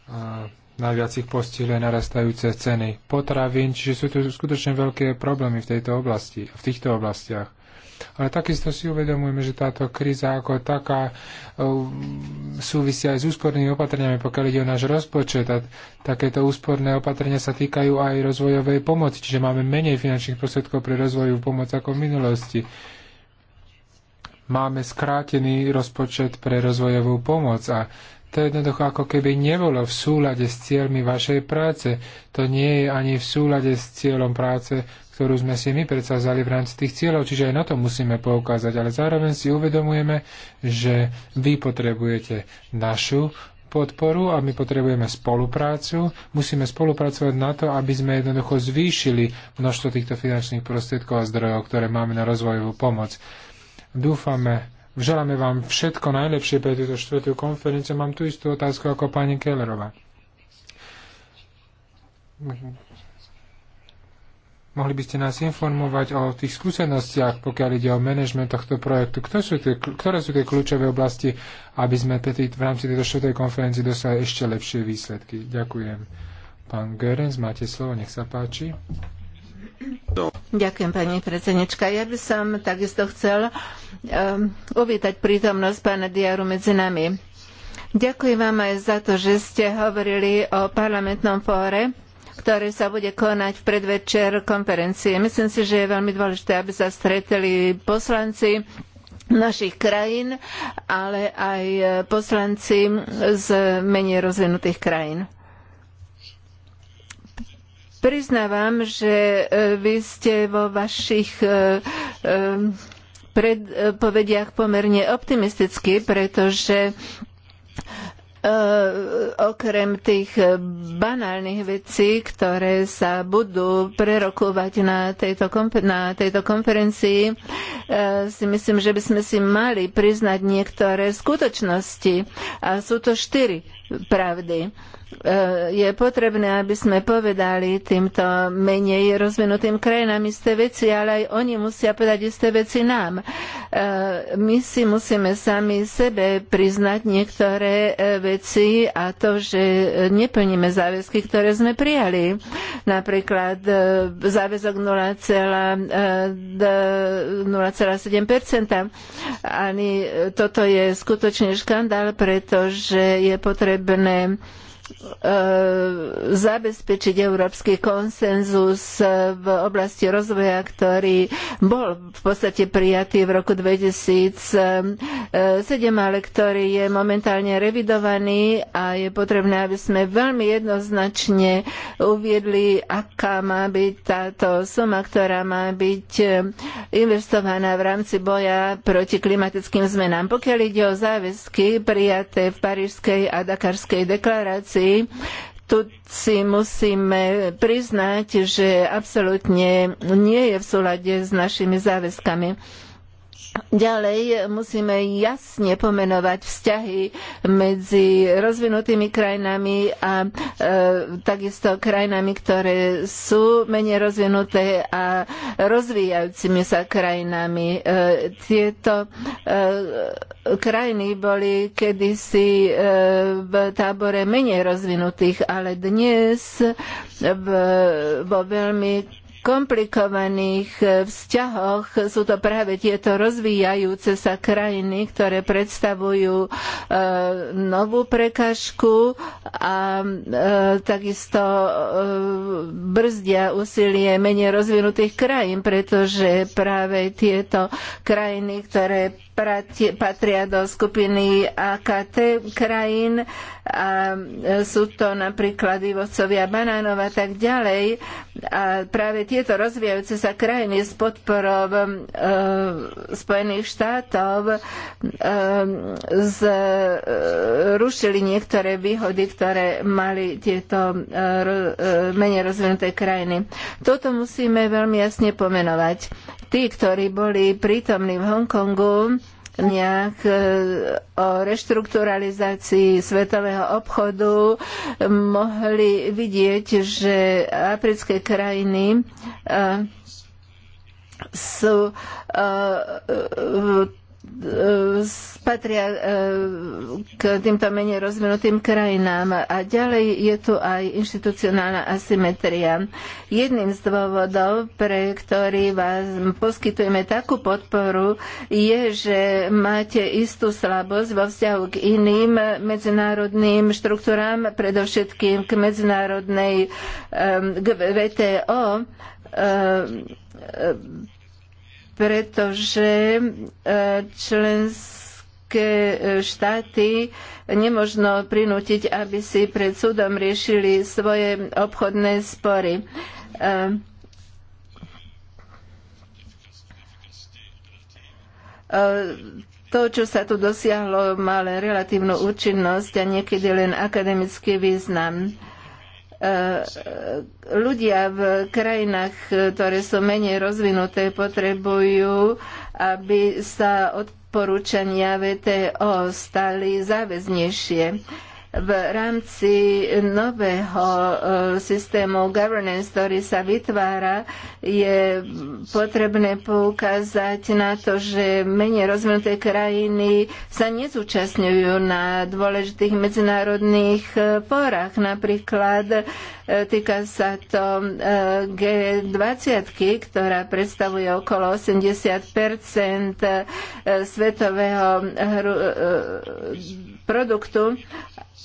a Najviac ich postihli narastajúce ceny potravín, čiže sú tu skutočne veľké problémy v tejto oblasti, v týchto oblastiach. Ale takisto si uvedomujeme, že táto kríza ako taká e, súvisia aj s úspornými opatreniami, pokiaľ ide o náš rozpočet. A takéto úsporné opatrenia sa týkajú aj rozvojovej pomoci, čiže máme menej finančných prostriedkov pre rozvojovú pomoc ako v minulosti. Máme skrátený rozpočet pre rozvojovú pomoc a to jednoducho ako keby nebolo v súlade s cieľmi vašej práce. To nie je ani v súlade s cieľom práce, ktorú sme si my predsazali v rámci tých cieľov, čiže aj na to musíme poukázať. Ale zároveň si uvedomujeme, že vy potrebujete našu podporu a my potrebujeme spoluprácu. Musíme spolupracovať na to, aby sme jednoducho zvýšili množstvo týchto finančných prostriedkov a zdrojov, ktoré máme na rozvojovú pomoc. Dúfame, Želáme vám všetko najlepšie pre túto štvrtú konferenciu. Mám tu istú otázku ako pani Kellerová. Mohli by ste nás informovať o tých skúsenostiach, pokiaľ ide o manažment tohto projektu. Kto sú tie, ktoré sú tie kľúčové oblasti, aby sme v rámci tejto štvrtej konferencie dostali ešte lepšie výsledky? Ďakujem. Pán Görens, máte slovo, nech sa páči. No. Ďakujem, pani predsednička. Ja by som takisto chcel um, uvítať prítomnosť pána Diaru medzi nami. Ďakujem vám aj za to, že ste hovorili o parlamentnom fóre ktoré sa bude konať v predvečer konferencie. Myslím si, že je veľmi dôležité, aby sa stretli poslanci našich krajín, ale aj poslanci z menej rozvinutých krajín. Priznávam, že e, vy ste vo vašich e, e, predpovediach pomerne optimistickí, pretože okrem tých banálnych vecí, ktoré sa budú prerokovať na tejto, na tejto konferencii, si myslím, že by sme si mali priznať niektoré skutočnosti. A sú to štyri pravdy. Eh, je potrebné, aby sme povedali týmto menej rozvinutým krajinám isté veci, ale aj oni musia povedať isté veci nám. Eh, my si musíme sami sebe priznať niektoré eh, veci a to, že neplníme záväzky, ktoré sme prijali. Napríklad záväzok 0,7%. Ani toto je skutočne škandál, pretože je potrebné E, zabezpečiť európsky konsenzus e, v oblasti rozvoja, ktorý bol v podstate prijatý v roku 2007, e, ale ktorý je momentálne revidovaný a je potrebné, aby sme veľmi jednoznačne uviedli, aká má byť táto suma, ktorá má byť investovaná v rámci boja proti klimatickým zmenám. Pokiaľ ide o záväzky prijaté v Parížskej a Dakarskej deklarácii, Tutsi, tu si musíme priznať, že absolútne nie je v súlade s našimi záväzkami. Ďalej musíme jasne pomenovať vzťahy medzi rozvinutými krajinami a e, takisto krajinami, ktoré sú menej rozvinuté a rozvíjajúcimi sa krajinami. E, tieto e, krajiny boli kedysi e, v tábore menej rozvinutých, ale dnes v, vo veľmi komplikovaných e, vzťahoch sú to práve tieto rozvíjajúce sa krajiny, ktoré predstavujú e, novú prekažku a e, takisto brzdia úsilie menej rozvinutých krajín, pretože práve tieto krajiny, ktoré patria do skupiny AKT krajín a e, sú to napríklad vývozcovia banánov a tak ďalej. A práve tieto rozvíjajúce sa krajiny s podporou e, Spojených štátov e, zrušili e, niektoré výhody, ktoré mali tieto e, menej rozvinuté krajiny. Toto musíme veľmi jasne pomenovať. Tí, ktorí boli prítomní v Hongkongu, nejak e, o reštrukturalizácii svetového obchodu mohli vidieť, že africké krajiny e, sú e, patria e, k týmto menej rozvinutým krajinám. A ďalej je tu aj inštitucionálna asymetria. Jedným z dôvodov, pre ktorý vás poskytujeme takú podporu, je, že máte istú slabosť vo vzťahu k iným medzinárodným štruktúram, predovšetkým k medzinárodnej k VTO pretože e, členské e, štáty nemožno prinútiť, aby si pred súdom riešili svoje obchodné spory. E, to, čo sa tu dosiahlo, má len relatívnu účinnosť a niekedy len akademický význam E, e, ľudia v krajinách, e, ktoré sú menej rozvinuté, potrebujú, aby sa odporúčania VTO stali záväznejšie v rámci nového e, systému governance, ktorý sa vytvára, je potrebné poukázať na to, že menej rozvinuté krajiny sa nezúčastňujú na dôležitých medzinárodných porách, e, napríklad Týka sa to e, G20, ktorá predstavuje okolo 80 e, svetového hru, e, produktu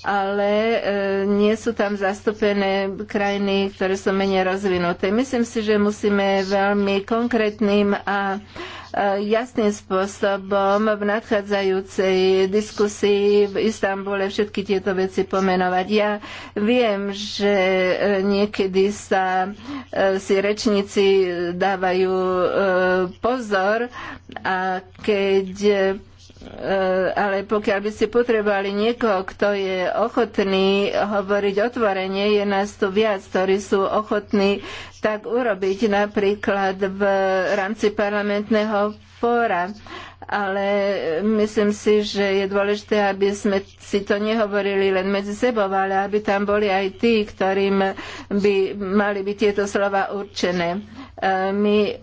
ale nie sú tam zastúpené krajiny, ktoré sú menej rozvinuté. Myslím si, že musíme veľmi konkrétnym a Eh, jasným spôsobom v nadchádzajúcej diskusii v Istambule všetky tieto veci pomenovať. Ja viem, že eh, niekedy sa eh, si rečníci dávajú pozor a keď E, ale pokiaľ by ste potrebovali niekoho, kto je ochotný hovoriť otvorenie, je nás tu viac, ktorí sú ochotní tak urobiť napríklad v rámci parlamentného fóra. Ale myslím si, že je dôležité, aby sme si to nehovorili len medzi sebou, ale aby tam boli aj tí, ktorým by mali byť tieto slova určené. E, my e,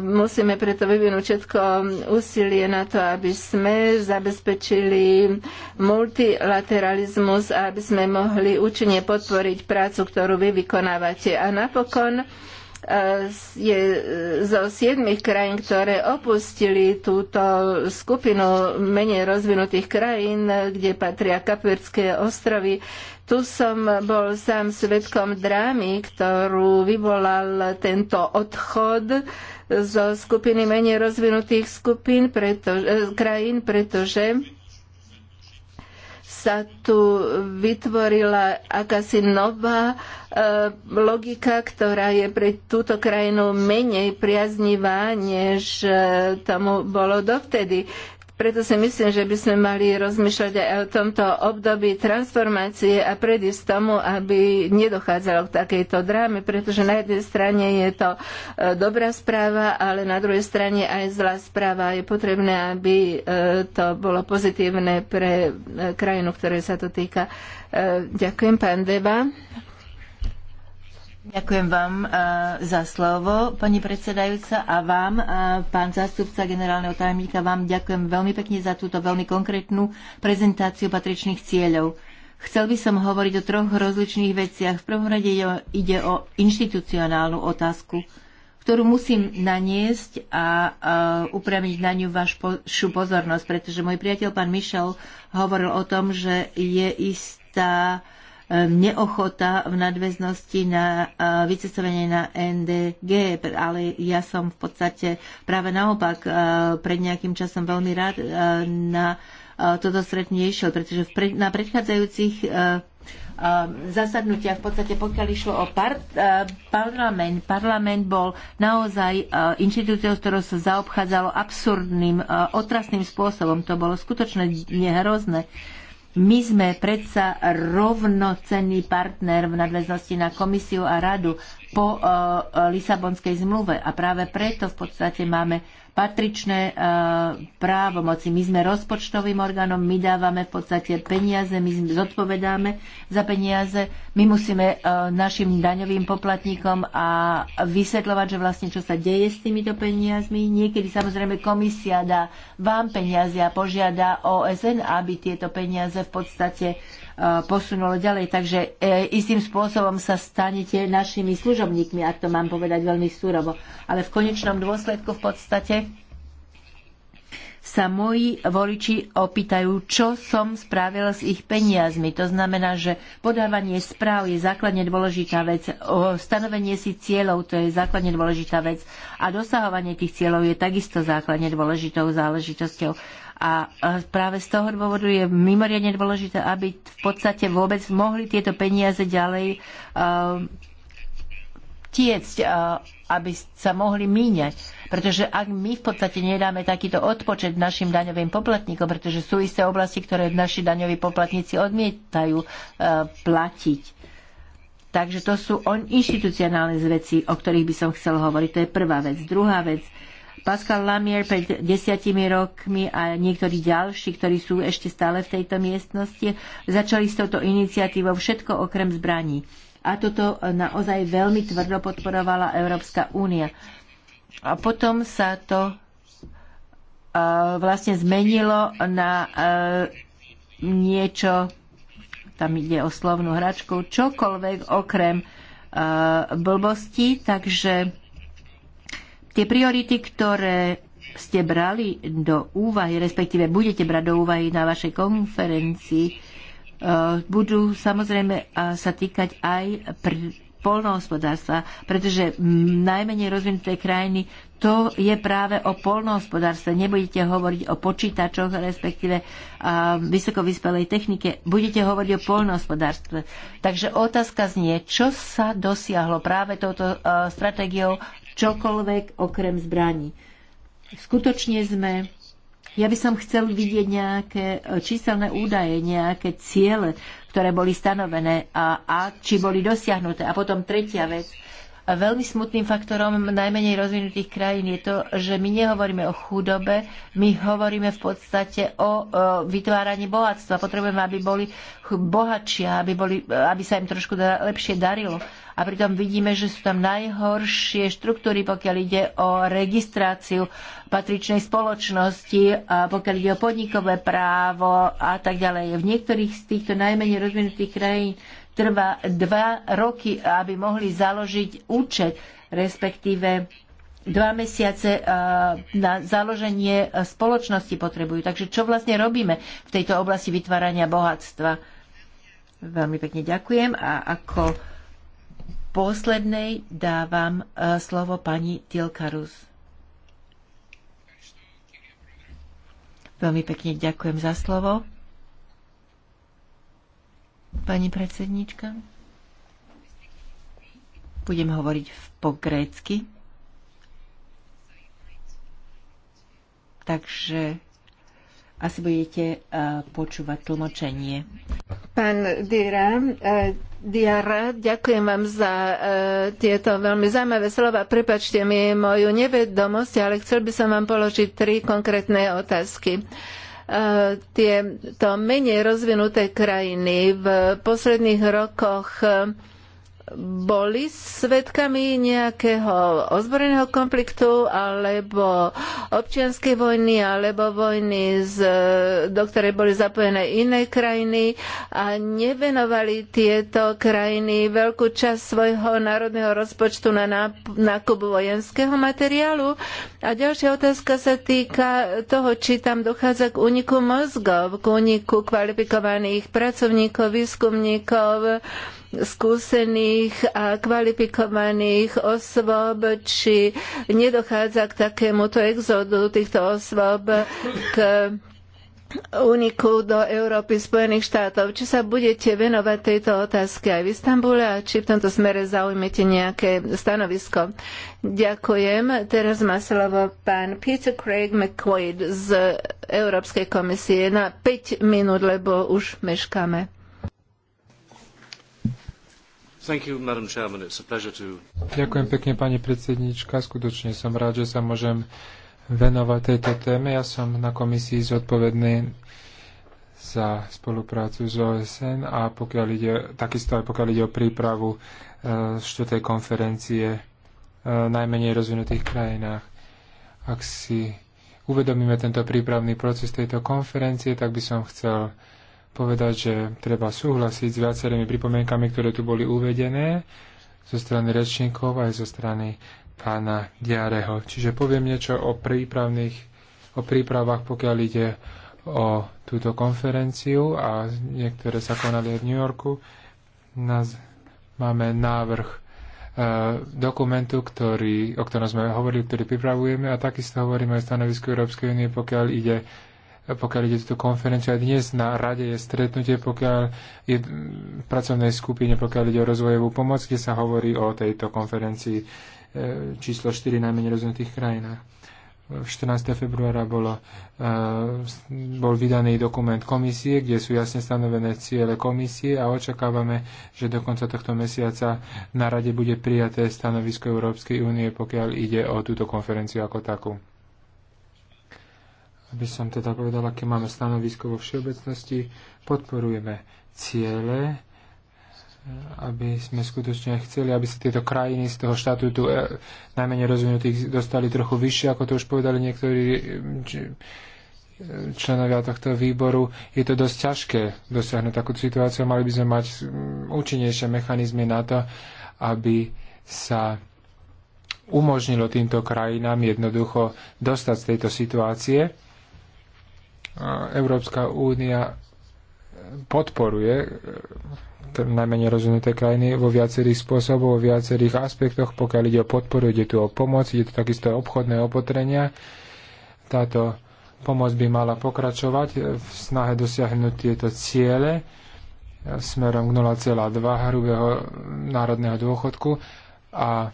musíme preto vyvinúť všetko úsilie na to, aby sme zabezpečili multilateralizmus a aby sme mohli účinne podporiť prácu, ktorú vy vykonávate. A napokon je zo siedmých krajín, ktoré opustili túto skupinu menej rozvinutých krajín, kde patria Kapverské ostrovy. Tu som bol sám svetkom drámy, ktorú vyvolal tento odchod zo skupiny menej rozvinutých skupín, preto, eh, krajín, pretože sa tu vytvorila akási nová e, logika, ktorá je pre túto krajinu menej priaznivá, než e, tomu bolo dovtedy. Preto si myslím, že by sme mali rozmýšľať aj o tomto období transformácie a predísť tomu, aby nedochádzalo k takejto dráme, pretože na jednej strane je to e, dobrá správa, ale na druhej strane aj zlá správa. Je potrebné, aby e, to bolo pozitívne pre e, krajinu, ktoré sa to týka. Ďakujem, pán Deba. Ďakujem vám eh, za slovo, pani predsedajúca, a vám, eh, pán zástupca generálneho tajomníka, vám ďakujem veľmi pekne za túto veľmi konkrétnu prezentáciu patričných cieľov. Chcel by som hovoriť o troch rozličných veciach. V prvom rade ide o, inštitucionálnu otázku, ktorú musím naniesť a uh, na ňu vašu pozornosť, pretože môj priateľ pán Mišel hovoril o tom, že je istá uh, neochota v nadväznosti na vycestovanie na NDG, ale ja som v podstate práve naopak pred nejakým časom veľmi rád na toto stretnutie išiel, pretože na predchádzajúcich zasadnutia v podstate pokiaľ išlo o par, parlament, parlament bol naozaj inštitúciou, s ktorou sa zaobchádzalo absurdným, otrasným spôsobom. To bolo skutočne hrozné. My sme predsa rovnocenný partner v nadväznosti na komisiu a radu po eh, Lisabonskej zmluve a práve preto v podstate máme patričné e, právomoci. My sme rozpočtovým orgánom, my dávame v podstate peniaze, my zodpovedáme za peniaze, my musíme e, našim daňovým poplatníkom a vysvetľovať, že vlastne čo sa deje s týmito peniazmi. Niekedy samozrejme komisia dá vám peniaze a požiada OSN, aby tieto peniaze v podstate posunulo ďalej. Takže e, istým spôsobom sa stanete našimi služobníkmi, ak to mám povedať veľmi súrovo. Ale v konečnom dôsledku v podstate sa moji voliči opýtajú, čo som spravil s ich peniazmi. To znamená, že podávanie správ je základne dôležitá vec, stanovenie si cieľov to je základne dôležitá vec a dosahovanie tých cieľov je takisto základne dôležitou záležitosťou. A práve z toho dôvodu je mimoriadne dôležité, aby v podstate vôbec mohli tieto peniaze ďalej uh, tiecť, uh, aby sa mohli míňať. Pretože ak my v podstate nedáme takýto odpočet našim daňovým poplatníkom, pretože sú isté oblasti, ktoré naši daňoví poplatníci odmietajú uh, platiť. Takže to sú on inštitucionálne veci, o ktorých by som chcel hovoriť. To je prvá vec. Druhá vec, Pascal Lamier pred desiatimi rokmi a niektorí ďalší, ktorí sú ešte stále v tejto miestnosti, začali s touto iniciatívou všetko okrem zbraní. A toto e, naozaj veľmi tvrdo podporovala Európska únia. A potom sa to e, vlastne zmenilo na e, niečo, tam ide o slovnú hračku, čokoľvek okrem blbosti, takže Tie priority, ktoré ste brali do úvahy, respektíve budete brať do úvahy na vašej konferencii, e, budú samozrejme e, sa týkať aj pr- polnohospodárstva, pretože najmenej rozvinuté krajiny to je práve o polnohospodárstve. Nebudete hovoriť o počítačoch, respektíve vysokovyspelej technike. Budete hovoriť o polnohospodárstve. Takže otázka znie, čo sa dosiahlo práve touto e, stratégiou čokoľvek okrem zbraní. Skutočne sme ja by som chcel vidieť nejaké e, číselné údaje, nejaké ciele, ktoré boli stanovené a, a či boli dosiahnuté. A potom tretia vec – Veľmi smutným faktorom najmenej rozvinutých krajín je to, že my nehovoríme o chudobe, my hovoríme v podstate o, vytváraní bohatstva. Potrebujeme, aby boli bohatšia, aby, boli, aby sa im trošku lepšie darilo. A pritom vidíme, že sú tam najhoršie štruktúry, pokiaľ ide o registráciu patričnej spoločnosti, a pokiaľ ide o podnikové právo a tak ďalej. V niektorých z týchto najmenej rozvinutých krajín trvá dva roky, aby mohli založiť účet, respektíve dva mesiace e, na založenie e, spoločnosti potrebujú. Takže čo vlastne robíme v tejto oblasti vytvárania bohatstva? Veľmi pekne ďakujem a ako poslednej dávam e, slovo pani Tilkarus. Veľmi pekne ďakujem za slovo. Pani predsednička, budem hovoriť po grécky. Takže asi budete uh, počúvať tlmočenie. Pán Dira, uh, e, Diara, ďakujem vám za uh, tieto veľmi zaujímavé slova. Prepačte mi moju nevedomosť, ale chcel by som vám položiť tri konkrétne otázky. Uh, tieto menej rozvinuté krajiny v posledných rokoch boli svetkami nejakého ozbrojeného konfliktu alebo občianskej vojny alebo vojny, z, do ktorej boli zapojené iné krajiny a nevenovali tieto krajiny veľkú časť svojho národného rozpočtu na nákup vojenského materiálu. A ďalšia otázka sa týka toho, či tam dochádza k úniku mozgov, k úniku kvalifikovaných pracovníkov, výskumníkov, skúsených a kvalifikovaných osôb, či nedochádza k takémuto exodu týchto osôb k úniku do Európy, Spojených štátov. Či sa budete venovať tejto otázke aj v Istambule a či v tomto smere zaujmete nejaké stanovisko? Ďakujem. Teraz má slovo pán Peter Craig McQuaid z Európskej komisie na 5 minút, lebo už meškáme. You, Ďakujem pekne, pani predsednička. Skutočne som rád, že sa môžem venovať tejto téme. Ja som na komisii zodpovedný za spoluprácu s OSN a pokiaľ ide, takisto aj pokiaľ ide o prípravu e, štvrtej konferencie v e, najmenej rozvinutých krajinách. Ak si uvedomíme tento prípravný proces tejto konferencie, tak by som chcel povedať, že treba súhlasiť s viacerými pripomienkami, ktoré tu boli uvedené zo strany rečníkov aj zo strany pána Diareho. Čiže poviem niečo o, prípravných, o prípravách, pokiaľ ide o túto konferenciu a niektoré sa konali v New Yorku. Nás, máme návrh e, dokumentu, ktorý, o ktorom sme hovorili, ktorý pripravujeme a takisto hovoríme aj stanovisku Európskej únie, pokiaľ ide pokiaľ ide túto konferenciu. Aj dnes na rade je stretnutie, pokiaľ je v pracovnej skupine, pokiaľ ide o rozvojovú pomoc, kde sa hovorí o tejto konferencii e, číslo 4 najmenej rozvinutých krajinách. 14. februára bolo, e, bol vydaný dokument komisie, kde sú jasne stanovené ciele komisie a očakávame, že do konca tohto mesiaca na rade bude prijaté stanovisko Európskej únie, pokiaľ ide o túto konferenciu ako takú aby som teda povedal, aké máme stanovisko vo všeobecnosti, podporujeme ciele, aby sme skutočne chceli, aby sa tieto krajiny z toho štatútu e, najmenej rozvinutých dostali trochu vyššie, ako to už povedali niektorí e, či, e, členovia tohto výboru, je to dosť ťažké dosiahnuť takú situáciu. Mali by sme mať mm, účinnejšie mechanizmy na to, aby sa umožnilo týmto krajinám jednoducho dostať z tejto situácie. Európska únia podporuje e, najmenej rozvinuté krajiny vo viacerých spôsoboch, vo viacerých aspektoch, pokiaľ ide o podporu, ide tu o pomoc, ide tu takisto obchodné opatrenia. Táto pomoc by mala pokračovať e, v snahe dosiahnuť tieto ciele e, smerom k 0,2 hrubého národného dôchodku a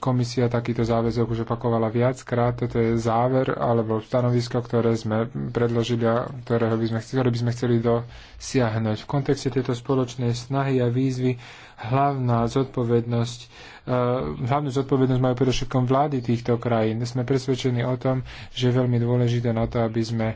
komisia takýto záväzok už opakovala viackrát. Toto je záver alebo stanovisko, ktoré sme predložili a ktorého by sme, ktoré by sme chceli dosiahnuť. V kontexte tejto spoločnej snahy a výzvy hlavná zodpovednosť, eh, hlavnú zodpovednosť majú predovšetkom vlády týchto krajín. Sme presvedčení o tom, že je veľmi dôležité na to, aby sme,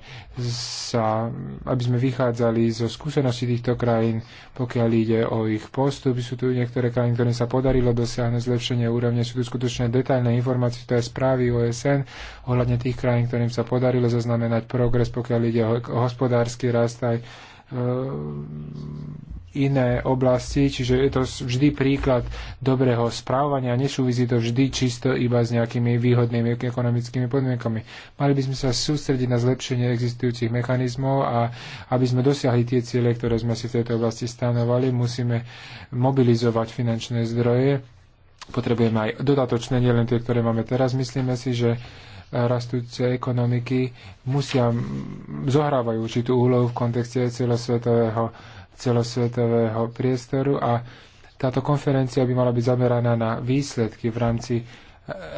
sa, aby sme vychádzali zo skúseností týchto krajín, pokiaľ ide o ich postup. Sú tu niektoré krajiny, ktorým sa podarilo dosiahnuť zlepšenie úrovne. Sú tu skutočne detailné informácie, to je správy OSN ohľadne tých krajín, ktorým sa podarilo zaznamenať progres, pokiaľ ide o hospodársky rast aj eh, iné oblasti, čiže je to vždy príklad dobrého správania, nesúvisí to vždy čisto iba s nejakými výhodnými ekonomickými podmienkami. Mali by sme sa sústrediť na zlepšenie existujúcich mechanizmov a aby sme dosiahli tie ciele, ktoré sme si v tejto oblasti stanovali, musíme mobilizovať finančné zdroje. Potrebujeme aj dodatočné, nielen tie, ktoré máme teraz. Myslíme si, že eh, rastúce ekonomiky musia zohrávajú určitú úlohu v kontexte celosvetového celosvetového priestoru a táto konferencia by mala byť zameraná na výsledky v rámci eh,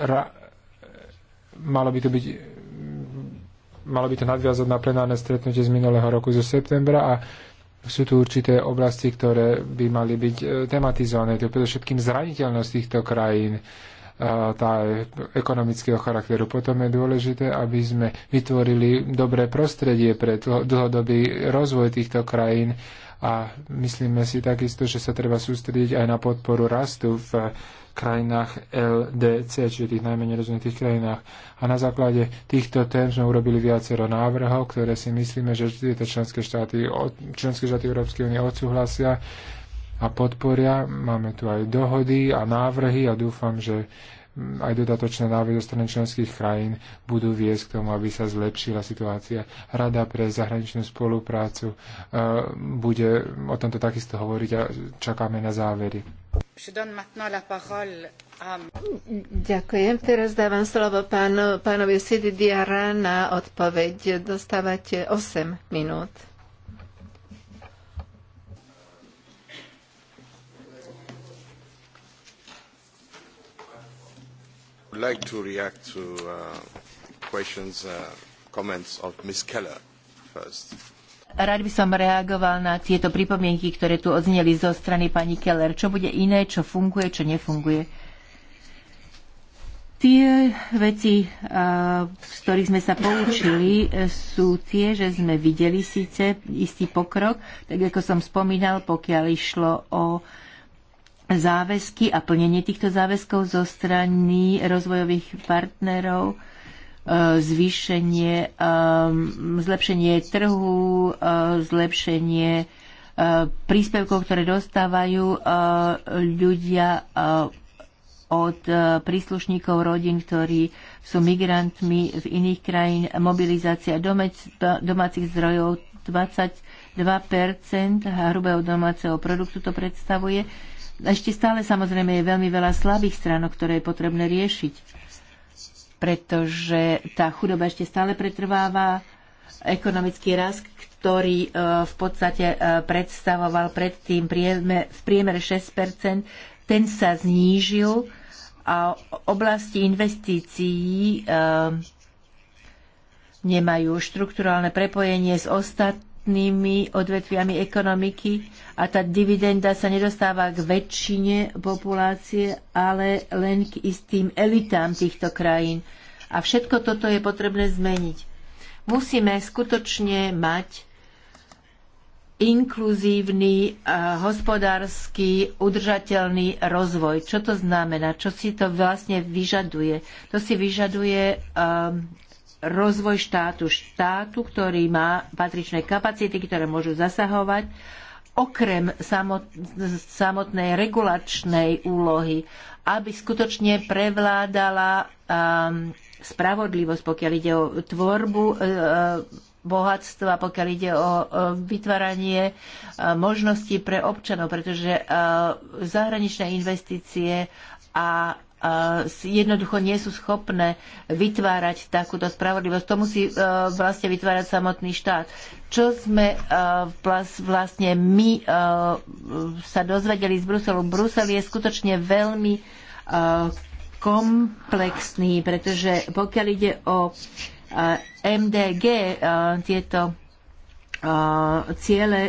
ra, malo by to byť malo by to nadviazať na plenárne stretnutie z minulého roku zo septembra a sú tu určité oblasti, ktoré by mali byť eh, tematizované. To je predovšetkým zraniteľnosť týchto krajín, eh, tá ekonomického charakteru. Potom je dôležité, aby sme vytvorili dobré prostredie pre dlhodobý rozvoj týchto krajín a myslíme si takisto, že sa treba sústrediť aj na podporu rastu v krajinách LDC, čiže tých najmenej rozvinutých krajinách. A na základe týchto tém sme urobili viacero návrhov, ktoré si myslíme, že tieto členské štáty, členské štáty Európskej únie odsúhlasia a podporia. Máme tu aj dohody a návrhy a dúfam, že aj dodatočné návrhy zo strany členských krajín budú viesť k tomu, aby sa zlepšila situácia. Rada pre zahraničnú spoluprácu e, bude o tomto takisto hovoriť a čakáme na závery. Ďakujem. Teraz dávam slovo pánu, pánovi Sididiara na odpoveď. Dostávate 8 minút. like to react to uh, questions, uh, comments of Ms. Keller first. Rád by som reagoval na tieto pripomienky, ktoré tu odzneli zo strany pani Keller. Čo bude iné, čo funguje, čo nefunguje. Tie veci, uh, z ktorých sme sa poučili, sú tie, že sme videli síce istý pokrok, tak ako som spomínal, pokiaľ išlo o záväzky a plnenie týchto záväzkov zo strany rozvojových partnerov, e, zvýšenie, e, zlepšenie trhu, e, zlepšenie príspevkov, ktoré dostávajú ľudia od príslušníkov rodín, ktorí sú migrantmi v iných krajín, mobilizácia domácich zdrojov 22 hrubého domáceho produktu to predstavuje ešte stále samozrejme je veľmi veľa slabých stránok, ktoré je potrebné riešiť, pretože tá chudoba ešte stále pretrváva, ekonomický rast, ktorý e, v podstate e, predstavoval predtým v priemere 6 ten sa znížil a oblasti investícií e, nemajú štrukturálne prepojenie s, ostatným ostatnými odvetviami ekonomiky a tá dividenda sa nedostáva k väčšine populácie, ale len k istým elitám týchto krajín. A všetko toto je potrebné zmeniť. Musíme skutočne mať inkluzívny, eh, hospodársky, udržateľný rozvoj. Čo to znamená? Čo si to vlastne vyžaduje? To si vyžaduje eh, rozvoj štátu, štátu, ktorý má patričné kapacity, ktoré môžu zasahovať, okrem samotnej regulačnej úlohy, aby skutočne prevládala ehm, spravodlivosť, pokiaľ ide o tvorbu e, e, bohatstva, pokiaľ ide o e, vytváranie možností pre občanov, pretože zahraničné investície a jednoducho nie sú schopné vytvárať takúto spravodlivosť. To musí e, vlastne vytvárať samotný štát. Čo sme e, vlastne my e, sa dozvedeli z Bruselu? Brusel je skutočne veľmi komplexný, pretože pokiaľ ide o MDG, tieto ciele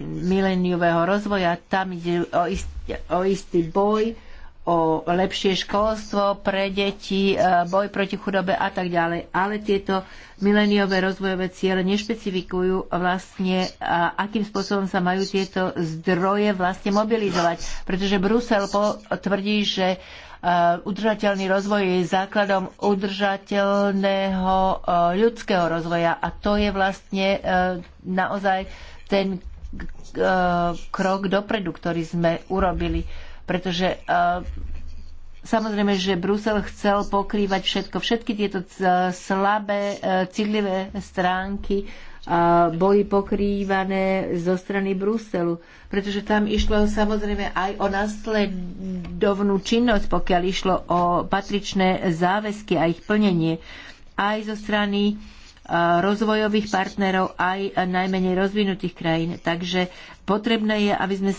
mileniového rozvoja, tam ide o istý, o istý boj, o lepšie školstvo pre deti, e, boj proti chudobe a tak ďalej. Ale tieto mileniové rozvojové ciele nešpecifikujú vlastne, e, akým spôsobom sa majú tieto zdroje vlastne mobilizovať. Pretože Brusel tvrdí, že e, udržateľný rozvoj je základom udržateľného ľudského rozvoja a to je vlastne naozaj ten krok dopredu, ktorý sme urobili pretože e, Samozrejme, že Brusel chcel pokrývať všetko, všetky tieto e, slabé, e, citlivé stránky boli pokrývané zo strany Bruselu, pretože tam išlo samozrejme aj o následovnú činnosť, pokiaľ išlo o patričné záväzky a ich plnenie, aj zo strany rozvojových partnerov, aj najmenej rozvinutých krajín. Takže potrebné je, aby sme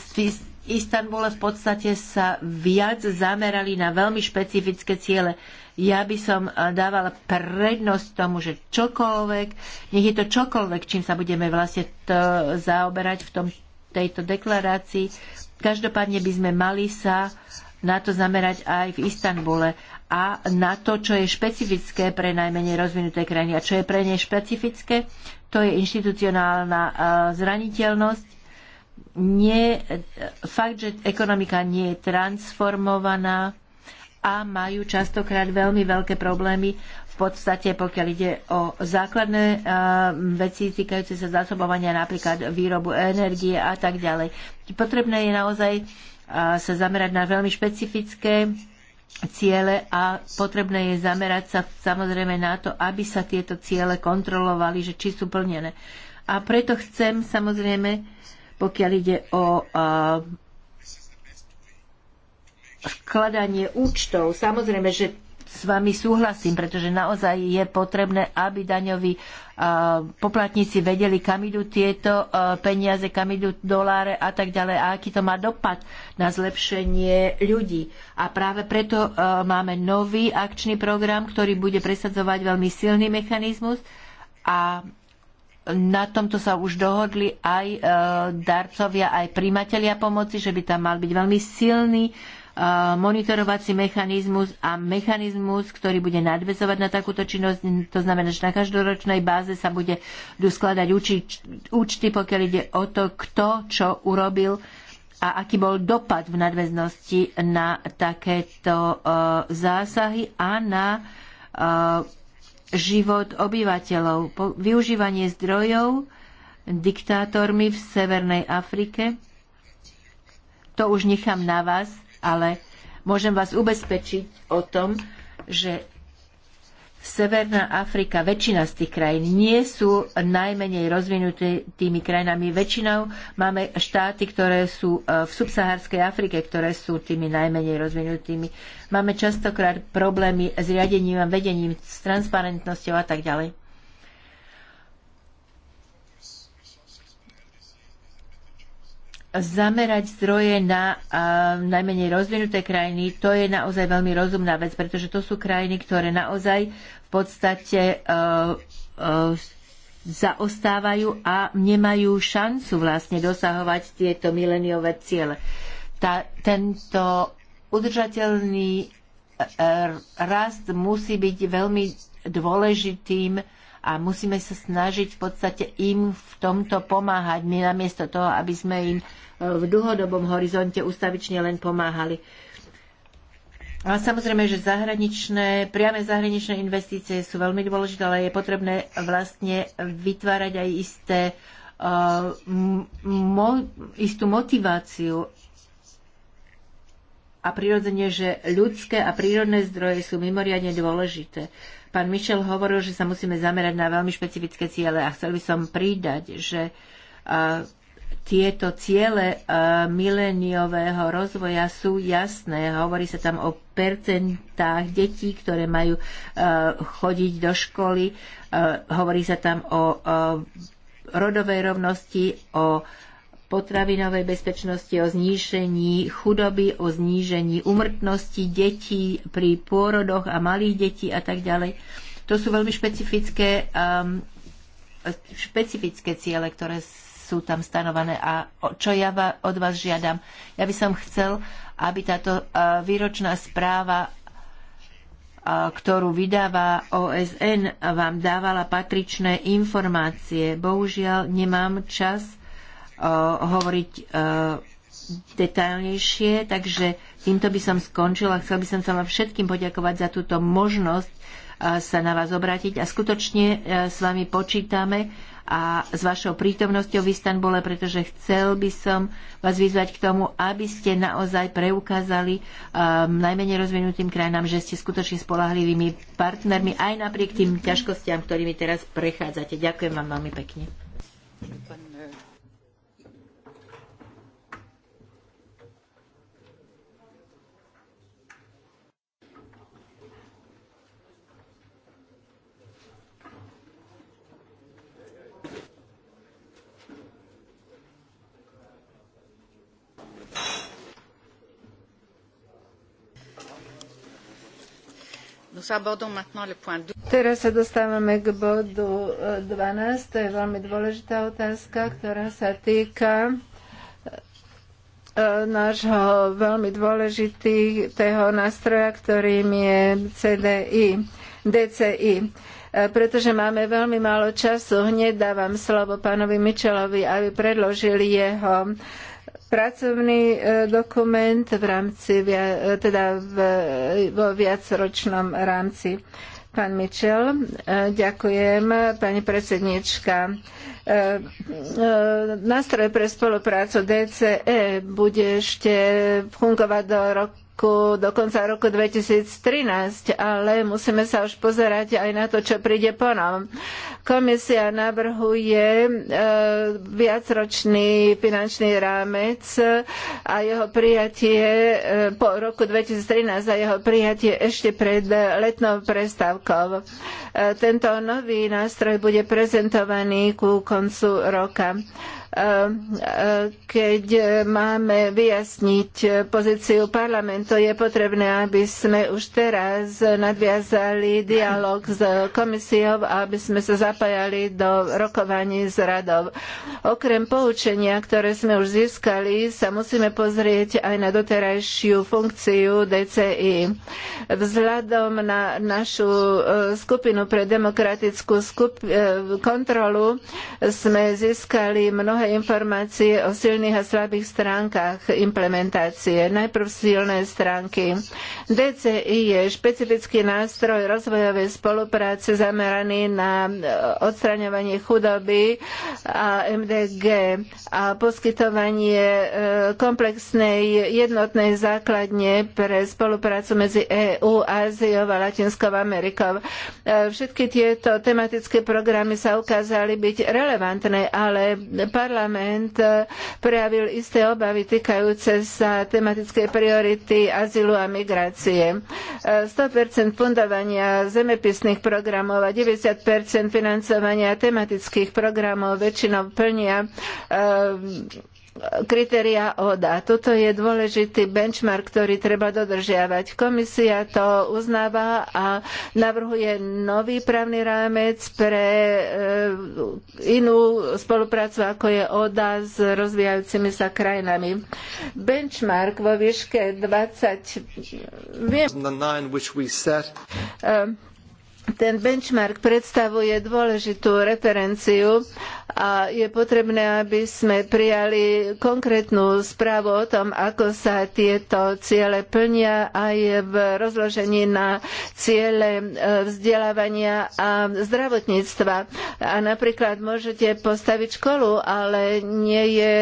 Istanbule v podstate sa viac zamerali na veľmi špecifické ciele. Ja by som eh, dávala prednosť tomu, že čokoľvek, nech je to čokoľvek, čím sa budeme vlastne to zaoberať v tom, tejto deklarácii. Každopádne by sme mali sa na to zamerať aj v Istanbule a na to, čo je špecifické pre najmenej rozvinuté krajiny. A čo je pre ne špecifické? To je inštitucionálna eh, zraniteľnosť, nie, fakt, že ekonomika nie je transformovaná a majú častokrát veľmi veľké problémy v podstate, pokiaľ ide o základné eh, veci týkajúce sa zásobovania, napríklad výrobu energie a tak ďalej. Potrebné je naozaj eh, sa zamerať na veľmi špecifické ciele a potrebné je zamerať sa samozrejme na to, aby sa tieto ciele kontrolovali, že či sú plnené. A preto chcem samozrejme pokiaľ ide o vkladanie účtov. Samozrejme, že s vami súhlasím, pretože naozaj je potrebné, aby daňoví poplatníci vedeli, kam idú tieto peniaze, kam idú doláre a tak ďalej a aký to má dopad na zlepšenie ľudí. A práve preto máme nový akčný program, ktorý bude presadzovať veľmi silný mechanizmus a na tomto sa už dohodli aj e, darcovia, aj príjmatelia pomoci, že by tam mal byť veľmi silný e, monitorovací mechanizmus a mechanizmus, ktorý bude nadvezovať na takúto činnosť. To znamená, že na každoročnej báze sa bude skladať účty, pokiaľ ide o to, kto čo urobil a aký bol dopad v nadväznosti na takéto e, zásahy a na život obyvateľov, využívanie zdrojov diktátormi v Severnej Afrike. To už nechám na vás, ale môžem vás ubezpečiť o tom, že Severná Afrika, väčšina z tých krajín nie sú najmenej tými krajinami. Väčšinou máme štáty, ktoré sú e, v subsahárskej Afrike, ktoré sú tými najmenej rozvinutými. Máme častokrát problémy s riadením a vedením, s transparentnosťou a tak ďalej. zamerať zdroje na uh, najmenej rozvinuté krajiny, to je naozaj veľmi rozumná vec, pretože to sú krajiny, ktoré naozaj v podstate uh, uh, zaostávajú a nemajú šancu vlastne dosahovať tieto mileniové ciele. Tá, tento udržateľný e, rast musí byť veľmi dôležitým a musíme sa snažiť v podstate im v tomto pomáhať, my namiesto toho, aby sme im e, v dlhodobom horizonte ustavične len pomáhali. A samozrejme, že zahraničné, priame zahraničné investície sú veľmi dôležité, ale je potrebné vlastne vytvárať aj isté, uh, mo, istú motiváciu a prirodzene, že ľudské a prírodné zdroje sú mimoriadne dôležité. Uh, Pán Michel hovoril, že sa musíme zamerať na veľmi špecifické ciele a chcel by som pridať, že tieto ciele mileniového rozvoja sú jasné. Hovorí sa tam o percentách detí, ktoré majú chodiť do školy. Hovorí sa tam o rodovej rovnosti, o potravinovej bezpečnosti, o znížení chudoby, o znížení umrtnosti detí pri pôrodoch a malých detí a tak ďalej. To sú veľmi špecifické, um, špecifické ciele, ktoré sú tam stanovené. A čo ja od vás žiadam? Ja by som chcel, aby táto uh, výročná správa uh, ktorú vydáva OSN, vám dávala patričné informácie. Bohužiaľ nemám čas Eh, hovoriť eh, detailnejšie, takže týmto by som skončila. Chcel by som sa vám všetkým poďakovať za túto možnosť eh, sa na vás obrátiť a skutočne s vami počítame a s vašou prítomnosťou v Istanbule, pretože chcel by som vás vyzvať k tomu, aby ste naozaj preukázali um, najmenej rozvinutým krajinám, že ste skutočne spolahlivými partnermi aj napriek tým ťažkostiam, ktorými teraz prechádzate. Ďakujem vám veľmi pekne. Teraz sa dostávame k bodu 12. Eh, to je veľmi dôležitá otázka, ktorá sa týka eh, nášho veľmi dôležitého nástroja, ktorým je CDI, DCI. Eh, pretože máme veľmi málo času, hneď dávam slovo pánovi Mičelovi, aby predložili jeho pracovný e, dokument v rámci, e, teda v, e, vo viacročnom rámci. Pán Mitchell, ďakujem, pani predsednička. Nástroj pre spoluprácu DCE bude ešte fungovať do, rok, roku, do konca roku 2013, ale musíme sa už pozerať aj na to, čo príde po nám. Komisia navrhuje e, viacročný finančný rámec a jeho prijatie e, po roku 2013 a jeho prijatie ešte pred letnou prestávkou. E, tento nový nástroj bude prezentovaný ku koncu roka keď máme vyjasniť pozíciu parlamentu, je potrebné, aby sme už teraz nadviazali dialog s komisiou, aby sme sa zapájali do rokovaní s radou. Okrem poučenia, ktoré sme už získali, sa musíme pozrieť aj na doterajšiu funkciu DCI. Vzhľadom na našu e, skupinu pre demokratickú skup- e, kontrolu sme získali mnohé mnohé informácie o silných a slabých stránkach implementácie. Najprv silné stránky. DCI je špecifický nástroj rozvojovej spolupráce zameraný na e, odstraňovanie chudoby a MDG a poskytovanie e, komplexnej jednotnej základne pre spoluprácu medzi EÚ, Áziou a Latinskou Amerikou. E, všetky tieto tematické programy sa ukázali byť relevantné, ale par- parlament eh, prejavil isté obavy týkajúce sa tematickej priority azylu a migrácie. 100% eh, fundovania zemepisných programov a 90% financovania tematických programov väčšinou plnia eh, kritéria ODA. Toto je dôležitý benchmark, ktorý treba dodržiavať. Komisia to uznáva a navrhuje nový právny rámec pre e, inú spoluprácu, ako je ODA s rozvíjajúcimi sa krajinami. Benchmark vo výške 20... Viem, e, ten benchmark predstavuje dôležitú referenciu a je potrebné, aby sme prijali konkrétnu správu o tom, ako sa tieto ciele plnia aj v rozložení na ciele e, vzdelávania a zdravotníctva. A napríklad môžete postaviť školu, ale nie je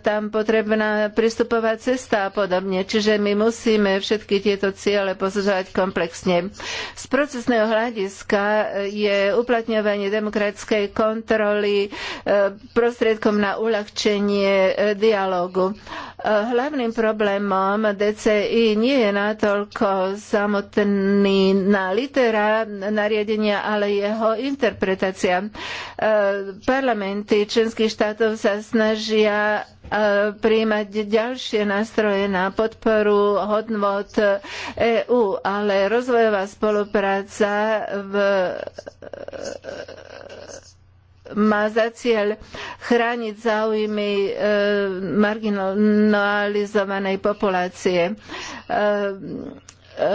tam potrebná pristupová cesta a podobne. Čiže my musíme všetky tieto ciele posudzovať komplexne. Z procesného hľadiska je uplatňovanie demokratickej kontroly prostriedkom na uľahčenie e, dialógu. E, hlavným problémom DCI nie je natoľko samotný na litera nariadenia, ale jeho interpretácia. E, parlamenty členských štátov sa snažia príjmať ďalšie nástroje na podporu hodnot EÚ, ale rozvojová spolupráca v má za cieľ chrániť záujmy e, marginalizovanej populácie e, E,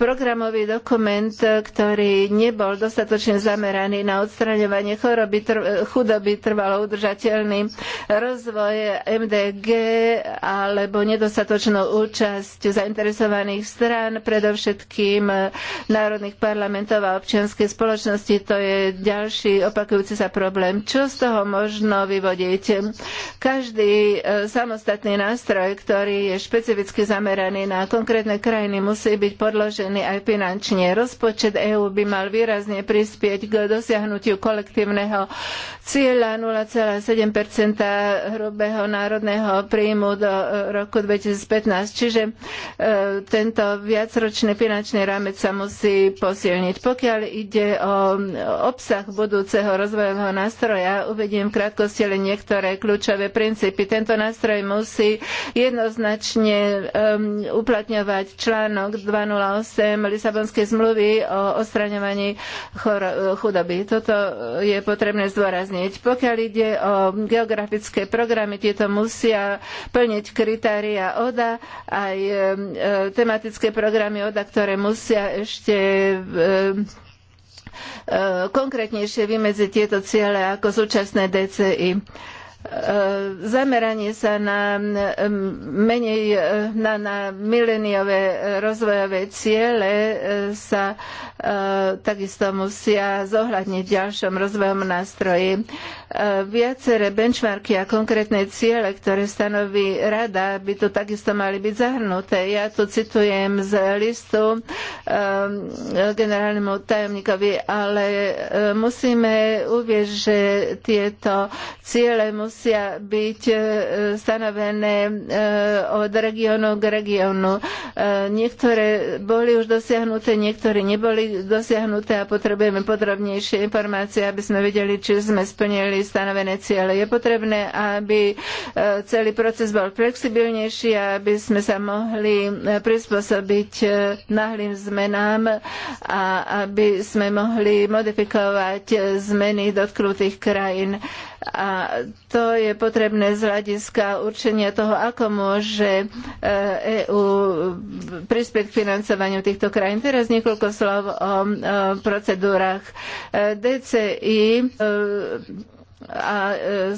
programový dokument, ktorý nebol dostatočne zameraný na odstraňovanie choroby, tr- chudoby, trvalo udržateľný rozvoj MDG alebo nedostatočnú účasť zainteresovaných strán, predovšetkým národných parlamentov a občianskej spoločnosti. To je ďalší opakujúci sa problém. Čo z toho možno vyvodiť? Každý e, samostatný nástroj, ktorý je špecificky zameraný na konkrétne krajiny, ktorý musí byť podložený aj finančne. Rozpočet EÚ by mal výrazne prispieť k dosiahnutiu kolektívneho cieľa 0,7 hrubého národného príjmu do e, roku 2015. Čiže e, tento viacročný finančný rámec sa musí posilniť. Pokiaľ ide o obsah budúceho rozvojového nástroja, uvediem v krátkosti len niektoré kľúčové princípy. Tento nástroj musí jednoznačne e, uplatňovať článok článok 208 Lisabonskej zmluvy o odstraňovaní chudoby. Toto je potrebné zdôrazniť. Pokiaľ ide o geografické programy, tieto musia plniť kritéria ODA aj e, e, tematické programy ODA, ktoré musia ešte e, konkrétnejšie vymedziť tieto ciele ako súčasné DCI. E, zameranie sa na menej e, na, na mileniové rozvojové ciele e, sa takisto musia zohľadniť v ďalšom rozvojom nástroji. Viaceré benchmarky a konkrétne ciele, ktoré stanoví rada, by tu takisto mali byť zahrnuté. Ja tu citujem z listu generálnemu tajomníkovi, ale musíme uvieť, že tieto ciele musí musia byť e, stanovené e, od regiónu k regiónu. E, niektoré boli už dosiahnuté, niektoré neboli dosiahnuté a potrebujeme podrobnejšie informácie, aby sme vedeli, či sme splnili stanovené ciele. Je potrebné, aby celý proces bol flexibilnejší a aby sme sa mohli prispôsobiť náhlým zmenám a aby sme mohli modifikovať zmeny dotknutých krajín. A to je potrebné z hľadiska určenia toho, ako môže EÚ e prispieť k financovaniu týchto krajín. Teraz niekoľko slov o procedúrach. E, DCI e, a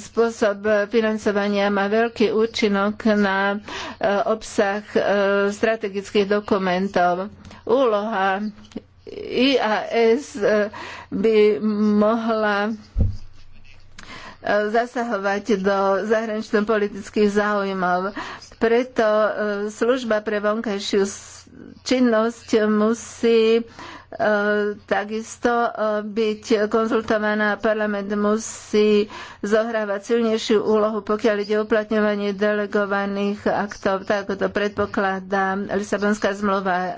spôsob financovania má veľký účinok na obsah strategických dokumentov. Úloha IAS by mohla zasahovať do zahranično-politických záujmov. Preto e, služba pre vonkajšiu činnosť musí E, takisto e, byť konzultovaná parlament musí zohrávať silnejšiu úlohu, pokiaľ ide o uplatňovanie delegovaných aktov, tak ako to predpokladá Lisabonská zmluva. E,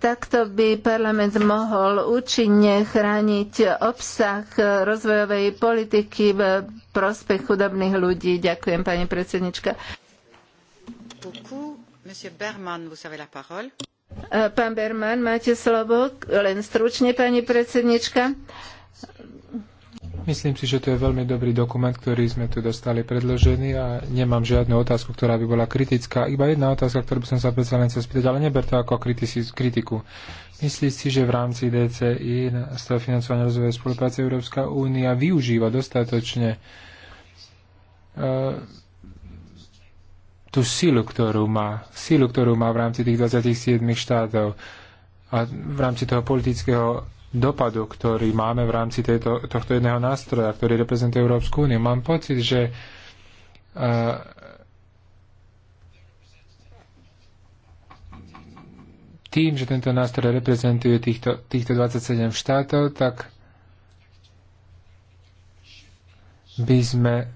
takto by parlament mohol účinne chrániť obsah rozvojovej politiky v prospech chudobných ľudí. Ďakujem, pani predsednička. Monsieur Berman, vous avez la parole. Eh, pán Berman, máte slovo, len stručne, pani predsednička. Myslím si, že to je veľmi dobrý dokument, ktorý sme tu dostali predložený a nemám žiadnu otázku, ktorá by bola kritická. Iba jedna otázka, ktorú by som sa predsa len chcel spýtať, ale neber to ako kritiku. Myslí si, že v rámci DCI, z financovania rozvojovej spolupráce, Európska únia využíva dostatočne uh, tú silu, ktorú má, silu, ktorú má v rámci tých 27 štátov a v rámci toho politického dopadu, ktorý máme v rámci tejto, tohto jedného nástroja, ktorý reprezentuje Európsku úniu. Mám pocit, že uh, tým, že tento nástroj reprezentuje týchto, týchto 27 štátov, tak by sme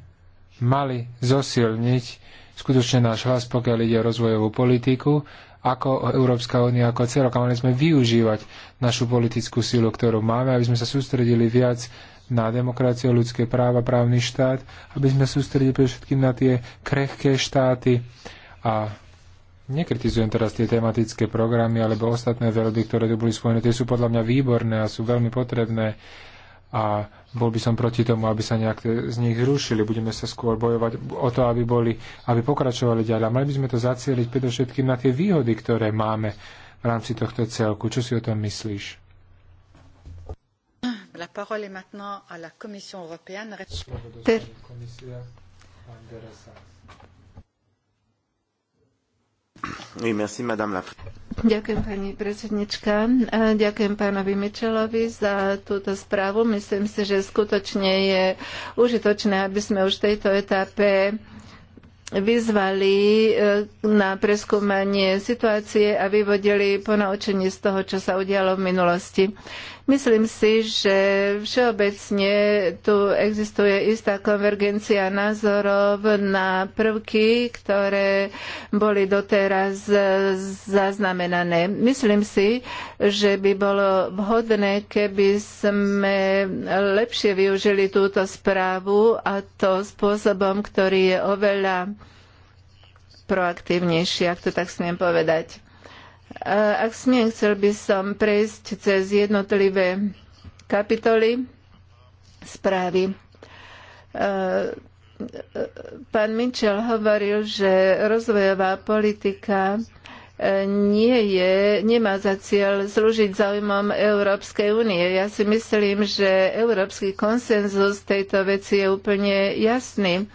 mali zosilniť skutočne náš hlas, pokiaľ ide o rozvojovú politiku, ako Európska únia, ako celok. A mali sme využívať našu politickú silu, ktorú máme, aby sme sa sústredili viac na demokraciu, ľudské práva, právny štát, aby sme sústredili pre všetkým na tie krehké štáty. A nekritizujem teraz tie tematické programy alebo ostatné veľby, ktoré tu boli spojené. Tie sú podľa mňa výborné a sú veľmi potrebné a bol by som proti tomu, aby sa nejak z nich zrušili. Budeme sa skôr bojovať o to, aby, boli, aby pokračovali ďalej. A mali by sme to zacieliť predovšetkým na tie výhody, ktoré máme v rámci tohto celku. Čo si o tom myslíš? La parole est maintenant à la Commission européenne. Ter- Ďakujem pani predsednička. ďakujem pánovi Mičelovi za túto správu. Myslím si, že skutočne je užitočné, aby sme už v tejto etape vyzvali e, na preskúmanie situácie a vyvodili ponaučenie z toho, čo sa udialo v minulosti. Myslím si, že všeobecne tu existuje istá konvergencia názorov na prvky, ktoré boli doteraz zaznamenané. Myslím si, že by bolo vhodné, keby sme lepšie využili túto správu a to spôsobom, ktorý je oveľa proaktívnejší, ak to tak smiem povedať. Ak smiem, chcel by som prejsť cez jednotlivé kapitoly správy. Pán Mitchell hovoril, že rozvojová politika e, nie je, nemá za cieľ slúžiť záujmom Európskej únie. Ja si myslím, že európsky konsenzus tejto veci je úplne jasný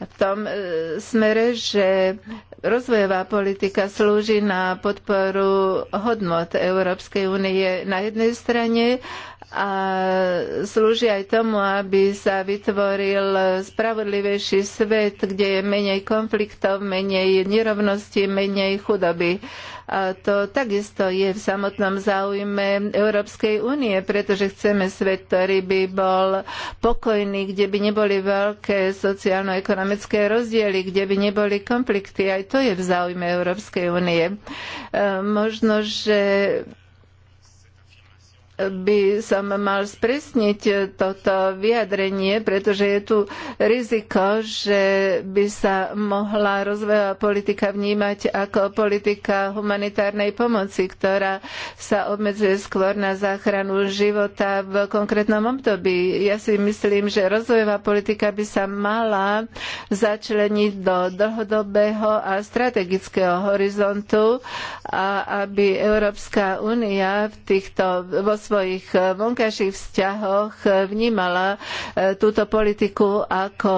v tom e, smere, že rozvojová politika slúži na podporu hodnot Európskej únie na jednej strane a slúži aj tomu, aby sa vytvoril spravodlivejší svet, kde je menej konfliktov, menej nerovnosti, menej chudoby. A to takisto je v samotnom záujme Európskej únie, pretože chceme svet, ktorý by bol pokojný, kde by neboli veľké sociálno-ekonomické rozdiely, kde by neboli konflikty. Aj to je v záujme Európskej únie. E, možno, že by som mal spresniť toto vyjadrenie, pretože je tu riziko, že by sa mohla rozvojová politika vnímať ako politika humanitárnej pomoci, ktorá sa obmedzuje skôr na záchranu života v konkrétnom období. Ja si myslím, že rozvojová politika by sa mala začleniť do dlhodobého a strategického horizontu a aby Európska únia v týchto vo svojich eh, vonkajších vzťahoch eh, vnímala eh, túto politiku ako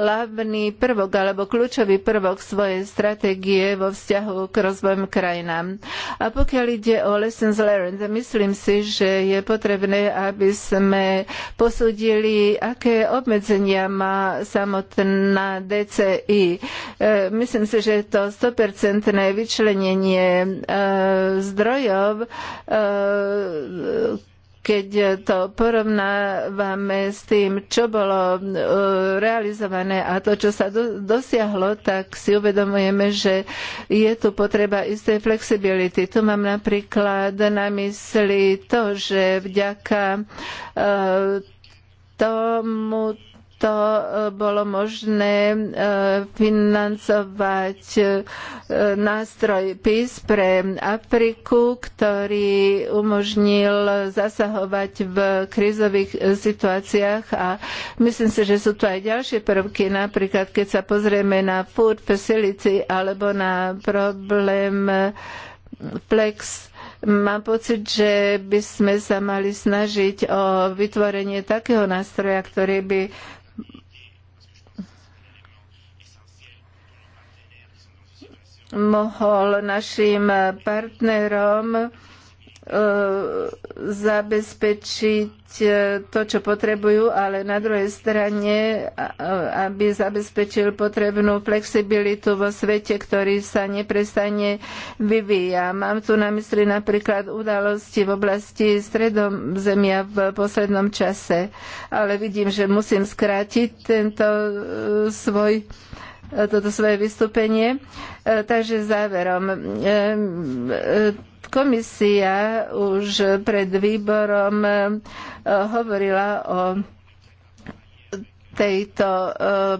hlavný prvok alebo kľúčový prvok svojej stratégie vo vzťahu k rozvojom krajinám. A pokiaľ ide o lessons learned, myslím si, že je potrebné, aby sme posúdili, aké obmedzenia má samotná DCI. Myslím si, že to 100% vyčlenenie zdrojov keď to porovnávame s tým, čo bolo e, realizované a to, čo sa dosiahlo, tak si uvedomujeme, že je tu potreba istej flexibility. Tu mám napríklad na mysli to, že vďaka e, tomu to e, bolo možné e, financovať e, nástroj PIS pre Afriku, ktorý umožnil zasahovať v krízových situáciách a myslím si, že sú tu aj ďalšie prvky, napríklad keď sa pozrieme na food facility alebo na problém flex Mám pocit, že by sme sa mali snažiť o vytvorenie takého nástroja, ktorý by mohol našim partnerom e, zabezpečiť e, to, čo potrebujú, ale na druhej strane, aby zabezpečil potrebnú flexibilitu vo svete, ktorý sa neprestane vyvíja. Mám tu na mysli napríklad udalosti v oblasti stredozemia v poslednom čase, ale vidím, že musím skrátiť tento e, svoj E, toto svoje vystúpenie. E, takže záverom. E, komisia už pred výborom hovorila o tejto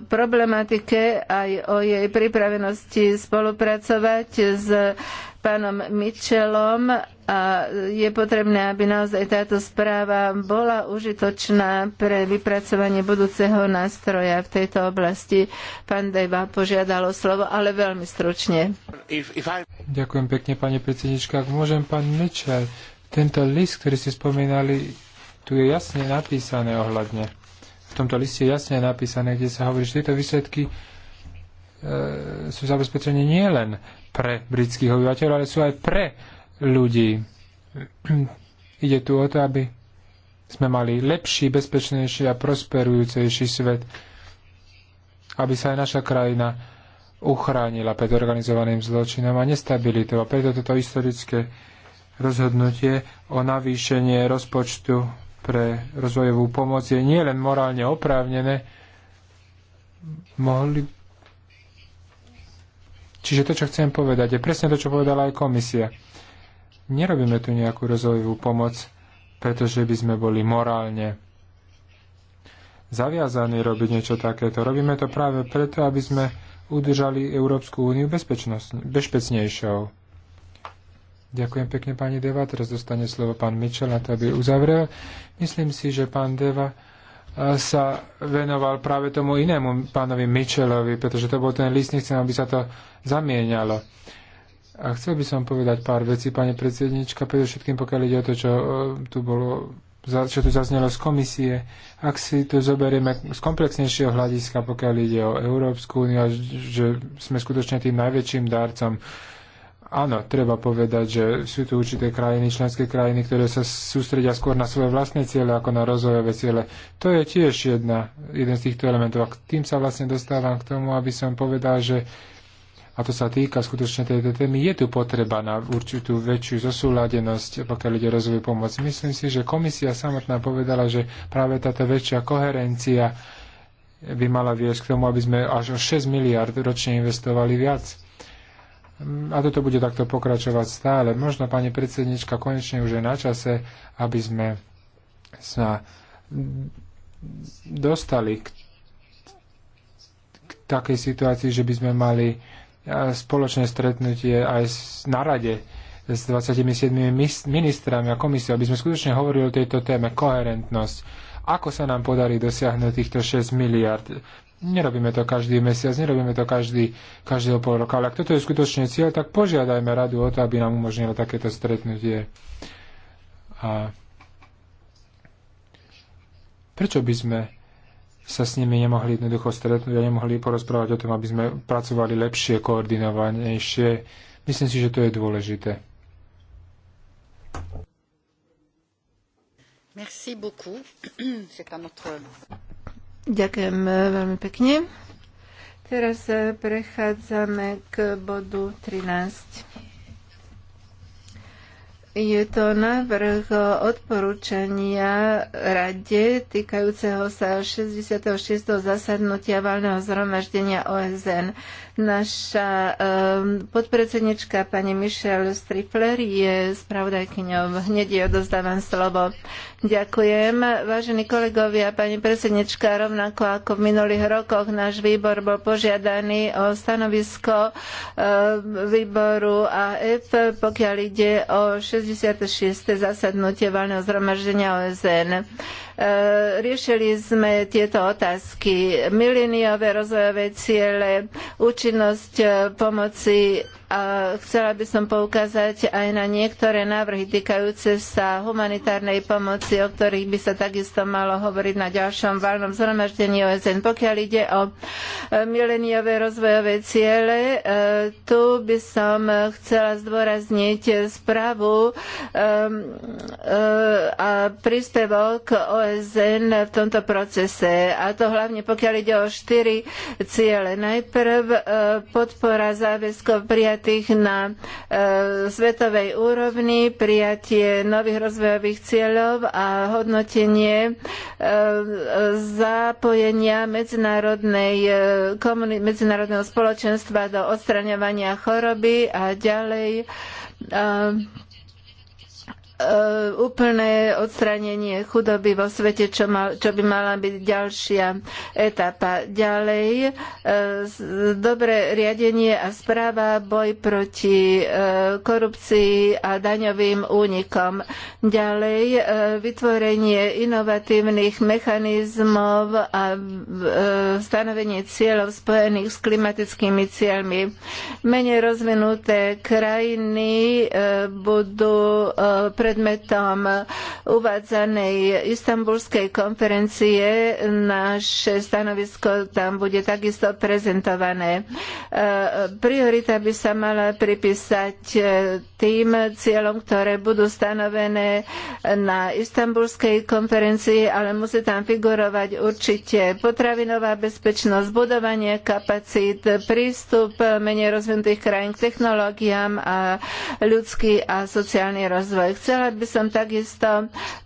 problematike aj o jej pripravenosti spolupracovať s pánom Mitchellom a je potrebné, aby naozaj táto správa bola užitočná pre vypracovanie budúceho nástroja v tejto oblasti. Pán Deva požiadal o slovo, ale veľmi stručne. Ďakujem pekne, pani predsednička. Ak môžem, pán Mitchell, tento list, ktorý ste spomínali, tu je jasne napísané ohľadne. V tomto liste je jasne napísané, kde sa hovorí, že tieto výsledky E, sú zabezpečené nielen pre britských obyvateľov, ale sú aj pre ľudí. Ide tu o to, aby sme mali lepší, bezpečnejší a prosperujúcejší svet, aby sa aj naša krajina uchránila pred organizovaným zločinom a nestabilitou. A preto toto historické rozhodnutie o navýšenie rozpočtu pre rozvojovú pomoc je nielen morálne oprávnené, mohli Čiže to, čo chcem povedať, je presne to, čo povedala aj komisia. Nerobíme tu nejakú rozvojovú pomoc, pretože by sme boli morálne zaviazaní robiť niečo takéto. Robíme to práve preto, aby sme udržali Európsku úniu bezpečnejšou. Ďakujem pekne, pani Deva. Teraz dostane slovo pán Mitchell na to, aby uzavrel. Myslím si, že pán Deva sa venoval práve tomu inému pánovi Mitchellovi, pretože to bol ten list, nechcem, aby sa to zamieňalo. A chcel by som povedať pár vecí, pani predsednička, predovšetkým pokiaľ ide o to, čo e, tu bolo čo tu zaznelo z komisie. Ak si to zoberieme z komplexnejšieho hľadiska, pokiaľ ide o Európsku úniu, že sme skutočne tým najväčším darcom. Áno, treba povedať, že sú tu určité krajiny, členské krajiny, ktoré sa sústredia skôr na svoje vlastné ciele ako na rozvojové ciele. To je tiež jedna, jeden z týchto elementov. A tým sa vlastne dostávam k tomu, aby som povedal, že a to sa týka skutočne tejto témy, je tu potreba na určitú väčšiu zosúladenosť, pokiaľ ide rozvoj pomoc. Myslím si, že komisia samotná povedala, že práve táto väčšia koherencia by mala viesť k tomu, aby sme až o 6 miliard ročne investovali viac a toto bude takto pokračovať stále. Možno, pani predsednička, konečne už je na čase, aby sme sa dostali k, k takej situácii, že by sme mali e, spoločné stretnutie aj na rade s 27 ministrami a komisiou, aby sme skutočne hovorili o tejto téme koherentnosť. Ako sa nám podarí dosiahnuť týchto 6 miliard? Nerobíme to každý mesiac, nerobíme to každý, každého pol roka, ale ak toto je skutočne cieľ, tak požiadajme radu o to, aby nám umožnila takéto stretnutie. A prečo by sme sa s nimi nemohli jednoducho stretnúť a nemohli porozprávať o tom, aby sme pracovali lepšie, koordinovanejšie? Myslím si, že to je dôležité. Merci beaucoup. C'est un autre. Ďakujem e, veľmi pekne. Teraz e, prechádzame k bodu 13. Je to návrh odporúčania Rade týkajúceho sa 66. zasadnutia valného zhromaždenia OSN. Naša ehm, podpredsednička pani Michelle Strifler je spravodajkyňou. Hneď jej odozdávam slovo. Ďakujem. Vážení kolegovia, pani predsednička, rovnako ako v minulých rokoch náš výbor bol požiadaný o stanovisko ehm, výboru AF, pokiaľ ide o 66. zasadnutie valného zhromaždenia OSN. E, riešili sme tieto otázky. Miliniové rozvojové ciele, účinnosť e, pomoci a chcela by som poukázať aj na niektoré návrhy týkajúce sa humanitárnej pomoci, o ktorých by sa takisto malo hovoriť na ďalšom valnom zhromaždení OSN. Pokiaľ ide o e, mileniové rozvojové ciele, e, tu by som chcela zdôrazniť správu e, a príspevok OSN v tomto procese. A to hlavne pokiaľ ide o štyri ciele. Najprv podpora záväzkov prijatých prijatých na e, svetovej úrovni, prijatie nových rozvojových cieľov a hodnotenie e, zapojenia medzinárodnej, e, medzinárodného spoločenstva do odstraňovania choroby a ďalej e, E, úplné odstránenie chudoby vo svete, čo, mal, čo by mala byť ďalšia etapa. Ďalej, e, dobre riadenie a správa, boj proti e, korupcii a daňovým únikom. Ďalej, vytvorenie inovatívnych mechanizmov a stanovenie cieľov spojených s klimatickými cieľmi. Menej rozvinuté krajiny budú pre predmetom uvádzanej istambulskej konferencie. Naše stanovisko tam bude takisto prezentované. E, priorita by sa mala pripísať e, tým cieľom, ktoré budú stanovené na istambulskej konferencii, ale musí tam figurovať určite potravinová bezpečnosť, budovanie kapacít, prístup menej rozvinutých krajín k technológiám a ľudský a sociálny rozvoj. Chcela by som takisto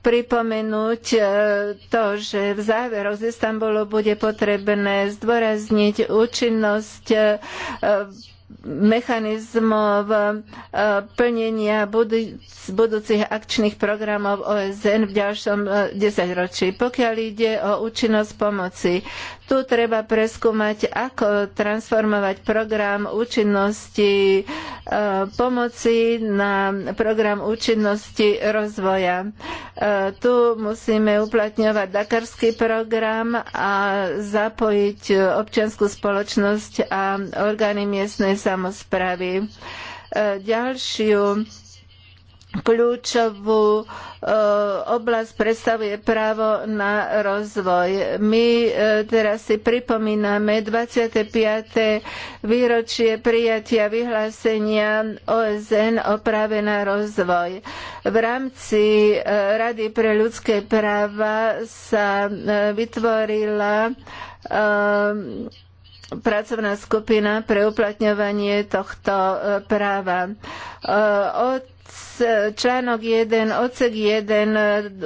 pripomenúť e, to, že v záveroch z Istanbulu bude potrebné zdôrazniť účinnosť e, mechanizmov e, plnenia budúcich akčných programov OSN v ďalšom e, desaťročí. Pokiaľ ide o účinnosť pomoci, tu treba preskúmať, ako transformovať program účinnosti e, pomoci na program účinnosti rozvoja. Tu musíme uplatňovať dakarský program a zapojiť občiansku spoločnosť a orgány miestnej samozprávy. E, ďalšiu kľúčovú e, oblasť predstavuje právo na rozvoj. My e, teraz si pripomíname 25. výročie prijatia vyhlásenia OSN o práve na rozvoj. V rámci Rady pre ľudské práva sa vytvorila pracovná skupina pre uplatňovanie tohto e, práva. E, od článok 1, odsek 1 e,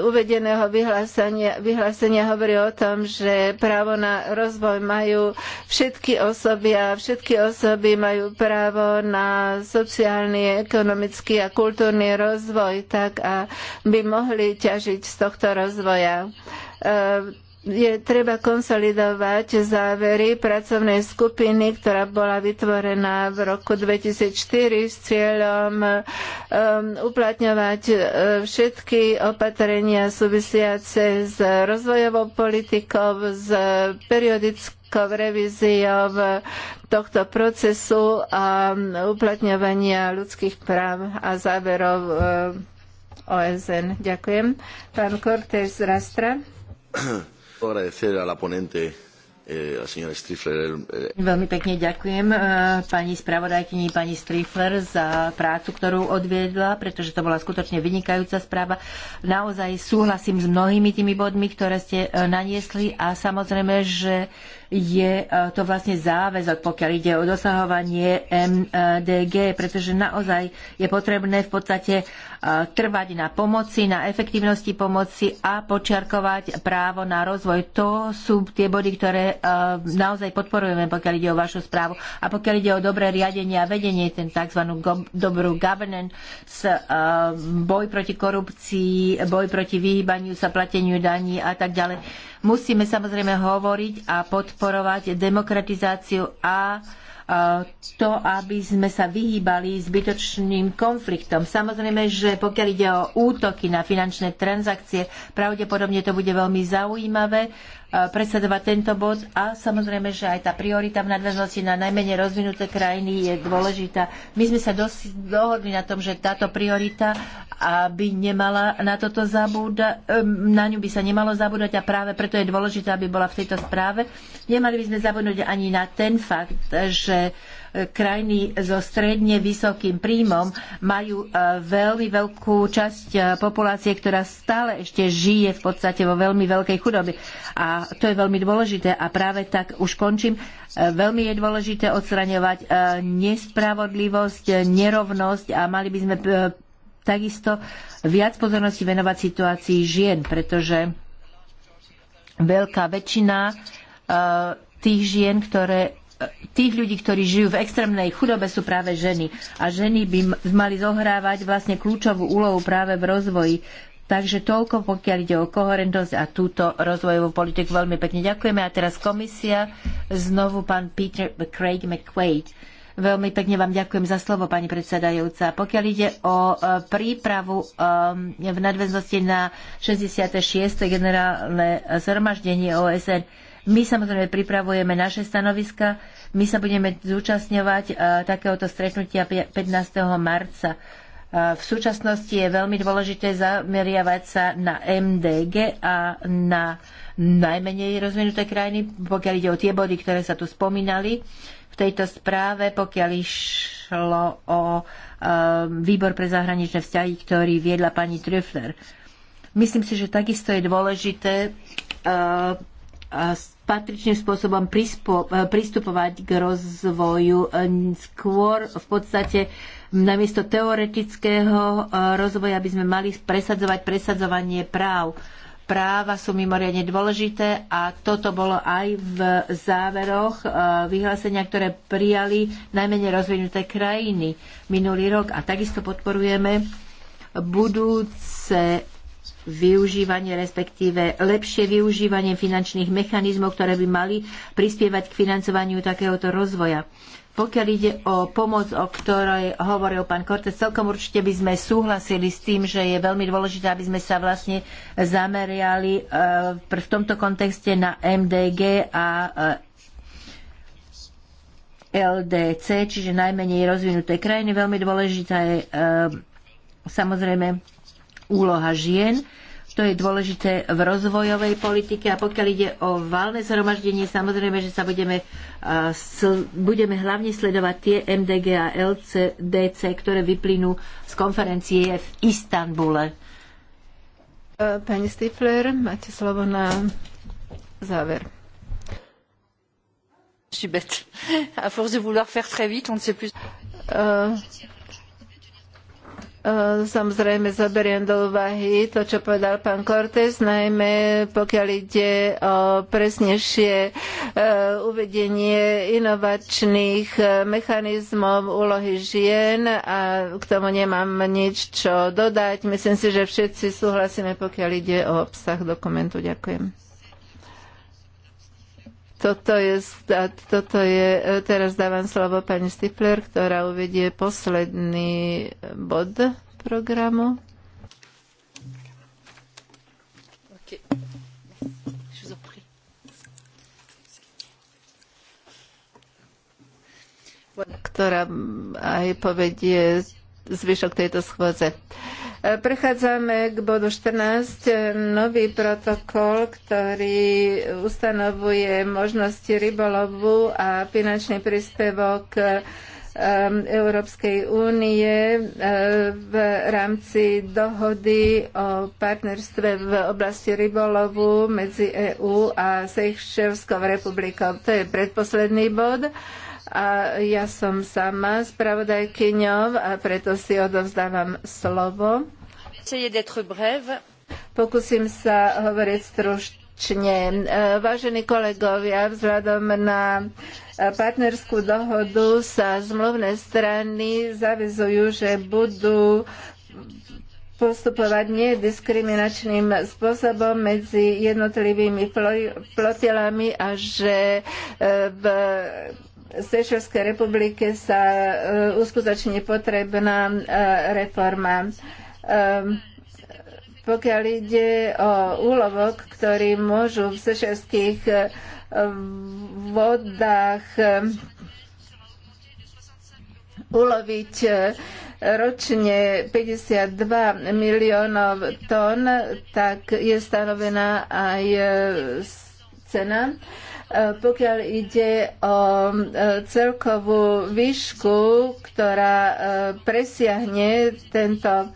uvedeného vyhlásenia, vyhlásenia hovorí o tom, že právo na rozvoj majú všetky osoby a všetky osoby majú právo na sociálny, ekonomický a kultúrny rozvoj, tak aby mohli ťažiť z tohto rozvoja je treba konsolidovať závery pracovnej skupiny, ktorá bola vytvorená v roku 2004 s cieľom um, uplatňovať uh, všetky opatrenia súvisiace s rozvojovou politikou, s periodickou revíziou tohto procesu a uplatňovania ľudských práv a záverov uh, OSN. Ďakujem. Pán z Rastra. Eh, eh, Veľmi pekne ďakujem eh, pani spravodajkyni, pani Strifler za prácu, ktorú odviedla, pretože to bola skutočne vynikajúca správa. Naozaj súhlasím s mnohými tými bodmi, ktoré ste naniesli a samozrejme, že je e, to vlastne záväzok, pokiaľ ide o dosahovanie MDG, pretože naozaj je potrebné v podstate e, trvať na pomoci, na efektívnosti pomoci a počiarkovať právo na rozvoj. To sú tie body, ktoré e, naozaj podporujeme, pokiaľ ide o vašu správu. A pokiaľ ide o dobré riadenie a vedenie, ten tzv. dobrú governance, boj proti korupcii, boj proti vyhýbaniu sa plateniu daní a tak ďalej Musíme samozrejme hovoriť a podporovať demokratizáciu a to, aby sme sa vyhýbali zbytočným konfliktom. Samozrejme, že pokiaľ ide o útoky na finančné transakcie, pravdepodobne to bude veľmi zaujímavé Eh, predsedovať tento bod a samozrejme, že aj tá priorita v nadväznosti na najmenej rozvinuté krajiny je dôležitá. My sme sa dosť dohodli na tom, že táto priorita aby nemala na toto zabúda, na ňu by sa nemalo zabúdať a práve preto je dôležité, aby bola v tejto správe. Nemali by sme zabudnúť ani na ten fakt, že krajiny so stredne vysokým príjmom majú e, veľmi veľkú časť e, populácie, ktorá stále ešte žije v podstate vo veľmi veľkej chudobe. A to je veľmi dôležité. A práve tak už končím. E, veľmi je dôležité odstraňovať nespravodlivosť, nerovnosť a mali by sme takisto viac pozornosti venovať situácii žien, pretože veľká väčšina tých žien, ktoré tých ľudí, ktorí žijú v extrémnej chudobe, sú práve ženy. A ženy by mali zohrávať vlastne kľúčovú úlohu práve v rozvoji. Takže toľko, pokiaľ ide o koherentnosť a túto rozvojovú politiku. Veľmi pekne ďakujeme. A teraz komisia, znovu pán Peter Craig McQuaid. Veľmi pekne vám ďakujem za slovo, pani predsedajúca. Pokiaľ ide o e, prípravu e, v nadväznosti na 66. generálne zhromaždenie OSN, my samozrejme pripravujeme naše stanoviska. My sa budeme zúčastňovať e, takéhoto stretnutia 15. marca. E, v súčasnosti je veľmi dôležité zameriavať sa na MDG a na najmenej rozvinuté krajiny, pokiaľ ide o tie body, ktoré sa tu spomínali v tejto správe, pokiaľ išlo o e, výbor pre zahraničné vzťahy, ktorý viedla pani Trüffler. Myslím si, že takisto je dôležité patričným spôsobom e, pristupovať k rozvoju. E, skôr v podstate namiesto teoretického e, rozvoja by sme mali presadzovať presadzovanie práv. Práva sú mimoriadne dôležité a toto bolo aj v záveroch vyhlásenia, ktoré prijali najmenej rozvinuté krajiny minulý rok. A takisto podporujeme budúce využívanie, respektíve lepšie využívanie finančných mechanizmov, ktoré by mali prispievať k financovaniu takéhoto rozvoja. Pokiaľ ide o pomoc, o ktorej hovoril pán Kortec, celkom určite by sme súhlasili s tým, že je veľmi dôležité, aby sme sa vlastne zameriali e, v tomto kontexte na MDG a e, LDC, čiže najmenej rozvinuté krajiny. Veľmi dôležitá je e, samozrejme úloha žien. To je dôležité v rozvojovej politike a pokiaľ ide o valné zhromaždenie, samozrejme, že sa budeme, budeme hlavne sledovať tie MDG a LCDC, ktoré vyplynú z konferencie v Istanbule. E, pani Stifler, máte slovo na záver. Je suis bête. À force de vouloir faire très vite, on ne sait plus. Uh, E, samozrejme, zoberiem do úvahy to, čo povedal pán Cortés, najmä pokiaľ ide o presnejšie e, uvedenie inovačných e, mechanizmov úlohy žien a k tomu nemám nič, čo dodať. Myslím si, že všetci súhlasíme, pokiaľ ide o obsah dokumentu. Ďakujem. Toto je, toto je, e, teraz dávam slovo pani Stifler, ktorá uvedie posledný e, bod programu. Okay. ktorá aj povedie zvyšok tejto schôdze. Uh, Prechádzame k bodu 14, nový protokol, ktorý ustanovuje možnosti rybolovu a finančný príspevok um, Európskej únie uh, v rámci dohody o partnerstve v oblasti rybolovu medzi EÚ a Sejšelskou republikou. To je predposledný bod a ja som sama spravodajkyňou a preto si odovzdávam slovo. Pokúsim sa hovoriť stručne. E, vážení kolegovia, vzhľadom na partnerskú dohodu sa zmluvné strany zavezujú, že budú postupovať nediskriminačným spôsobom medzi jednotlivými flotilami a že e, v Sešovskej republike sa e, uskutoční potrebná e, reforma. E, pokiaľ ide o úlovok, ktorý môžu v sešovských vodách uloviť ročne 52 miliónov tón, tak je stanovená aj cena. E, pokiaľ ide o e, celkovú výšku, ktorá e, presiahne tento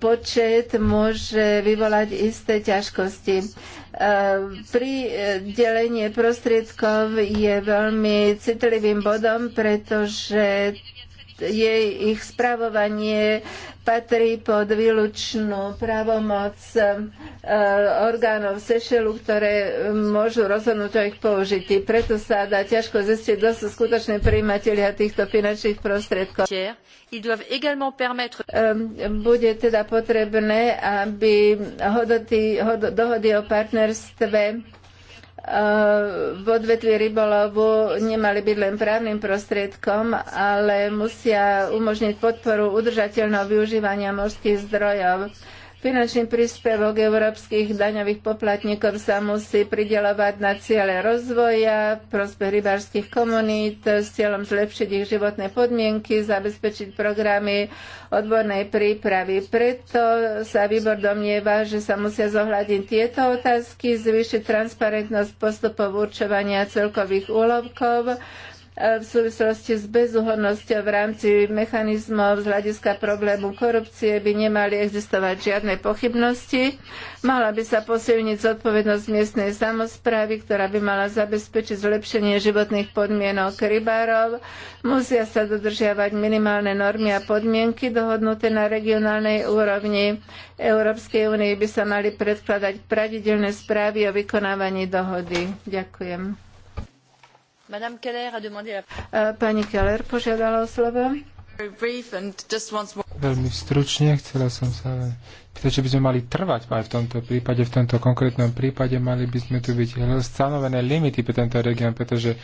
počet, môže vyvolať isté ťažkosti. Pri delenie prostriedkov je veľmi citlivým bodom, pretože jej ich spravovanie patrí pod výlučnú právomoc e, orgánov Sešelu, ktoré môžu rozhodnúť o ich použití. Preto sa dá ťažko zistiť, kto sú skutoční príjimatelia týchto finančných prostriedkov. E, bude teda potrebné, aby dohody o partnerstve v odvetvi rybolovu nemali byť len právnym prostriedkom, ale musia umožniť podporu udržateľného využívania morských zdrojov. Finančný príspevok európskych daňových poplatníkov sa musí pridelovať na ciele rozvoja, prospech rybárskych komunít s cieľom zlepšiť ich životné podmienky, zabezpečiť programy odbornej prípravy. Preto sa výbor domnieva, že sa musia zohľadiť tieto otázky, zvýšiť transparentnosť postupov určovania celkových úlovkov, v súvislosti s bezúhodnosťou v rámci mechanizmov z hľadiska problému korupcie by nemali existovať žiadne pochybnosti. Mala by sa posilniť zodpovednosť miestnej samozprávy, ktorá by mala zabezpečiť zlepšenie životných podmienok rybárov. Musia sa dodržiavať minimálne normy a podmienky dohodnuté na regionálnej úrovni. Európskej únii by sa mali predkladať pravidelné správy o vykonávaní dohody. Ďakujem. Madame Keller a demandé la... Pani Keller požiadala o slovo. Veľmi stručne chcela som sa pýtať, či by sme mali trvať aj v tomto prípade, v tomto konkrétnom prípade mali by sme tu byť stanovené limity pre tento región, pretože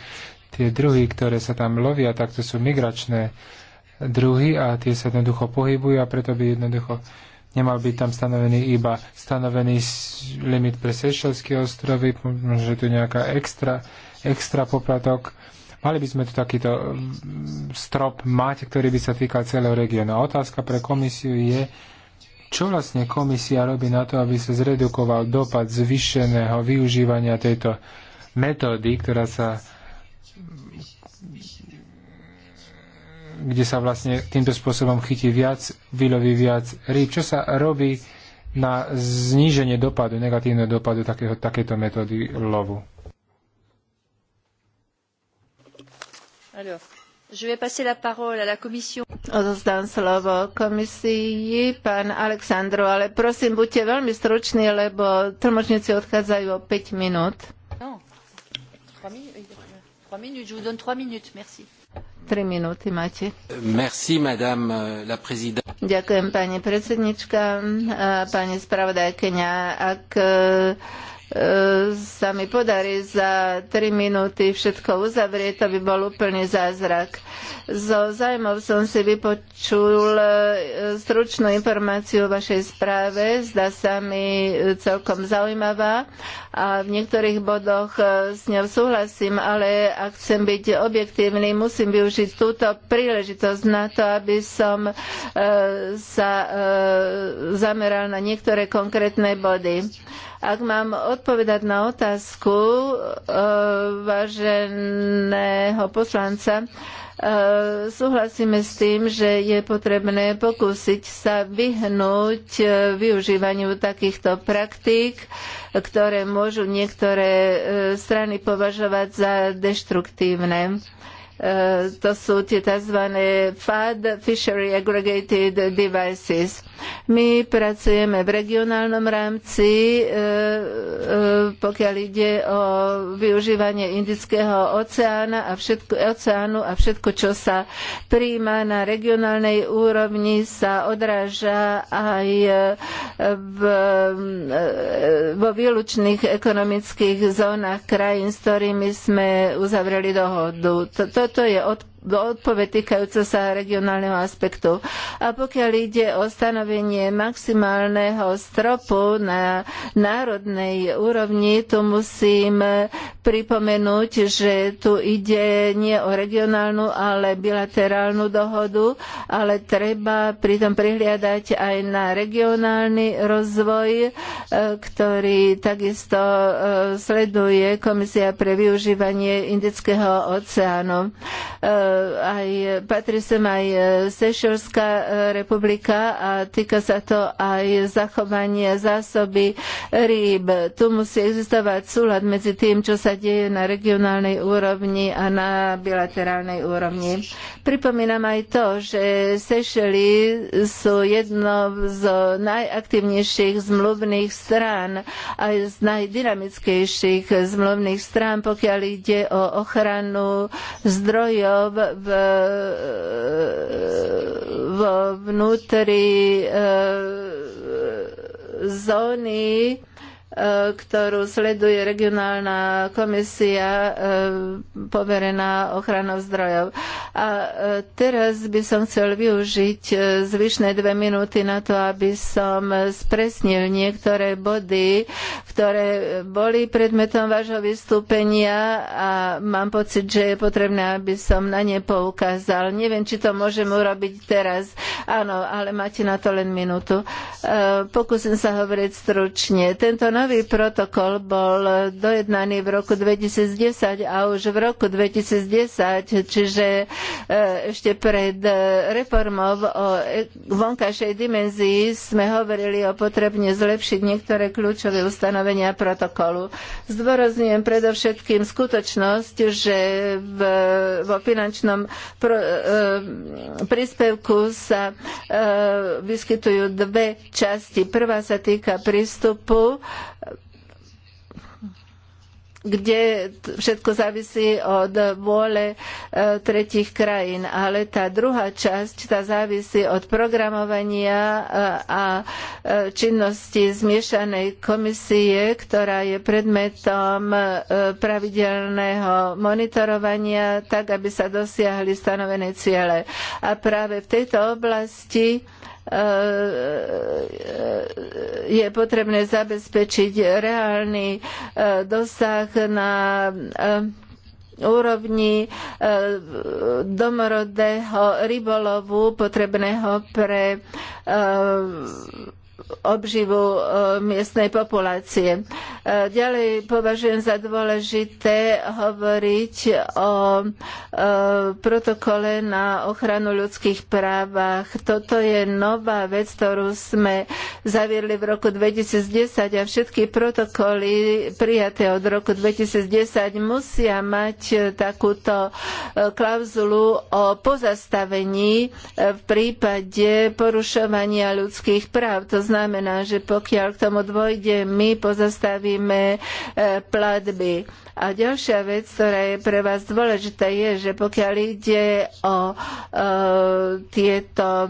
tie druhy, ktoré sa tam lovia, tak to sú migračné druhy a tie sa jednoducho pohybujú a preto by jednoducho nemal byť tam stanovený iba stanovený limit pre Seychelské ostrovy, možno, že tu nejaká extra extra poplatok. Mali by sme tu takýto mm, strop mať, ktorý by sa týkal celého regiónu. A otázka pre komisiu je, čo vlastne komisia robí na to, aby sa zredukoval dopad zvyšeného využívania tejto metódy, ktorá sa kde sa vlastne týmto spôsobom chytí viac, vyloví viac rýb. Čo sa robí na zníženie dopadu, negatívneho dopadu takéto metódy lovu? Odovzdám slovo komisii, pán Aleksandro, ale prosím, buďte veľmi stručný, lebo tlmočníci odchádzajú o 5 minút. No, 3 minúty máte. Merci, madame la présidente. Ďakujem, pani predsednička, pani spravodajkeňa. Ak E, sa mi podarí za 3 minúty všetko uzavrieť, to by bol úplný zázrak. So zájmov som si vypočul e, stručnú informáciu o vašej správe, zdá sa mi e, celkom zaujímavá a v niektorých bodoch s ňou súhlasím, ale ak chcem byť objektívny, musím využiť túto príležitosť na to, aby som sa zameral na niektoré konkrétne body. Ak mám odpovedať na otázku eh, váženého poslanca, eh, súhlasíme s tým, že je potrebné pokúsiť sa vyhnúť eh, využívaniu takýchto praktík, ktoré môžu niektoré strany považovať za deštruktívne. E, to sú tie tzv. FAD, Fishery Aggregated Devices. My pracujeme v regionálnom rámci, e, e, pokiaľ ide o využívanie Indického oceána a všetko, oceánu a všetko, čo sa príjma na regionálnej úrovni, sa odráža aj v, vo výlučných ekonomických zónach krajín, s ktorými sme uzavreli dohodu. To, to toto je od odpoveď týkajúca sa regionálneho aspektu. A pokiaľ ide o stanovenie maximálneho stropu na národnej úrovni, tu musím pripomenúť, že tu ide nie o regionálnu, ale bilaterálnu dohodu, ale treba pritom prihliadať aj na regionálny rozvoj, e, ktorý takisto e, sleduje Komisia pre využívanie Indického oceánu. E, aj, patrí sem aj e, Sešelská e, republika a týka sa to aj zachovania zásoby rýb. Tu musí existovať súlad medzi tým, čo sa deje na regionálnej úrovni a na bilaterálnej úrovni. Pripomínam aj to, že Sešely sú jednou z najaktívnejších zmluvných strán, aj z najdynamickejších zmluvných strán, pokiaľ ide o ochranu zdrojov v, v vnútri eh, zóny ktorú sleduje regionálna komisia e, poverená ochranou zdrojov. A e, teraz by som chcel využiť e, zvyšné dve minúty na to, aby som spresnil niektoré body, ktoré boli predmetom vášho vystúpenia a mám pocit, že je potrebné, aby som na ne poukázal. Neviem, či to môžem urobiť teraz. Áno, ale máte na to len minútu. Pokúsim sa hovoriť stručne. Tento Nový protokol bol dojednaný v roku 2010 a už v roku 2010, čiže e, ešte pred e, reformou o e, vonkajšej dimenzii sme hovorili o potrebne zlepšiť niektoré kľúčové ustanovenia protokolu. Zdôrazňujem predovšetkým skutočnosť, že v, vo finančnom pro, e, príspevku sa e, vyskytujú dve časti. Prvá sa týka prístupu kde všetko závisí od vôle e, tretich krajín. Ale tá druhá časť, tá závisí od programovania e, a e, činnosti zmiešanej komisie, ktorá je predmetom pravidelného monitorovania, tak aby sa dosiahli stanovené ciele. A práve v tejto oblasti E, e, e, je potrebné zabezpečiť reálny dosah na úrovni domorodého rybolovu potrebného pre obživu e, miestnej populácie. E, ďalej považujem za dôležité hovoriť o e, protokole na ochranu ľudských právach. Toto je nová vec, ktorú sme zaviedli v roku 2010 a všetky protokoly prijaté od roku 2010 musia mať takúto klauzulu o pozastavení v prípade porušovania ľudských práv. To znamená, znamená, že pokiaľ k tomu dôjde, my pozastavíme e, platby. A ďalšia vec, ktorá je pre vás dôležitá, je, že pokiaľ ide o e, tieto e,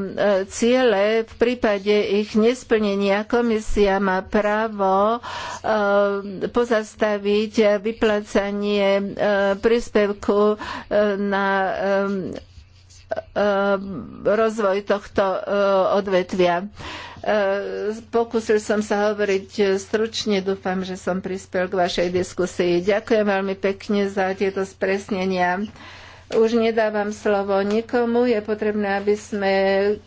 ciele, v prípade ich nesplnenia komisia má právo e, pozastaviť vyplácanie e, príspevku e, na E, rozvoj tohto e, odvetvia. E, pokúsil som sa hovoriť stručne, dúfam, že som prispel k vašej diskusii. Ďakujem veľmi pekne za tieto spresnenia. Už nedávam slovo nikomu, je potrebné, aby sme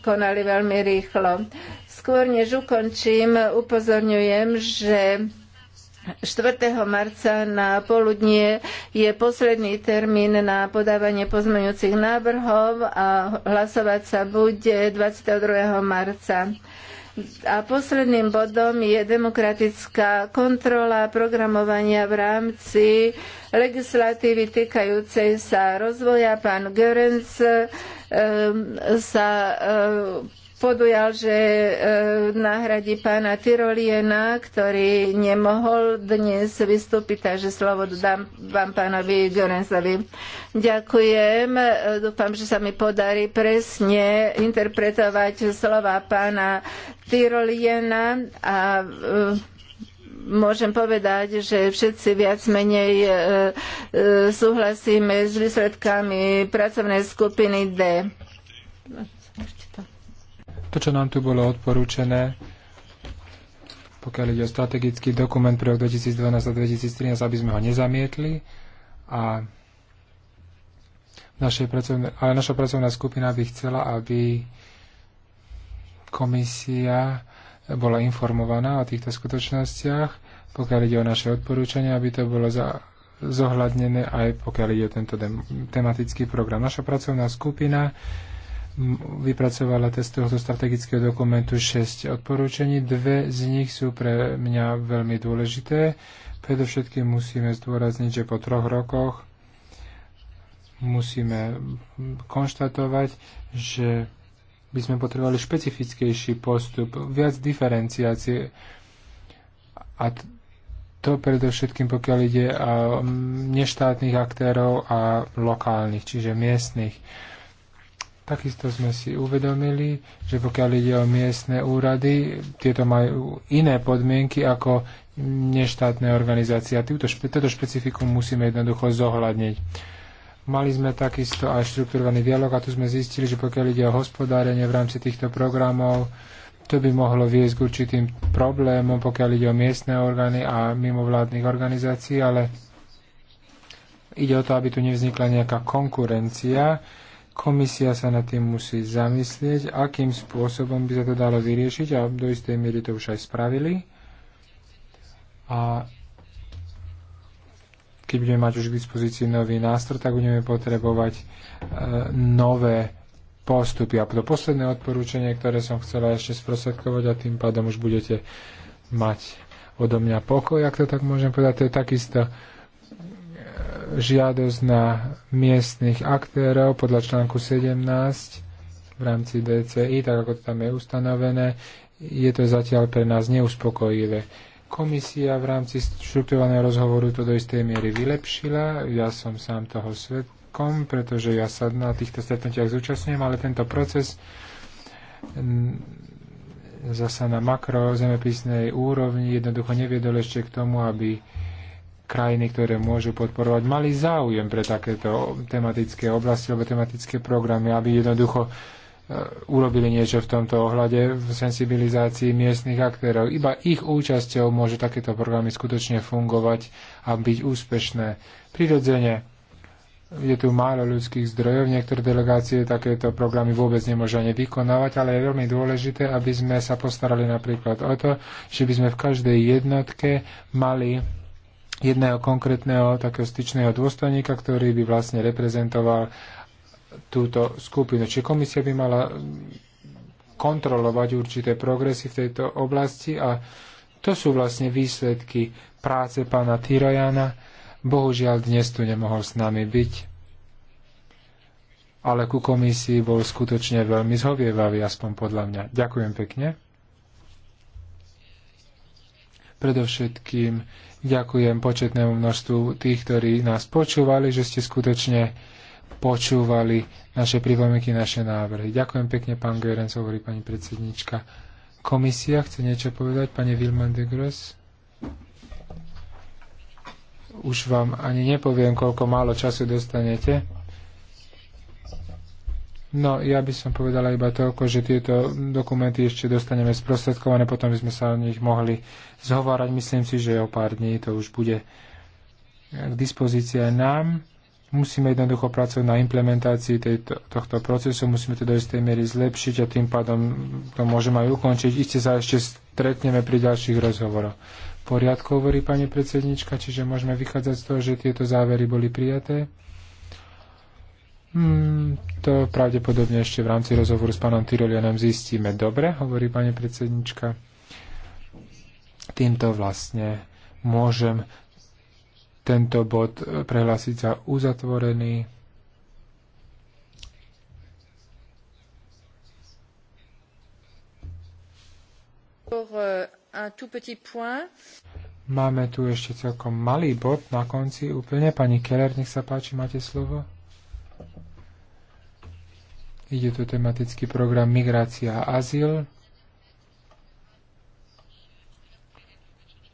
konali veľmi rýchlo. Skôr než ukončím, upozorňujem, že 4. marca na poludnie je posledný termín na podávanie pozmeňujúcich návrhov a hlasovať sa bude 22. marca. A posledným bodom je demokratická kontrola programovania v rámci legislatívy týkajúcej sa rozvoja. Pán Görens ehm, sa ehm, podujal, že e, nahradí pána Tyroliena, ktorý nemohol dnes vystúpiť, takže slovo dám vám pánovi Gorenzovi. Ďakujem. E, dúfam, že sa mi podarí presne interpretovať slova pána Tyroliena a e, môžem povedať, že všetci viac menej súhlasíme s výsledkami pracovnej skupiny D. To, čo nám tu bolo odporúčené, pokiaľ ide o strategický dokument pre rok 2012 a 2013, aby sme ho nezamietli a ale naša pracovná skupina by chcela, aby komisia bola informovaná o týchto skutočnostiach, pokiaľ ide o naše odporúčania, aby to bolo za, zohľadnené aj pokiaľ ide o tento tematický program. Naša pracovná skupina vypracovala z tohoto strategického dokumentu 6 odporúčení. Dve z nich sú pre mňa veľmi dôležité. Predovšetkým musíme zdôrazniť, že po troch rokoch musíme konštatovať, že by sme potrebovali špecifickejší postup, viac diferenciácie a to predovšetkým pokiaľ ide o neštátnych aktérov a lokálnych, čiže miestnych. Takisto sme si uvedomili, že pokiaľ ide o miestne úrady, tieto majú iné podmienky ako neštátne organizácie. A túto, toto špecifikum musíme jednoducho zohľadniť. Mali sme takisto aj štruktúrovaný dialog a tu sme zistili, že pokiaľ ide o hospodárenie v rámci týchto programov, to by mohlo viesť k určitým problémom, pokiaľ ide o miestne orgány a mimovládnych organizácií, ale ide o to, aby tu nevznikla nejaká konkurencia, Komisia sa nad tým musí zamyslieť, akým spôsobom by sa to dalo vyriešiť a do istej miery to už aj spravili. A keď budeme mať už k dispozícii nový nástroj, tak budeme potrebovať e, nové postupy. A to posledné odporúčanie, ktoré som chcela ešte sprostredkovať a tým pádom už budete mať odo mňa pokoj, ak to tak môžem povedať, to je takisto žiadosť na miestnych aktérov podľa článku 17 v rámci DCI, tak ako to tam je ustanovené, je to zatiaľ pre nás neuspokojivé. Komisia v rámci štruktúrovaného rozhovoru to do istej miery vylepšila. Ja som sám toho svetkom, pretože ja sa na týchto stretnutiach zúčastňujem, ale tento proces mm, zasa na makro zemepisnej úrovni jednoducho neviedol ešte k tomu, aby krajiny, ktoré môžu podporovať, mali záujem pre takéto tematické oblasti alebo tematické programy, aby jednoducho e, urobili niečo v tomto ohľade v sensibilizácii miestnych aktérov. Iba ich účasťou môžu takéto programy skutočne fungovať a byť úspešné. Prirodzene je tu málo ľudských zdrojov, niektoré delegácie takéto programy vôbec nemôžu ani vykonávať, ale je veľmi dôležité, aby sme sa postarali napríklad o to, že by sme v každej jednotke mali jedného konkrétneho takého styčného dôstojníka, ktorý by vlastne reprezentoval túto skupinu. Čiže komisia by mala kontrolovať určité progresy v tejto oblasti a to sú vlastne výsledky práce pána Tyrojana. Bohužiaľ dnes tu nemohol s nami byť, ale ku komisii bol skutočne veľmi zhovievavý, aspoň podľa mňa. Ďakujem pekne. Predovšetkým Ďakujem početnému množstvu tých, ktorí nás počúvali, že ste skutočne počúvali naše pripomienky, naše návrhy. Ďakujem pekne, pán Gerenc, hovorí pani predsednička. Komisia chce niečo povedať, pani Wilman de Gros? Už vám ani nepoviem, koľko málo času dostanete. No, ja by som povedala iba toľko, že tieto dokumenty ešte dostaneme sprostredkované, potom by sme sa o nich mohli zhovárať. Myslím si, že o pár dní to už bude k dispozícii aj nám. Musíme jednoducho pracovať na implementácii tejto, tohto procesu, musíme to do istej miery zlepšiť a tým pádom to môžeme aj ukončiť. Iste sa ešte stretneme pri ďalších rozhovoroch. Poriadko hovorí pani predsednička, čiže môžeme vychádzať z toho, že tieto závery boli prijaté. Hmm, to pravdepodobne ešte v rámci rozhovoru s pánom Tyrolianom zistíme. Dobre, hovorí pani predsednička. Týmto vlastne môžem tento bod e, prehlásiť za uzatvorený. E, Máme tu ešte celkom malý bod na konci úplne. Pani Keller, nech sa páči, máte slovo. Ide to tematický program Migrácia a azyl.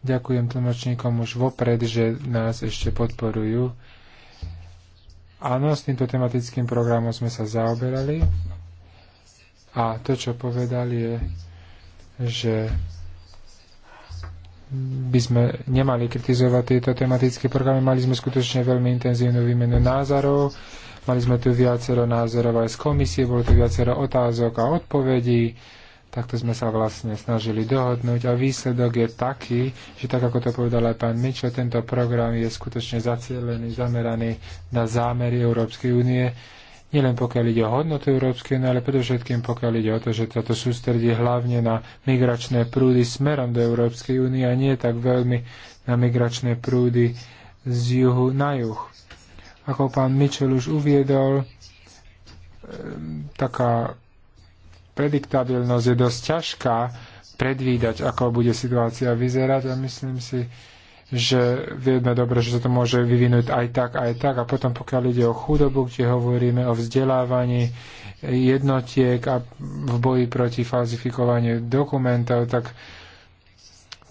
Ďakujem tlmočníkom už vopred, že nás ešte podporujú. Áno, s týmto tematickým programom sme sa zaoberali a to, čo povedal, je, že by sme nemali kritizovať tieto tematické programy, mali sme skutočne veľmi intenzívnu výmenu názorov Mali sme tu viacero názorov aj z komisie, bolo tu viacero otázok a odpovedí. Takto sme sa vlastne snažili dohodnúť a výsledok je taký, že tak ako to povedal aj pán Mičo, tento program je skutočne zacielený, zameraný na zámery Európskej únie, nielen pokiaľ ide o hodnotu Európskej únie, ale predovšetkým pokiaľ ide o to, že toto sústredí hlavne na migračné prúdy smerom do Európskej únie a nie tak veľmi na migračné prúdy z juhu na juh. Ako pán Mitchell už uviedol, taká prediktabilnosť je dosť ťažká predvídať, ako bude situácia vyzerať a myslím si, že vieme dobre, že sa to môže vyvinúť aj tak, aj tak. A potom pokiaľ ide o chudobu, kde hovoríme o vzdelávaní jednotiek a v boji proti falzifikovaniu dokumentov, tak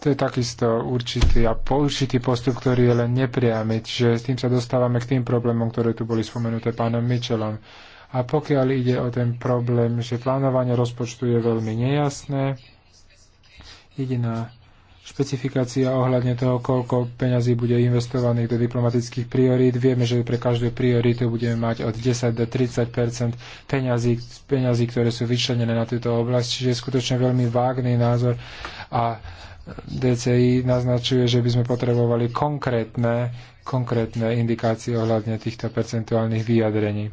to je takisto určitý, a určitý postup, ktorý je len nepriamy, že s tým sa dostávame k tým problémom, ktoré tu boli spomenuté pánom Mičelom. A pokiaľ ide o ten problém, že plánovanie rozpočtu je veľmi nejasné, jediná špecifikácia ohľadne toho, koľko peňazí bude investovaných do diplomatických priorít. Vieme, že pre každú prioritu budeme mať od 10 do 30 peňazí, peňazí, ktoré sú vyčlenené na túto oblasť, čiže je skutočne veľmi vágný názor a DCI naznačuje, že by sme potrebovali konkrétne, konkrétne indikácie ohľadne týchto percentuálnych vyjadrení.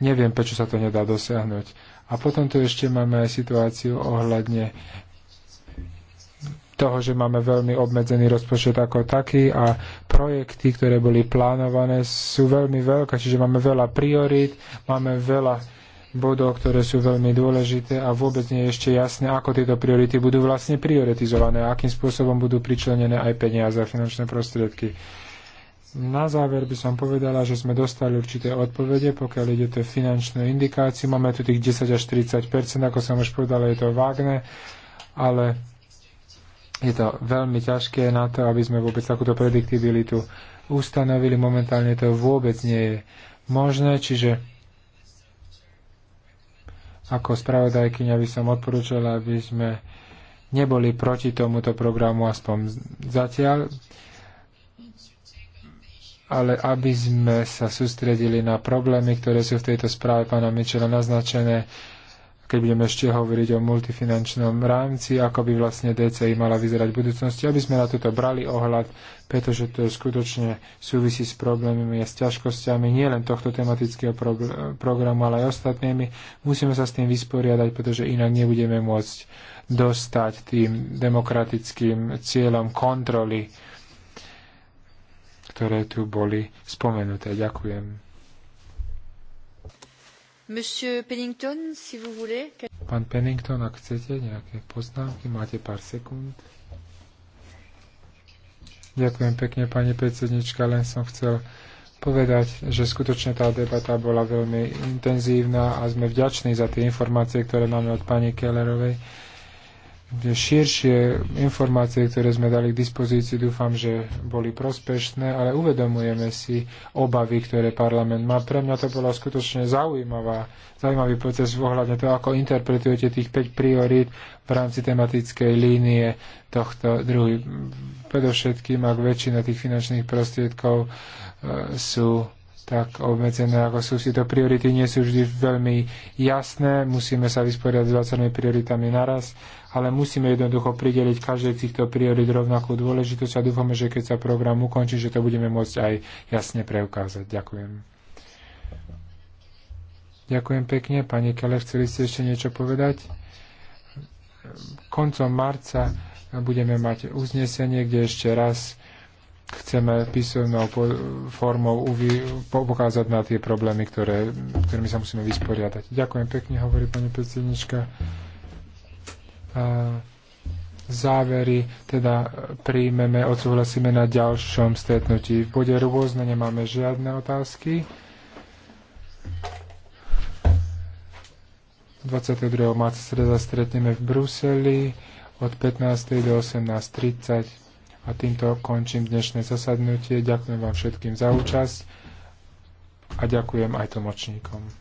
Neviem, prečo sa to nedá dosiahnuť. A potom tu ešte máme aj situáciu ohľadne toho, že máme veľmi obmedzený rozpočet ako taký a projekty, ktoré boli plánované, sú veľmi veľké, čiže máme veľa priorit, máme veľa bodov, ktoré sú veľmi dôležité a vôbec nie je ešte jasné, ako tieto priority budú vlastne prioritizované a akým spôsobom budú pričlenené aj peniaze a finančné prostriedky. Na záver by som povedala, že sme dostali určité odpovede, pokiaľ ide o finančnú indikáciu. Máme tu tých 10 až 30 ako som už povedala, je to vágne, ale je to veľmi ťažké na to, aby sme vôbec takúto prediktibilitu ustanovili. Momentálne to vôbec nie je možné, čiže ako spravodajkyňa by som odporúčala, aby sme neboli proti tomuto programu aspoň zatiaľ, ale aby sme sa sústredili na problémy, ktoré sú v tejto správe pána Mičela naznačené, keď budeme ešte hovoriť o multifinančnom rámci, ako by vlastne DCI mala vyzerať v budúcnosti, aby sme na toto brali ohľad, pretože to je skutočne súvisí s problémami a s ťažkosťami nielen tohto tematického programu, ale aj ostatnými. Musíme sa s tým vysporiadať, pretože inak nebudeme môcť dostať tým demokratickým cieľom kontroly, ktoré tu boli spomenuté. Ďakujem. Pán Pennington, ak chcete nejaké poznámky, máte pár sekúnd. Ďakujem pekne, pani predsednička, len som chcel povedať, že skutočne tá debata bola veľmi intenzívna a sme vďační za tie informácie, ktoré máme od pani Kellerovej širšie informácie, ktoré sme dali k dispozícii, dúfam, že boli prospešné, ale uvedomujeme si obavy, ktoré parlament má. Pre mňa to bola skutočne zaujímavá, zaujímavý proces ohľadne toho, ako interpretujete tých 5 priorít v rámci tematickej línie tohto druhý. Predovšetkým, ak väčšina tých finančných prostriedkov e, sú tak obmedzené, ako sú si to priority, nie sú vždy veľmi jasné, musíme sa vysporiadať s 20 prioritami naraz ale musíme jednoducho prideliť každej týchto priorit rovnakú dôležitosť a dúfame, že keď sa program ukončí, že to budeme môcť aj jasne preukázať. Ďakujem. Ďakujem pekne. Pani Kele, chceli ste ešte niečo povedať? Koncom marca budeme mať uznesenie, kde ešte raz chceme písomnou formou poukázať na tie problémy, ktoré, ktorými sa musíme vysporiadať. Ďakujem pekne, hovorí pani predsednička závery teda príjmeme, odsúhlasíme na ďalšom stretnutí. V bode rôzne nemáme žiadne otázky. 22. marca sa stretneme v Bruseli od 15. do 18.30 a týmto končím dnešné zasadnutie. Ďakujem vám všetkým za účasť a ďakujem aj tomočníkom.